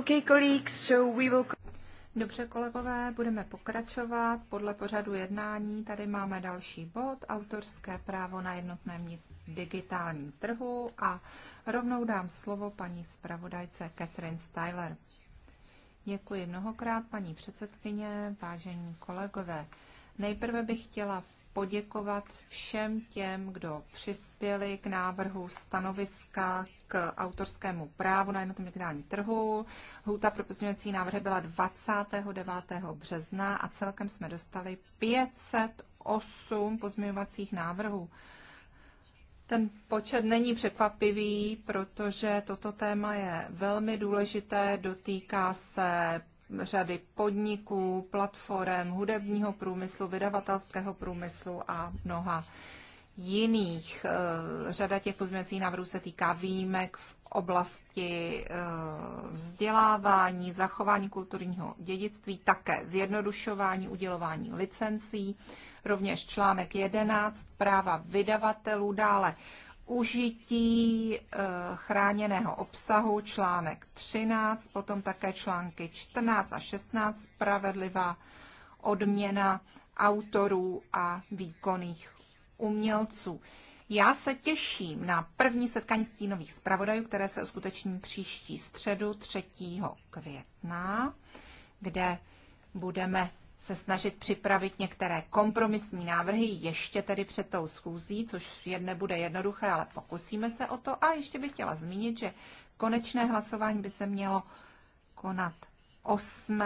Okay, colleagues, so we will... Dobře, kolegové, budeme pokračovat podle pořadu jednání. Tady máme další bod, autorské právo na jednotném digitálním trhu a rovnou dám slovo paní zpravodajce Catherine Styler. Děkuji mnohokrát, paní předsedkyně, vážení kolegové. Nejprve bych chtěla poděkovat všem těm, kdo přispěli k návrhu stanoviska k autorskému právu na jednotném digitálním trhu. Hůta pro pozměňovací návrhy byla 29. března a celkem jsme dostali 508 pozměňovacích návrhů. Ten počet není překvapivý, protože toto téma je velmi důležité, dotýká se řady podniků, platform, hudebního průmyslu, vydavatelského průmyslu a mnoha jiných. Eh, řada těch pozměňovacích návrhů se týká výjimek v oblasti eh, vzdělávání, zachování kulturního dědictví, také zjednodušování udělování licencí, rovněž článek 11, práva vydavatelů, dále užití eh, chráněného obsahu článek 13, potom také články 14 a 16, spravedlivá odměna autorů a výkonných umělců. Já se těším na první setkání stínových zpravodajů, které se uskuteční příští středu 3. května, kde budeme se snažit připravit některé kompromisní návrhy ještě tedy před tou schůzí, což je nebude jednoduché, ale pokusíme se o to. A ještě bych chtěla zmínit, že konečné hlasování by se mělo konat 8.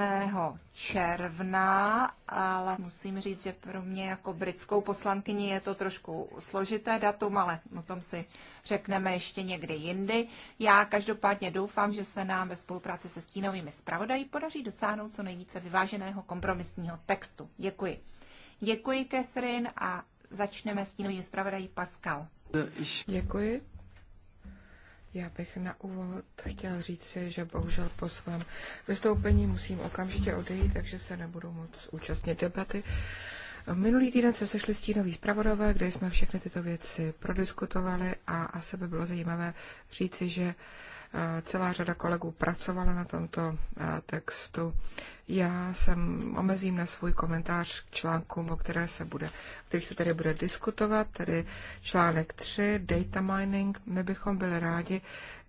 června, ale musím říct, že pro mě jako britskou poslankyni je to trošku složité datum, ale o tom si řekneme ještě někdy jindy. Já každopádně doufám, že se nám ve spolupráci se stínovými zpravodají podaří dosáhnout co nejvíce vyváženého kompromisního textu. Děkuji. Děkuji, Catherine, a začneme s stínovým zpravodají Pascal. Děkuji. Já bych na úvod chtěl říci, že bohužel po svém vystoupení musím okamžitě odejít, takže se nebudu moc účastnit debaty. Minulý týden se sešli stínoví zpravodové, kde jsme všechny tyto věci prodiskutovali a asi by bylo zajímavé říci, že Celá řada kolegů pracovala na tomto textu. Já jsem omezím na svůj komentář k článkům, o, které se bude, o kterých se tady bude diskutovat, tedy článek 3, data mining. My bychom byli rádi,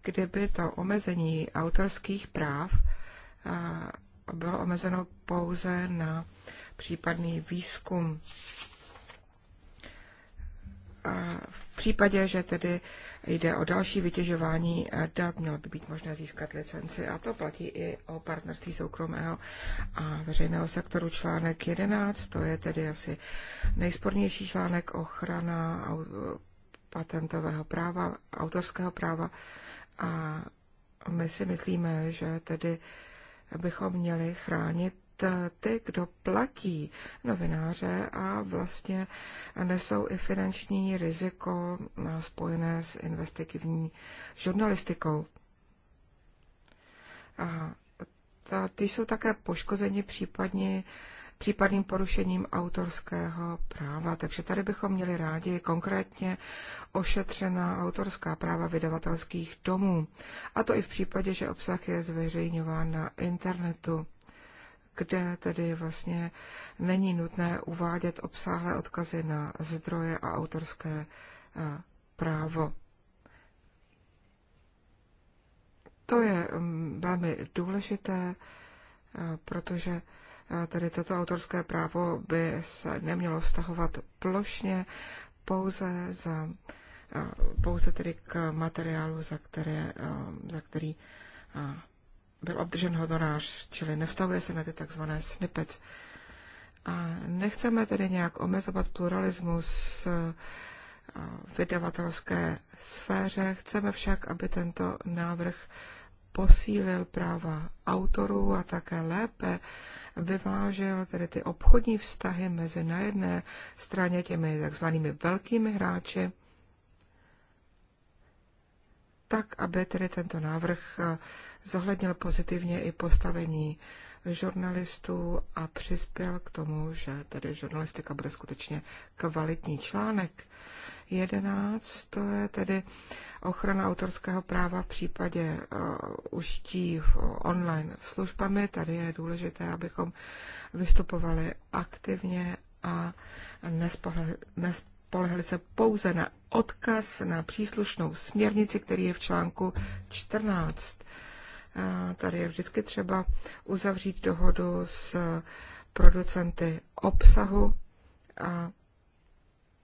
kdyby to omezení autorských práv bylo omezeno pouze na případný výzkum. V případě, že tedy jde o další vytěžování eh, dat, mělo by být možné získat licenci a to platí i o partnerství soukromého a veřejného sektoru článek 11, to je tedy asi nejspornější článek ochrana patentového práva, autorského práva a my si myslíme, že tedy bychom měli chránit Eh, ty, kdo platí novináře a vlastně nesou i finanční riziko eh, spojené s investigativní žurnalistikou. A ty jsou také poškozeni případně případným porušením autorského práva. Takže tady bychom měli rádi konkrétně ošetřena autorská práva vydavatelských domů. A to i v případě, že obsah je zveřejňován na internetu kde tedy vlastně není nutné uvádět obsáhlé odkazy na zdroje a autorské eh, právo. To je mm, velmi důležité, eh, protože eh, tedy toto autorské právo by se nemělo vztahovat plošně pouze za pouze tedy k materiálu, za, které, za který byl obdržen honorář, čili nevstavuje se na ty tzv. snippets. A nechceme tedy nějak omezovat pluralismus eh, vydavatelské sféře, chceme však, aby tento návrh posílil práva autorů a také lépe vyvážel tedy ty obchodní vztahy mezi na jedné straně těmi takzvanými velkými hráči, tak aby tedy tento návrh eh, zohlednil pozitivně i postavení žurnalistů a přispěl k tomu, že tedy žurnalistika bude skutečně kvalitní článek. 11. To je tedy ochrana autorského práva v případě uh, užití online službami. Tady je důležité, abychom vystupovali aktivně a nespohled, nespohled se pouze na odkaz na příslušnou směrnici, který je v článku 14. Tady je vždycky třeba uzavřít dohodu s producenty obsahu a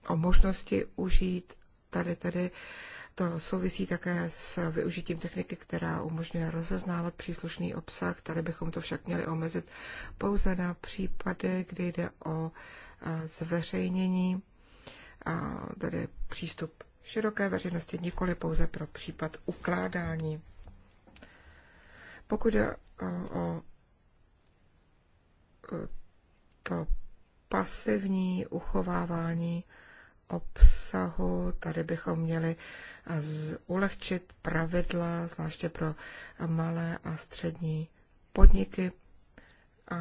o možnosti užít tady tedy to souvisí také s využitím techniky, která umožňuje rozeznávat příslušný obsah. Tady bychom to však měli omezit pouze na případy, kdy jde o zveřejnění, a tedy přístup široké veřejnosti, nikoli pouze pro případ ukládání. Pokud je eh, o, o to pasivní uchovávání obsahu, tady bychom měli eh, ulehčit pravidla, zvláště pro malé a střední podniky. A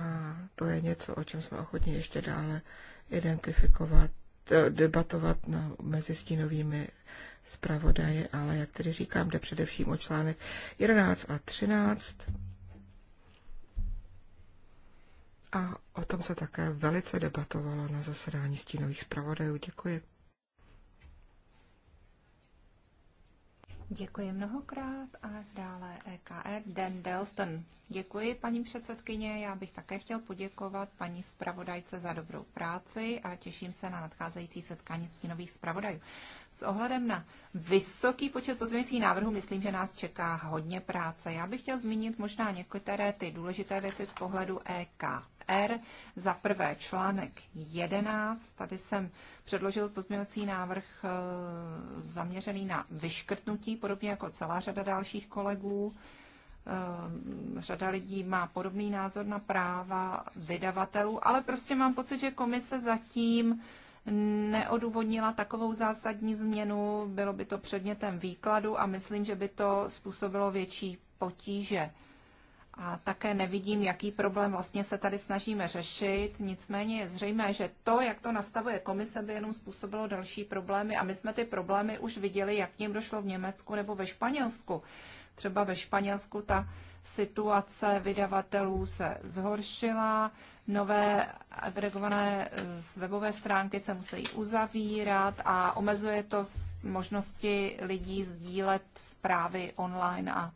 to je něco, o čem jsme ochotni ještě dále identifikovat, eh, debatovat mezi stínovými zpravodaje, ale jak tedy říkám, jde především o článek 11 a 13. A o tom se také velice debatovalo na zasedání stínových zpravodajů. Děkuji. Děkuji mnohokrát a dále EKR e, Dan Delton. Děkuji paní předsedkyně, já bych také chtěl poděkovat paní zpravodajce za dobrou práci a těším se na nadcházející setkání s nových zpravodajů. S ohledem na vysoký počet pozměňujících návrhů myslím, že nás čeká hodně práce. Já bych chtěl zmínit možná některé ty důležité věci z pohledu EKR e. R. Za prvé článek 11, tady jsem předložil pozměňovací návrh eh, zaměřený na vyškrtnutí, podobně jako celá řada dalších kolegů. Eh, řada lidí má podobný názor na práva vydavatelů, ale prostě mám pocit, že komise zatím neodůvodnila takovou zásadní změnu, bylo by to předmětem výkladu a myslím, že by to způsobilo větší potíže a také nevidím, jaký problém vlastně se tady snažíme řešit. Nicméně je zřejmé, že to, jak to nastavuje komise, by jenom způsobilo další problémy a my jsme ty problémy už viděli, jak jim došlo v Německu nebo ve Španělsku. Třeba ve Španělsku ta situace vydavatelů se zhoršila, nové agregované eh, webové stránky se musí uzavírat a omezuje to možnosti lidí sdílet zprávy online a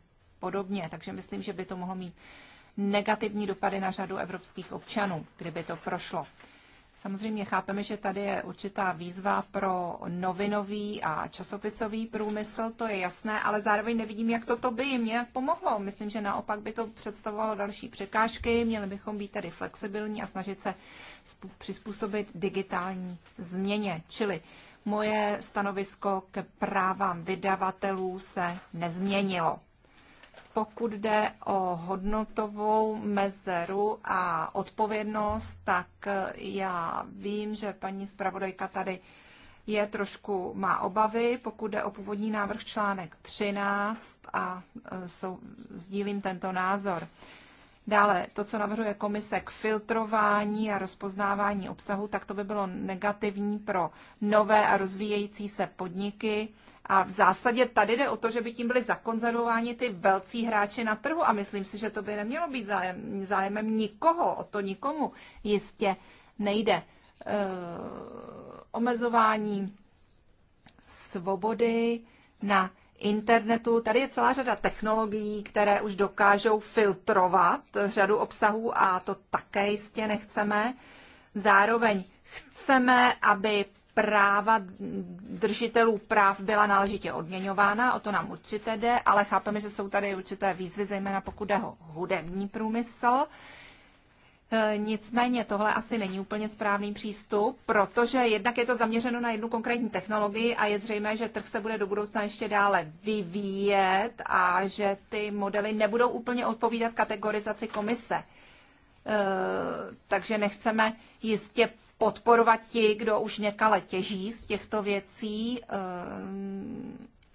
podobně. Takže myslím, že by to mohlo mít negativní dopady na řadu evropských občanů, kdyby to prošlo. Samozřejmě chápeme, že tady je určitá výzva pro novinový a časopisový průmysl, to je jasné, ale zároveň nevidím, jak toto by jim nějak pomohlo. Myslím, že naopak by to představovalo další překážky, měli bychom být tady flexibilní a snažit se přizpůsobit digitální změně. Čili moje stanovisko k právám vydavatelů se nezměnilo. Pokud jde o hodnotovou mezeru a odpovědnost, tak já vím, že paní zpravodajka tady je trošku, má obavy, pokud jde o původní návrh článek 13 a e, sou, sdílím tento názor. Dále, to, co navrhuje komise k filtrování a rozpoznávání obsahu, tak to by bylo negativní pro nové a rozvíjející se podniky a v zásadě tady jde o to, že by tím byly zakonzervováni ty velcí hráči na trhu a myslím si, že to by nemělo být zájem, zájemem nikoho, o to nikomu jistě nejde. E, omezování svobody na internetu. Tady je celá řada technologií, které už dokážou filtrovat řadu obsahů a to také jistě nechceme. Zároveň chceme, aby práva držitelů práv byla náležitě odměňována, o to nám určitě jde, ale chápeme, že jsou tady určité výzvy, zejména pokud jde o hudební průmysl. E, nicméně tohle asi není úplně správný přístup, protože jednak je to zaměřeno na jednu konkrétní technologii a je zřejmé, že trh se bude do budoucna ještě dále vyvíjet a že ty modely nebudou úplně odpovídat kategorizaci komise. E, takže nechceme jistě podporovat ti, kdo už někale těží z těchto věcí, eh,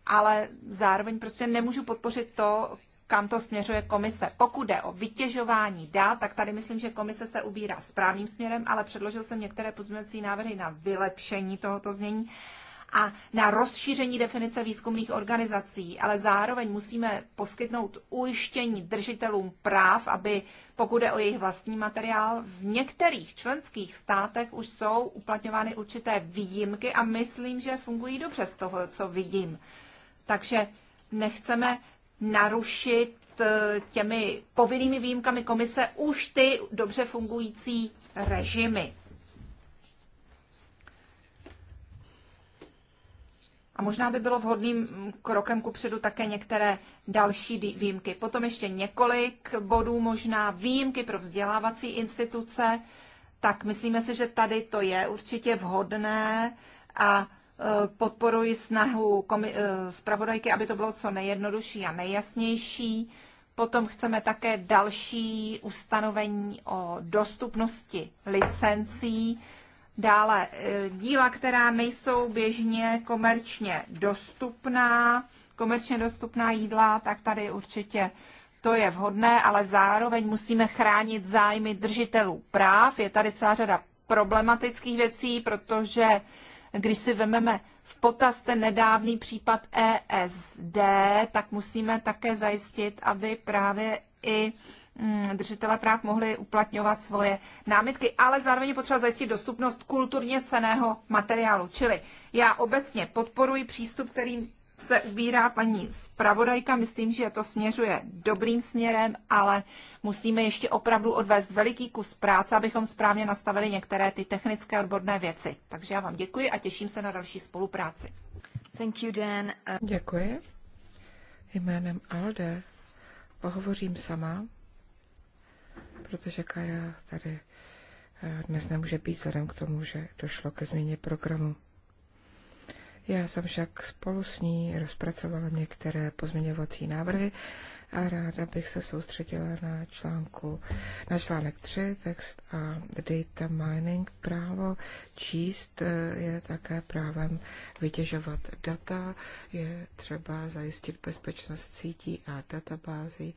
ale zároveň prostě nemůžu podpořit to, kam to směřuje komise. Pokud jde o vytěžování dát, tak tady myslím, že komise se ubírá správným směrem, ale předložil jsem některé pozměňovací návrhy na vylepšení tohoto znění a na rozšíření definice výzkumných organizací, ale zároveň musíme poskytnout ujištění držitelům práv, aby pokud je o jejich vlastní materiál, v některých členských státech už jsou uplatňovány určité výjimky a myslím, že fungují dobře z toho, co vidím. Takže nechceme narušit eh, těmi povinnými výjimkami komise už ty dobře fungující režimy. možná by bylo vhodným krokem kupředu také některé další výjimky. Potom ještě několik bodů, možná výjimky pro vzdělávací instituce. Tak myslíme si, že tady to je určitě vhodné a e, podporuji snahu e, zpravodajky, aby to bylo co nejjednodušší a nejjasnější. Potom chceme také další ustanovení o dostupnosti licencí. Dále eh, díla, která nejsou běžně komerčně dostupná, komerčně dostupná jídla, tak tady určitě to je vhodné, ale zároveň musíme chránit zájmy držitelů práv. Je tady celá řada problematických věcí, protože když si vememe v potaz ten nedávný případ ESD, tak musíme také zajistit, aby právě i Mm, držitele práv mohli uplatňovat svoje námitky, ale zároveň potřeba zajistit dostupnost kulturně ceného materiálu. Čili já obecně podporuji přístup, kterým se ubírá paní zpravodajka. Myslím, že to směřuje dobrým směrem, ale musíme ještě opravdu odvést veliký kus práce, abychom správně nastavili některé ty technické odborné věci. Takže já vám děkuji a těším se na další spolupráci. Thank you, Dan. Děkuji. Jménem Alde pohovořím sama protože Kaja tady eh, dnes nemůže být vzhledem k tomu, že došlo ke změně programu. Já jsem však spolu s ní rozpracovala některé pozměňovací návrhy a ráda bych se soustředila na, článku, na článek 3, text a data mining. Právo číst eh, je také právem vytěžovat data, je třeba zajistit bezpečnost sítí a databází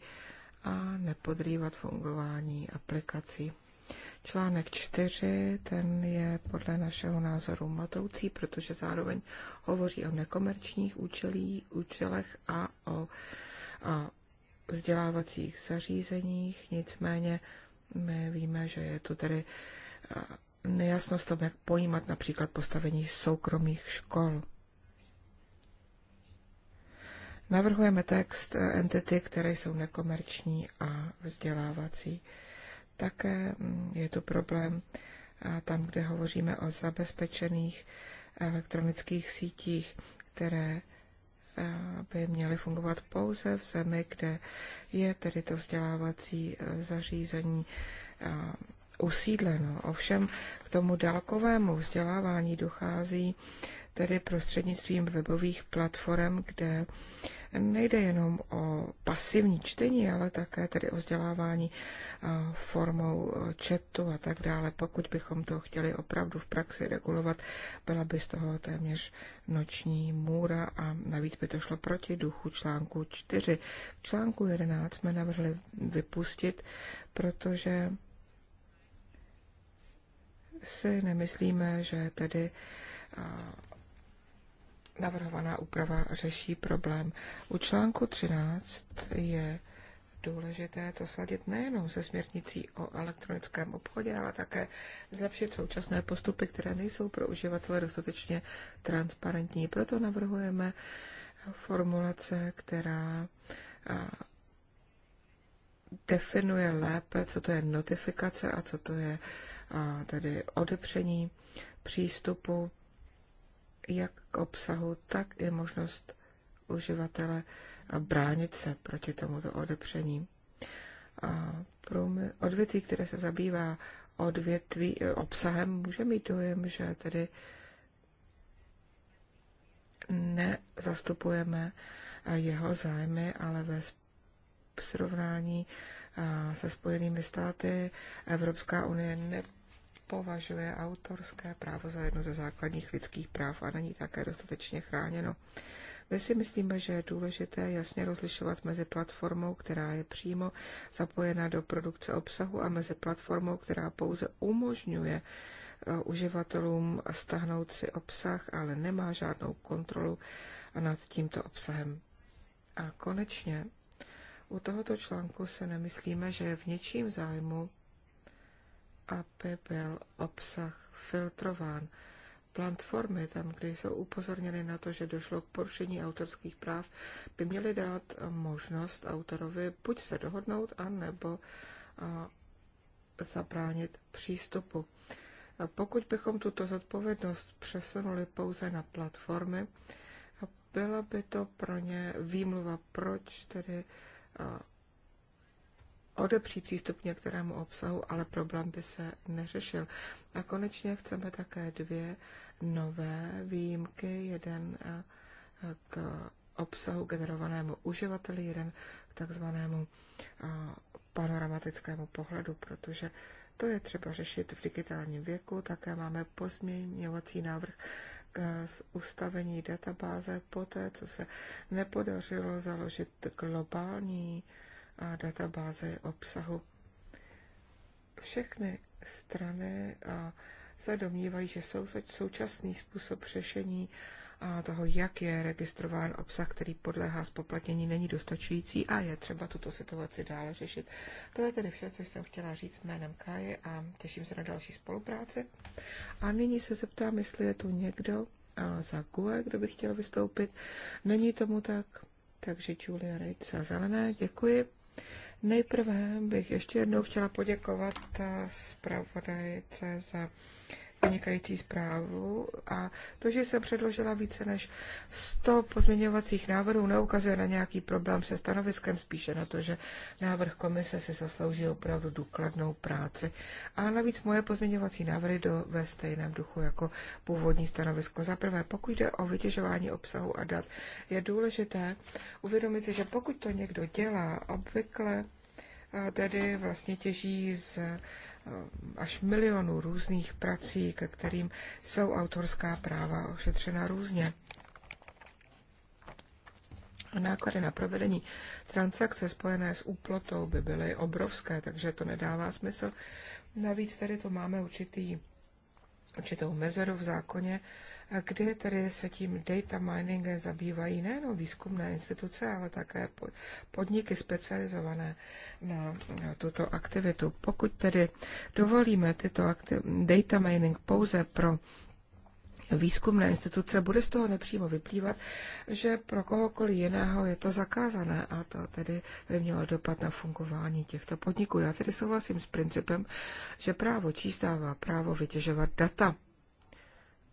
a nepodrývat fungování aplikací. Článek 4, ten je podle našeho názoru matoucí, protože zároveň hovoří o nekomerčních účelí, účelech a o a vzdělávacích zařízeních, nicméně my víme, že je tu tedy nejasnost tom, jak pojímat například postavení soukromých škol. Navrhujeme text eh, entity, které jsou nekomerční a vzdělávací. Také mm, je tu problém eh, tam, kde hovoříme o zabezpečených elektronických sítích, které eh, by měly fungovat pouze v zemi, kde je tedy to vzdělávací zařízení usídleno. Ovšem k tomu dálkovému vzdělávání dochází tedy prostřednictvím webových platform, kde nejde jenom o pasivní čtení, ale také tedy o vzdělávání formou e, chatu a tak dále. Pokud bychom to chtěli opravdu v praxi regulovat, byla by z toho téměř noční můra a navíc by to šlo proti duchu článku 4. článku 11 jsme navrhli vypustit, protože si nemyslíme, že tedy navrhovaná úprava řeší problém. U článku 13 je důležité to sladit nejenom se směrnicí o elektronickém obchodě, ale také zlepšit současné postupy, které nejsou pro uživatele dostatečně transparentní. Proto navrhujeme formulace, která definuje lépe, co to je notifikace a co to je tedy odepření přístupu jak k obsahu, tak i možnost uživatele bránit se proti tomuto odepření. A odvětví, které se zabývá odvětví e, obsahem, může mít dojem, že tedy nezastupujeme e, jeho zájmy, ale ve srovnání e, se Spojenými státy Evropská unie ne považuje autorské právo za jedno ze základních lidských práv a není také dostatečně chráněno. My si myslíme, že je důležité jasně rozlišovat mezi platformou, která je přímo zapojena do produkce obsahu a mezi platformou, která pouze umožňuje eh, uživatelům stahnout si obsah, ale nemá žádnou kontrolu nad tímto obsahem. A konečně u tohoto článku se nemyslíme, že je v něčím zájmu aby byl obsah filtrován. Platformy, tam, kde jsou upozorněny na to, že došlo k porušení autorských práv, by měly dát možnost autorovi buď se dohodnout, anebo zabránit přístupu. Pokud bychom tuto zodpovědnost přesunuli pouze na platformy, byla by to pro ně výmluva, proč tedy odepří přístup k některému obsahu, ale problém by se neřešil. A konečně chceme také dvě nové výjimky, jeden eh, k obsahu generovanému uživateli, jeden k takzvanému eh, panoramatickému pohledu, protože to je třeba řešit v digitálním věku. Také máme pozměňovací návrh k ustavení databáze poté, co se nepodařilo založit globální a databáze obsahu. Všechny strany se domnívají, že jsou současný způsob řešení a toho, jak je registrován obsah, který podléhá spoplatnění, není dostačující a je třeba tuto situaci dále řešit. To je tedy vše, co jsem chtěla říct jménem Kaje a těším se na další spolupráci. A nyní se zeptám, jestli je tu někdo za GUE, kdo by chtěl vystoupit. Není tomu tak, takže Julia Reid za zelené, děkuji. Nejprve bych ještě jednou chtěla poděkovat eh, zpravodajce za vynikající zprávu a to, že jsem předložila více než 100 pozměňovacích návrhů, neukazuje na nějaký problém se stanoviskem, spíše na to, že návrh komise si zaslouží opravdu důkladnou práci. A navíc moje pozměňovací návrhy do, ve stejném duchu jako původní stanovisko. Za prvé, pokud jde o vytěžování obsahu a dat, je důležité uvědomit si, že pokud to někdo dělá, obvykle tedy vlastně těží z až milionů různých prací, ke kterým jsou autorská práva ošetřena různě. Náklady na provedení transakce spojené s úplotou by byly obrovské, takže to nedává smysl. Navíc tady to máme určitý, určitou mezeru v zákoně, kde tedy se tím data miningem zabývají nejenom výzkumné instituce, ale také podniky specializované na tuto aktivitu. Pokud tedy dovolíme tyto data mining pouze pro výzkumné instituce, bude z toho nepřímo vyplývat, že pro kohokoliv jiného je to zakázané a to tedy by mělo dopad na fungování těchto podniků. Já tedy souhlasím s principem, že právo číst dává právo vytěžovat data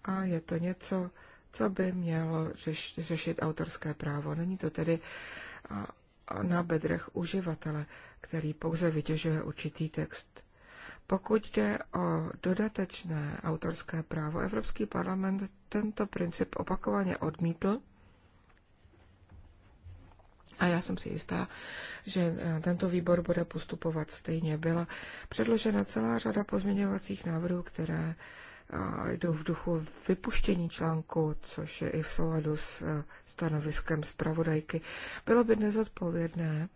a je to něco, co by mělo řeš, řešit autorské právo. Není to tedy na bedrech uživatele, který pouze vytěžuje určitý text. Pokud jde o dodatečné autorské právo, Evropský parlament tento princip opakovaně odmítl a já jsem si jistá, že e, tento výbor bude postupovat stejně. Byla předložena celá řada pozměňovacích návrhů, které jdou v duchu vypuštění článku, což je i v souladu s eh, stanoviskem zpravodajky. Bylo by nezodpovědné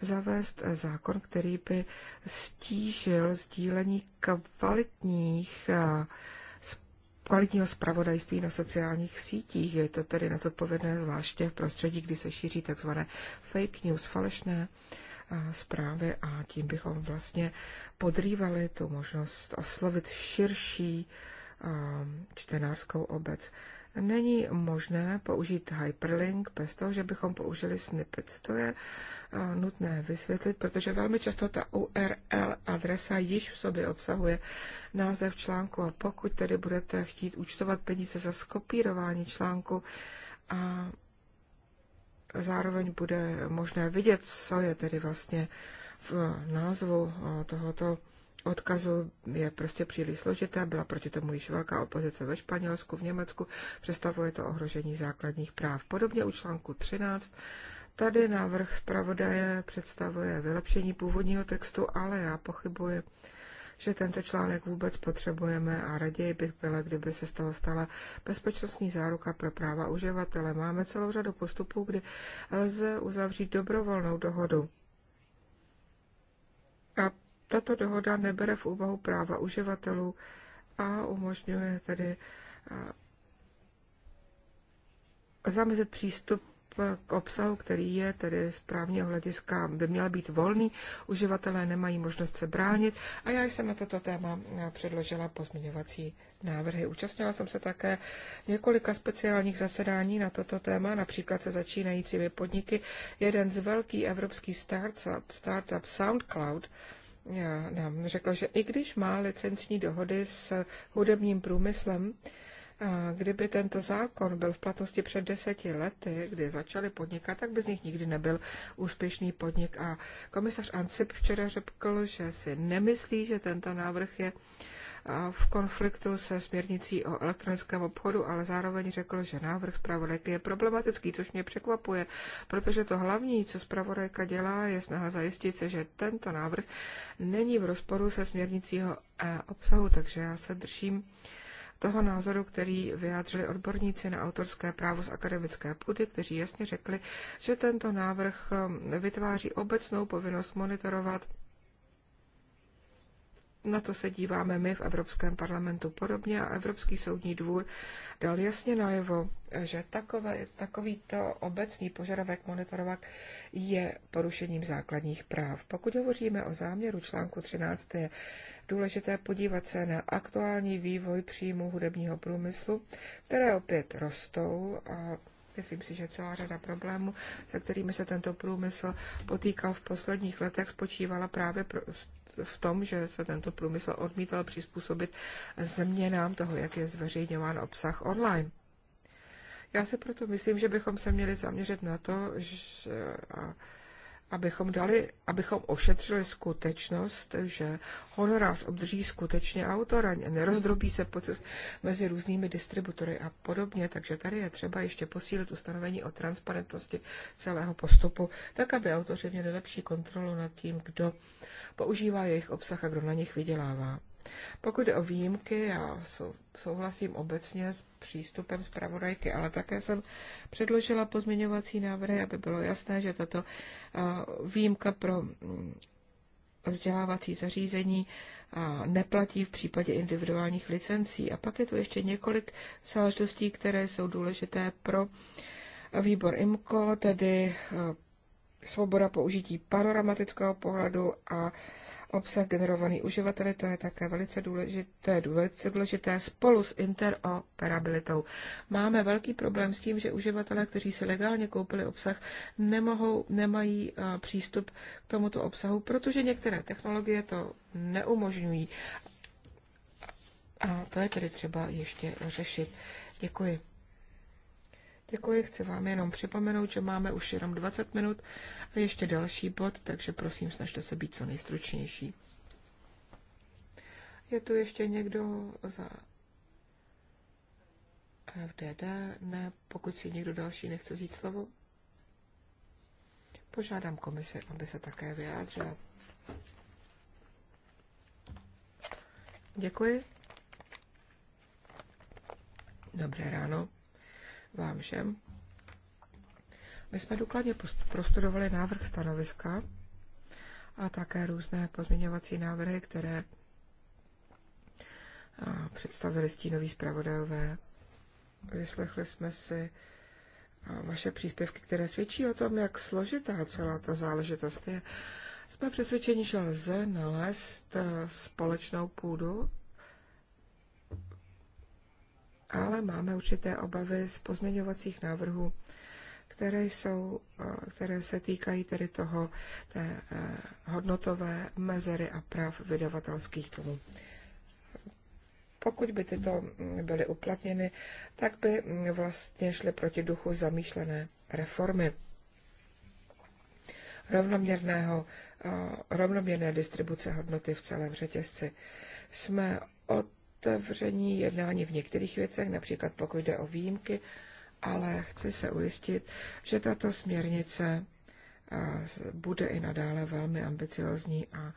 zavést eh, zákon, který by stížil sdílení kvalitních eh, kvalitního zpravodajství na sociálních sítích. Je to tedy nezodpovědné zvláště v prostředí, kdy se šíří tzv. fake news, falešné zprávy a tím bychom vlastně podrývali tu možnost oslovit širší uh, čtenářskou obec. Není možné použít hyperlink bez toho, že bychom použili snippets. To je nutné vysvětlit, protože velmi často ta URL adresa již v sobě obsahuje název článku a pokud tedy budete chtít účtovat peníze za skopírování článku a zároveň bude možné vidět, co je tedy vlastně v názvu tohoto odkazu je prostě příliš složité, byla proti tomu již velká opozice ve Španělsku, v Německu, představuje to ohrožení základních práv. Podobně u článku 13 Tady návrh zpravodaje představuje vylepšení původního textu, ale já pochybuji, že tento článek vůbec potřebujeme a raději bych byla, kdyby se z toho stala bezpečnostní záruka pro práva uživatele. Máme celou řadu postupů, kdy lze uzavřít dobrovolnou dohodu. Tato dohoda nebere v úvahu práva uživatelů a umožňuje tedy zamezit přístup k obsahu, který je tedy z právního hlediska, by měl být volný, uživatelé nemají možnost se bránit a já jsem na toto téma předložila pozměňovací návrhy. Účastnila jsem se také několika speciálních zasedání na toto téma, například se začínajícími podniky. Jeden z velkých evropských startup, startup SoundCloud, nám řekl, že i když má licenční dohody s hudebním průmyslem, kdyby tento zákon byl v platnosti před deseti lety, kdy začali podnikat, tak by z nich nikdy nebyl úspěšný podnik. A komisař Ancip včera řekl, že si nemyslí, že tento návrh je uh, v konfliktu se směrnicí o elektronickém obchodu, ale zároveň řekl, že návrh zpravodajky je problematický, což mě překvapuje, protože to hlavní, co zpravodajka dělá, je snaha zajistit se, že tento návrh není v rozporu se směrnicí o obsahu, takže já se držím toho názoru, který vyjádřili odborníci na autorské právo z akademické půdy, kteří jasně řekli, že tento návrh um, vytváří obecnou povinnost monitorovat na to se díváme my v Evropském parlamentu podobně a Evropský soudní dvůr dal jasně najevo, že takové, takovýto obecný požadavek monitorovat je porušením základních práv. Pokud hovoříme o záměru článku 13, je důležité podívat se na aktuální vývoj příjmu hudebního průmyslu, které opět rostou a Myslím si, že celá řada problémů, se kterými se tento průmysl potýkal v posledních letech, spočívala právě v tom, že se tento průmysl odmítal přizpůsobit změnám toho, jak je zveřejňován obsah online. Já si proto myslím, že bychom se měli zaměřit na to, že, a, abychom, dali, abychom ošetřili skutečnost, že honorář obdrží skutečně autor a nerozdrobí se proces mezi různými distributory a podobně, takže tady je třeba ještě posílit ustanovení o transparentnosti celého postupu, tak aby autoři měli lepší kontrolu nad tím, kdo používá jejich obsah a kdo na nich vydělává. Pokud jde o výjimky, já souhlasím obecně s přístupem zpravodajky, ale také jsem předložila pozměňovací návrhy, aby bylo jasné, že tato eh, výjimka pro mm, vzdělávací zařízení eh, neplatí v případě individuálních licencí. A pak je tu ještě několik záležitostí, které jsou důležité pro výbor IMCO, tedy eh, svoboda použití panoramatického pohledu a obsah generovaný uživateli, to je také velice důležité, velice důležité spolu s interoperabilitou. Máme velký problém s tím, že uživatelé, kteří si legálně koupili obsah, nemohou, nemají eh, přístup k tomuto obsahu, protože některé technologie to neumožňují. A to je tedy třeba ještě řešit. Děkuji. Děkuji, chci vám jenom připomenout, že máme už jenom 20 minut a ještě další bod, takže prosím, snažte se být co nejstručnější. Je tu ještě někdo za FDD? Ne, pokud si někdo další nechce říct slovo. Požádám komisi, aby se také vyjádřila. Děkuji. Dobré ráno vám všem. My jsme důkladně prostudovali návrh stanoviska a také různé pozměňovací návrhy, které představili stínoví zpravodajové. Vyslechli jsme si vaše příspěvky, které svědčí o tom, jak složitá celá ta záležitost je. Jsme přesvědčeni, že lze nalézt společnou půdu, ale máme určité obavy z pozměňovacích návrhů které, jsou, eh, které se týkají tedy toho té eh, hodnotové mezery a práv vydavatelských domů. Pokud by tyto mm, byly uplatněny, tak by mm, vlastně šly proti duchu zamýšlené reformy rovnoměrného, eh, rovnoměrné distribuce hodnoty v celém řetězci. Jsme otevření jednání v některých věcech, například pokud jde o výjimky, ale chci se ujistit, že tato směrnice eh, bude i nadále velmi ambiciozní a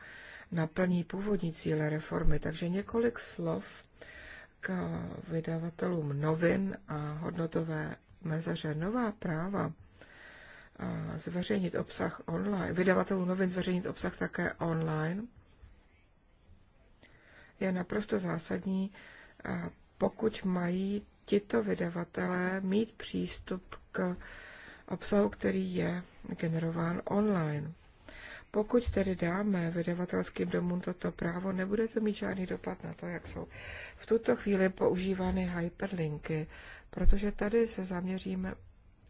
naplní původní cíle reformy. Takže několik slov k vydavatelům novin a hodnotové mezeře. Nová práva eh, zveřejnit obsah online, vydavatelů novin zveřejnit obsah také online, je naprosto zásadní, eh, pokud mají tito vydavatelé mít přístup k obsahu, který je generován online. Pokud tedy dáme vydavatelským domům toto právo, nebude to mít žádný dopad na to, jak jsou v tuto chvíli používány hyperlinky, protože tady se zaměříme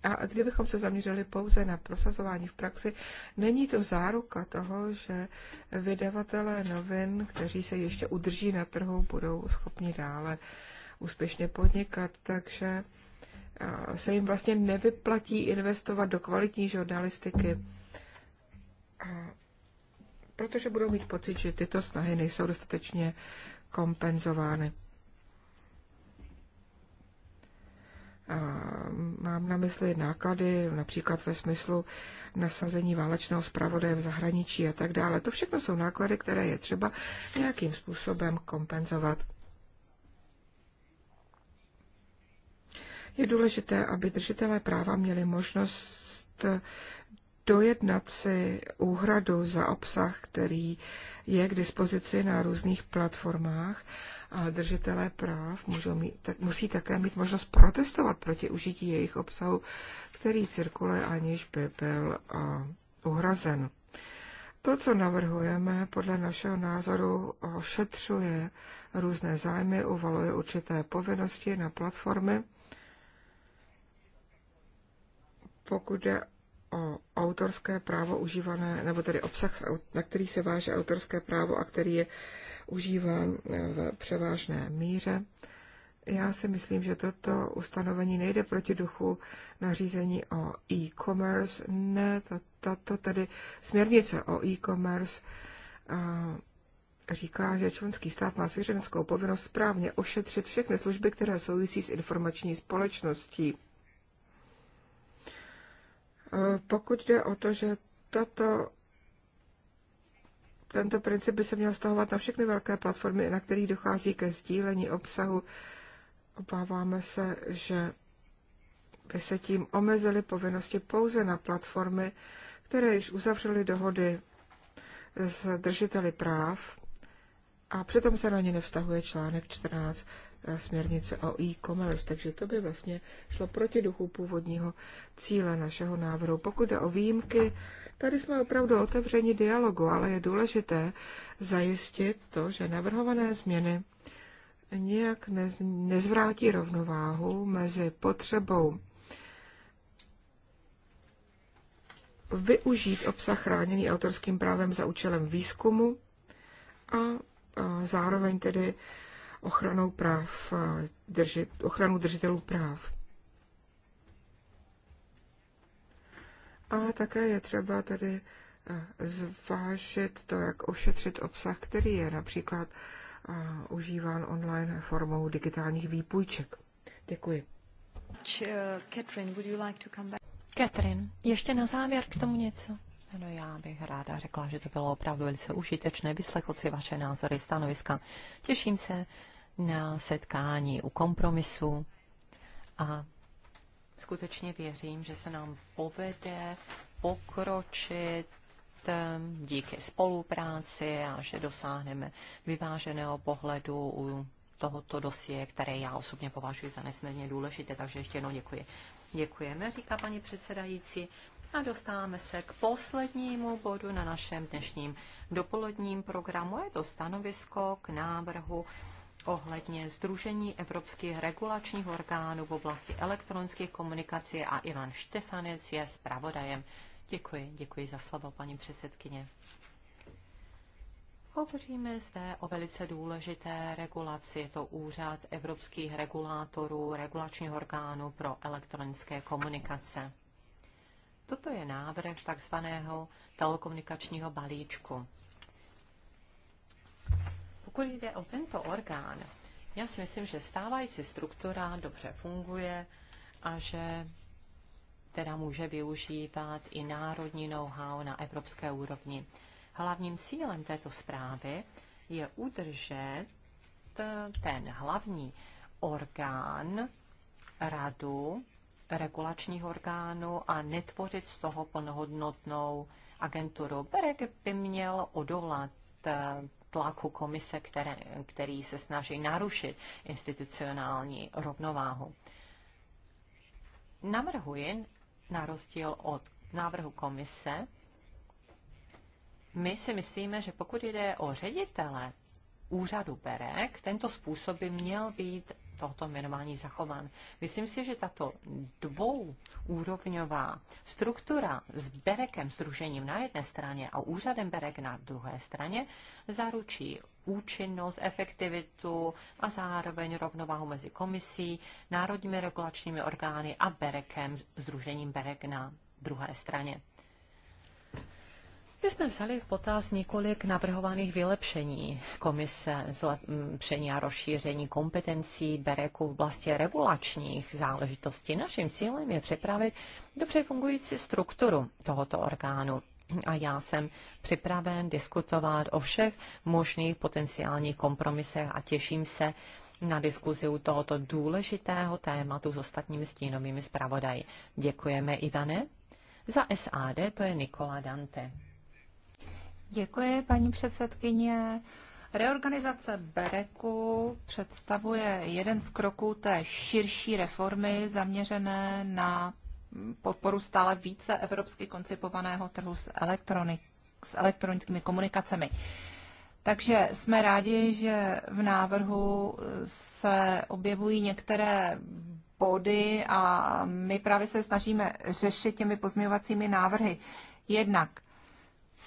a kdybychom se zaměřili pouze na prosazování v praxi, není to záruka toho, že vydavatelé novin, kteří se ještě udrží na trhu, budou schopni dále uh, úspěšně podnikat, takže se jim vlastně nevyplatí investovat do kvalitní žurnalistiky, protože budou mít pocit, že tyto snahy nejsou dostatečně kompenzovány. Mám na mysli náklady, například ve smyslu nasazení válečného zpravodaje v zahraničí a tak dále. To všechno jsou náklady, které je třeba nějakým způsobem kompenzovat. Je důležité, aby držitelé práva měli možnost dojednat si úhradu za obsah, který je k dispozici na různých platformách a držitelé práv můžou mít, tak, musí také mít možnost protestovat proti užití jejich obsahu, který cirkuluje, aniž by byl uhrazen. To, co navrhujeme, podle našeho názoru ošetřuje různé zájmy, uvaluje určité povinnosti na platformy pokud jde o autorské právo užívané, nebo tedy obsah, na který se váže autorské právo a který je užíván eh, v převážné míře. Já si myslím, že toto ustanovení nejde proti duchu nařízení o e-commerce. Ne, tato tedy směrnice o e-commerce eh, říká, že členský stát má svěřeneckou povinnost správně ošetřit všechny služby, které souvisí s informační společností. Pokud jde o to, že tato, tento princip by se měl stahovat na všechny velké platformy, na kterých dochází ke sdílení obsahu, obáváme se, že by se tím omezily povinnosti pouze na platformy, které již uzavřely dohody s držiteli práv a přitom se na ně nevztahuje článek 14 Eh, směrnice o e-commerce, takže to by vlastně šlo proti duchu původního cíle našeho návrhu. Pokud jde o výjimky, tady jsme opravdu otevřeni dialogu, ale je důležité zajistit to, že navrhované změny nijak nezvrátí rovnováhu mezi potřebou využít obsah chráněný autorským právem za účelem výzkumu a zároveň tedy ochranou práv, drži, ochranu držitelů práv. A také je třeba tady zvážit to, jak ošetřit obsah, který je například užíván online formou digitálních výpůjček. Děkuji. Catherine, would you like to come back? Catherine, ještě na závěr k tomu něco. No já bych ráda řekla, že to bylo opravdu velice užitečné vyslechoci vaše názory, stanoviska. Těším se na setkání u kompromisu a skutečně věřím, že se nám povede pokročit ehm, díky spolupráci a že dosáhneme vyváženého pohledu u tohoto dosie, které já osobně považuji za nesmírně důležité, takže ještě jednou děkuji. Děkujeme, říká paní předsedající. A dostáváme se k poslednímu bodu na našem dnešním dopoledním programu. Je to stanovisko k návrhu ohledně Združení evropských regulačních orgánů v oblasti elektronických komunikací a Ivan Štefanec je zpravodajem. Děkuji, děkuji za slovo, paní předsedkyně. Hovoříme zde o velice důležité regulaci. Je to úřad evropských regulátorů, regulačních orgánů pro elektronické komunikace. Toto je návrh takzvaného telekomunikačního balíčku. Pokud jde o tento orgán, já si myslím, že stávající struktura dobře funguje a že teda může využívat i národní know-how na evropské úrovni. Hlavním cílem této zprávy je udržet ten hlavní orgán, radu regulačních orgánů a netvořit z toho plnohodnotnou agenturu. Berek by měl odolat eh, tlaku komise, které, který se snaží narušit institucionální rovnováhu. Navrhuji, na rozdíl od návrhu komise, my si myslíme, že pokud jde o ředitele úřadu BEREK, tento způsob by měl být tohoto jmenování zachován. Myslím si, že tato dvouúrovňová struktura s Berekem združením na jedné straně a úřadem Berek na druhé straně zaručí účinnost, efektivitu a zároveň rovnováhu mezi komisí, národními regulačními orgány a Berekem, združením Berek na druhé straně. My jsme vzali v potaz několik navrhovaných vylepšení komise, zlepšení a rozšíření kompetencí Bereku v oblasti regulačních záležitostí. Naším cílem je připravit dobře fungující strukturu tohoto orgánu a já jsem připraven diskutovat o všech možných potenciálních kompromisech a těším se na diskuzi u tohoto důležitého tématu s ostatními stínovými zpravodaji. Děkujeme, Ivane. Za SAD to je Nikola Dante. Děkuji, paní předsedkyně. Reorganizace Bereku představuje jeden z kroků té širší reformy zaměřené na podporu stále více evropsky koncipovaného trhu s, elektronik, s elektronickými komunikacemi. Takže jsme rádi, že v návrhu se objevují některé body a my právě se snažíme řešit těmi pozměňovacími návrhy. Jednak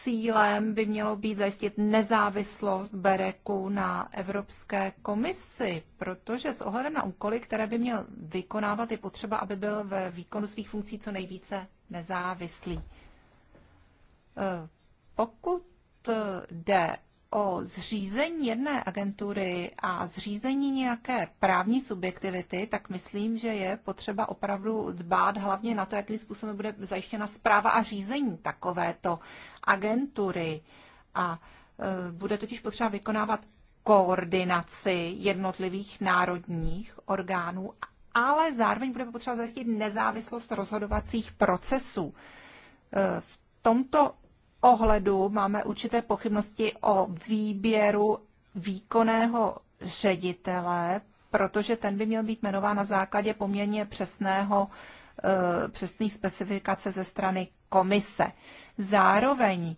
Cílem by mělo být zajistit nezávislost Bereku na Evropské komisi, protože s ohledem na úkoly, které by měl vykonávat, je potřeba, aby byl ve výkonu svých funkcí co nejvíce nezávislý. E, pokud e, jde o zřízení jedné agentury a zřízení nějaké právní subjektivity, tak myslím, že je potřeba opravdu dbát hlavně na to, jakým způsobem bude zajištěna zpráva a řízení takovéto agentury. A e, bude totiž potřeba vykonávat koordinaci jednotlivých národních orgánů, ale zároveň bude potřeba zajistit nezávislost rozhodovacích procesů. E, v tomto ohledu máme určité pochybnosti o výběru výkonného ředitele, protože ten by měl být jmenován na základě poměrně přesného eh, přesných specifikace ze strany komise. Zároveň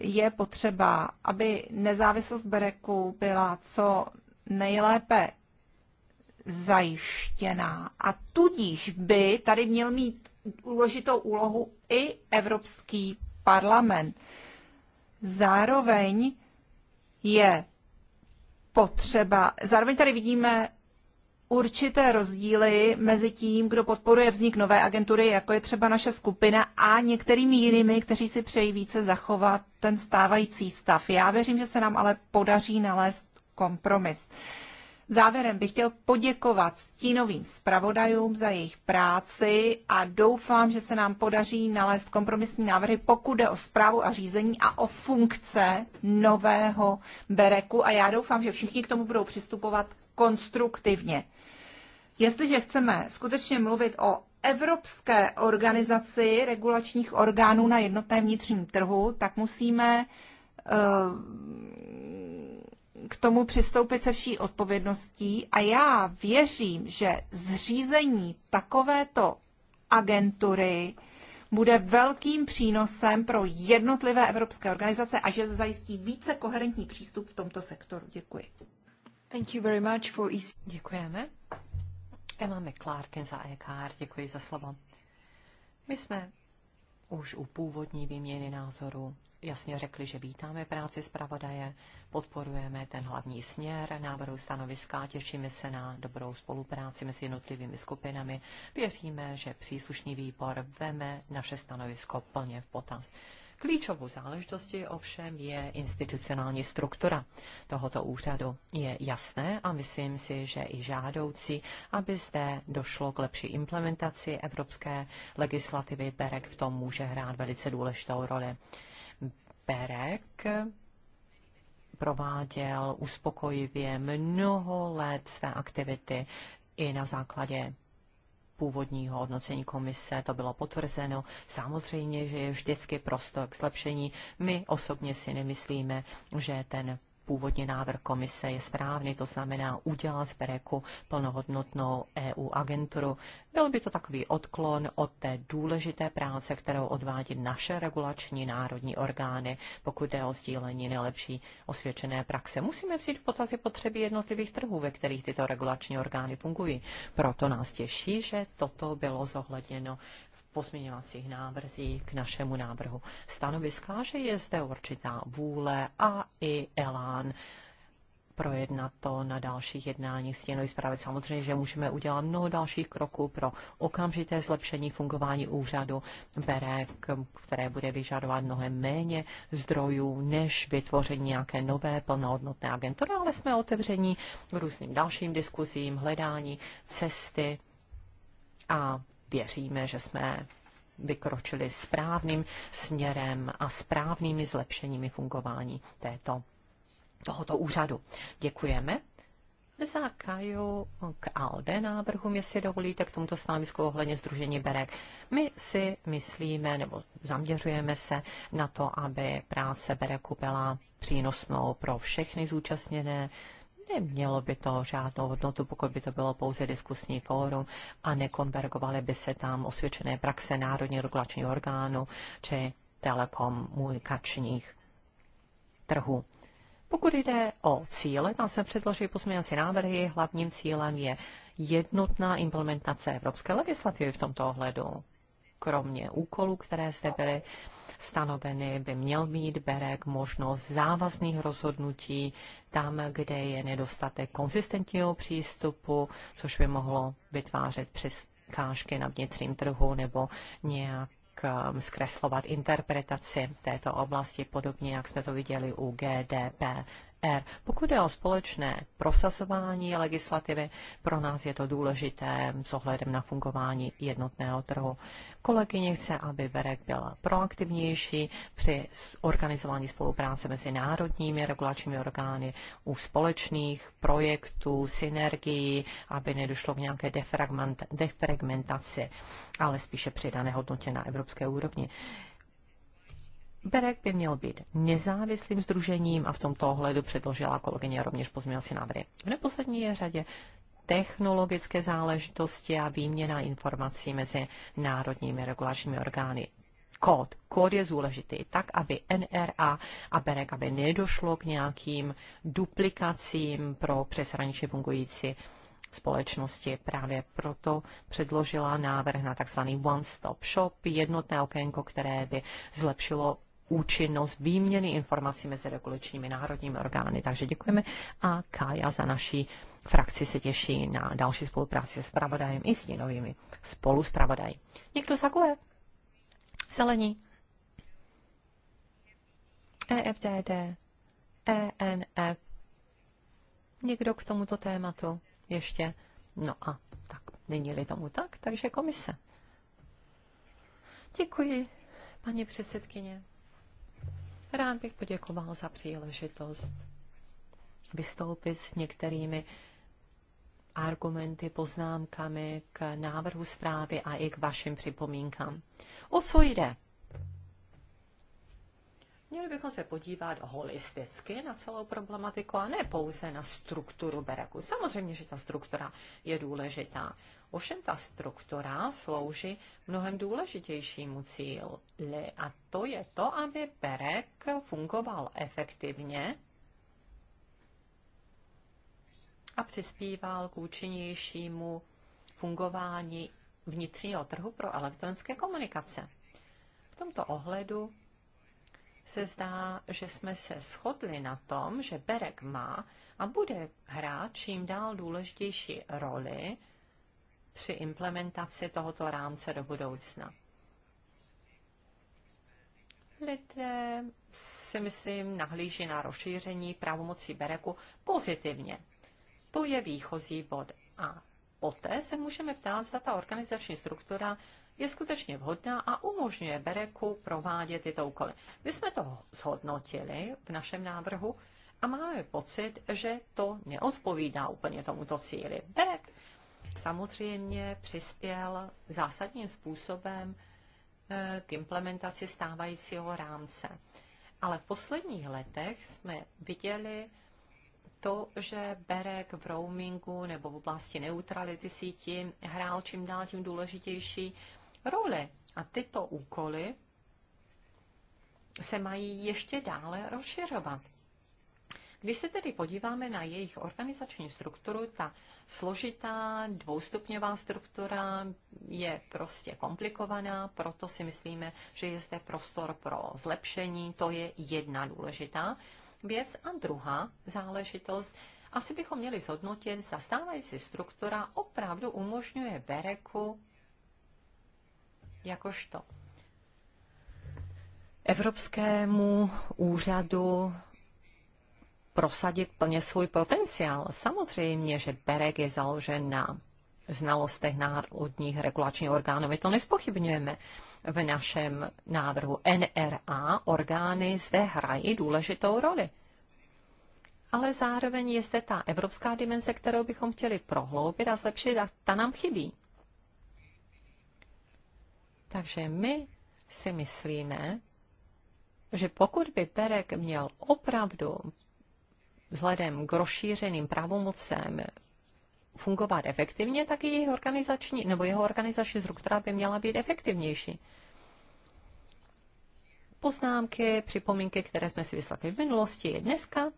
je potřeba, aby nezávislost Bereku byla co nejlépe zajištěná a tudíž by tady měl mít důležitou úlohu i Evropský parlament. Zároveň je potřeba, zároveň tady vidíme určité rozdíly mezi tím, kdo podporuje vznik nové agentury, jako je třeba naše skupina, a některými jinými, kteří si přejí více zachovat ten stávající stav. Já věřím, že se nám ale podaří nalézt kompromis. Závěrem bych chtěl poděkovat stínovým zpravodajům za jejich práci a doufám, že se nám podaří nalézt kompromisní návrhy, pokud jde o zprávu a řízení a o funkce nového bereku. A já doufám, že všichni k tomu budou přistupovat konstruktivně. Jestliže chceme skutečně mluvit o evropské organizaci regulačních orgánů na jednotném vnitřním trhu, tak musíme uh, k tomu přistoupit se vší odpovědností a já věřím, že zřízení takovéto agentury bude velkým přínosem pro jednotlivé evropské organizace a že zajistí více koherentní přístup v tomto sektoru. Děkuji. Thank you very much for easy. Děkujeme. Emma McClarkin za EKR, děkuji za slovo. My jsme už u původní výměny názoru jasně řekli, že vítáme práci zpravodaje, podporujeme ten hlavní směr návrhu stanoviska, těšíme se na dobrou spolupráci mezi jednotlivými skupinami. Věříme, že příslušný výbor veme naše stanovisko plně v potaz. Klíčovou záležitostí ovšem je institucionální struktura tohoto úřadu. Je jasné a myslím si, že i žádoucí, aby zde došlo k lepší implementaci evropské legislativy. Berek v tom může hrát velice důležitou roli. Berek prováděl uspokojivě mnoho let své aktivity i na základě původního hodnocení komise, to bylo potvrzeno. Samozřejmě, že je vždycky prostor k zlepšení. My osobně si nemyslíme, že ten původní návrh komise je správný, to znamená udělat z Bereku plnohodnotnou EU agenturu. Byl by to takový odklon od té důležité práce, kterou odvádí naše regulační národní orgány, pokud jde o sdílení nejlepší osvědčené praxe. Musíme vzít v potazy potřeby jednotlivých trhů, ve kterých tyto regulační orgány fungují. Proto nás těší, že toto bylo zohledněno pozměňovacích návrzích k našemu návrhu stanoviska, že je zde určitá vůle a i elán projednat to na dalších jednáních stěnových zprávy. Samozřejmě, že můžeme udělat mnoho dalších kroků pro okamžité zlepšení fungování úřadu BEREK, které bude vyžadovat mnohem méně zdrojů než vytvoření nějaké nové plnohodnotné agentury, ale jsme otevření různým dalším diskuzím, hledání cesty a věříme, že jsme vykročili správným směrem a správnými zlepšeními fungování této, tohoto úřadu. Děkujeme za Kaju k ALDE návrhům, jestli dovolíte, k tomuto stanovisku ohledně Združení Berek. My si myslíme nebo zaměřujeme se na to, aby práce Bereku byla přínosnou pro všechny zúčastněné Nemělo by to žádnou hodnotu, pokud by to bylo pouze diskusní fórum a nekonvergovaly by se tam osvědčené praxe Národní regulačního orgánu či telekomunikačních trhů. Pokud jde o cíle, tam jsme předložili pozměňovací návrhy. Hlavním cílem je jednotná implementace evropské legislativy v tomto ohledu. Kromě úkolů, které zde byly stanoveny, by měl mít Berek možnost závazných rozhodnutí tam, kde je nedostatek konzistentního přístupu, což by mohlo vytvářet přeskážky na vnitřním trhu nebo nějak um, zkreslovat interpretaci této oblasti, podobně jak jsme to viděli u GDP R. Pokud je o společné prosazování legislativy, pro nás je to důležité s ohledem na fungování jednotného trhu. Kolegyně chce, aby Berek byl proaktivnější při organizování spolupráce mezi národními regulačními orgány u společných projektů, synergii, aby nedošlo k nějaké defragmentaci, ale spíše přidané hodnotě na evropské úrovni. Berek by měl být nezávislým združením a v tomto ohledu předložila kolegyně rovněž pozměňovací návrhy. V neposlední řadě technologické záležitosti a výměna informací mezi národními regulačními orgány. Kód. Kód je důležitý tak, aby NRA a BEREK, aby nedošlo k nějakým duplikacím pro přeshraničně fungující společnosti. Právě proto předložila návrh na tzv. one-stop shop, jednotné okénko, které by zlepšilo účinnost výměny informací mezi regulačními národními orgány. Takže děkujeme a Kája za naší frakci se těší na další spolupráci s pravodajem i s novými spolu s pravodají. Někdo zakuje? Zelení. EFDD, ENF. Někdo k tomuto tématu ještě? No a tak, není-li tomu tak, takže komise. Děkuji, paní předsedkyně. Rád bych poděkoval za příležitost vystoupit s některými argumenty, poznámkami k návrhu zprávy a i k vašim připomínkám. O co jde? Měli bychom se podívat holisticky na celou problematiku a ne pouze na strukturu bereku. Samozřejmě, že ta struktura je důležitá. Ovšem ta struktura slouží mnohem důležitějšímu cíli a to je to, aby berek fungoval efektivně a přispíval k účinnějšímu fungování vnitřního trhu pro elektronické komunikace. V tomto ohledu se zdá, že jsme se shodli na tom, že Berek má a bude hrát čím dál důležitější roli při implementaci tohoto rámce do budoucna. Lidé si myslím nahlíží na rozšíření pravomocí Bereku pozitivně. To je výchozí bod. A poté se můžeme ptát, zda ta organizační struktura je skutečně vhodná a umožňuje Bereku provádět tyto úkoly. My jsme to zhodnotili v našem návrhu a máme pocit, že to neodpovídá úplně tomuto cíli. Berek samozřejmě přispěl zásadním způsobem eh, k implementaci stávajícího rámce. Ale v posledních letech jsme viděli to, že Berek v roamingu nebo v oblasti neutrality síti hrál čím dál tím důležitější roli. A tyto úkoly se mají ještě dále rozšiřovat. Když se tedy podíváme na jejich organizační strukturu, ta složitá dvoustupňová struktura je prostě komplikovaná, proto si myslíme, že je zde prostor pro zlepšení, to je jedna důležitá věc. A druhá záležitost, asi bychom měli zhodnotit, zda stávající struktura opravdu umožňuje Bereku jakožto Evropskému úřadu prosadit plně svůj potenciál. Samozřejmě, že Berek je založen na znalostech národních regulačních orgánů. My to nespochybňujeme v našem návrhu NRA. Orgány zde hrají důležitou roli. Ale zároveň je zde ta evropská dimenze, kterou bychom chtěli prohloubit a zlepšit a ta nám chybí. Takže my si myslíme, že pokud by Berek měl opravdu vzhledem k rozšířeným pravomocem fungovat efektivně, tak i jeho organizační, nebo jeho organizační struktura by měla být efektivnější. Poznámky, připomínky, které jsme si vyslali v minulosti i dneska,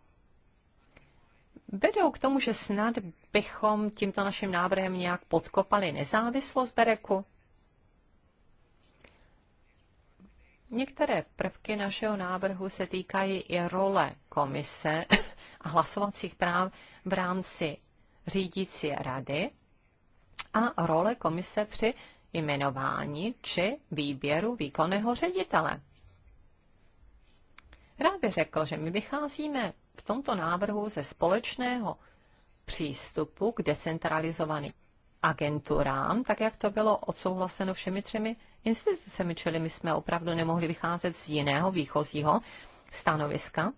vedou k tomu, že snad bychom tímto naším návrhem nějak podkopali nezávislost Bereku. Některé prvky našeho návrhu se týkají i role komise a hlasovacích práv v rámci řídící rady a role komise při jmenování či výběru výkonného ředitele. Rád bych řekl, že my vycházíme v tomto návrhu ze společného přístupu k decentralizovaným agenturám, tak jak to bylo odsouhlaseno všemi třemi institucemi, čili my jsme opravdu nemohli vycházet z jiného výchozího stanoviska,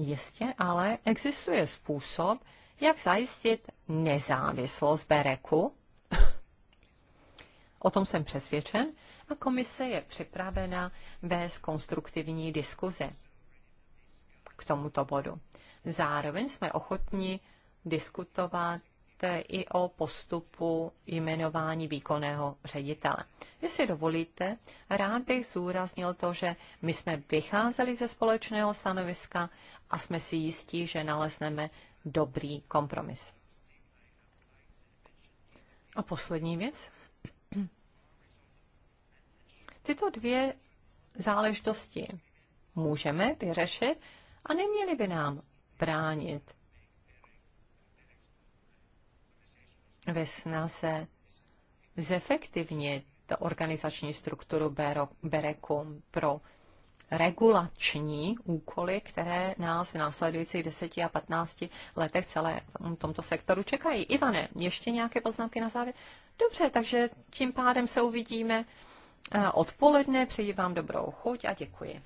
Jistě, ale existuje způsob, jak zajistit nezávislost Bereku. o tom jsem přesvědčen a komise je připravena vést konstruktivní diskuze k tomuto bodu. Zároveň jsme ochotni diskutovat i o postupu jmenování výkonného ředitele. Jestli dovolíte, rád bych zúraznil to, že my jsme vycházeli ze společného stanoviska a jsme si jistí, že nalezneme dobrý kompromis. A poslední věc. Tyto dvě záležitosti můžeme vyřešit a neměli by nám bránit ve snaze zefektivnit organizační strukturu Bereku pro regulační úkoly, které nás v následujících 10 a 15 letech celé tomto sektoru čekají. Ivane, ještě nějaké poznámky na závěr? Dobře, takže tím pádem se uvidíme eh, odpoledne. Přeji vám dobrou chuť a děkuji.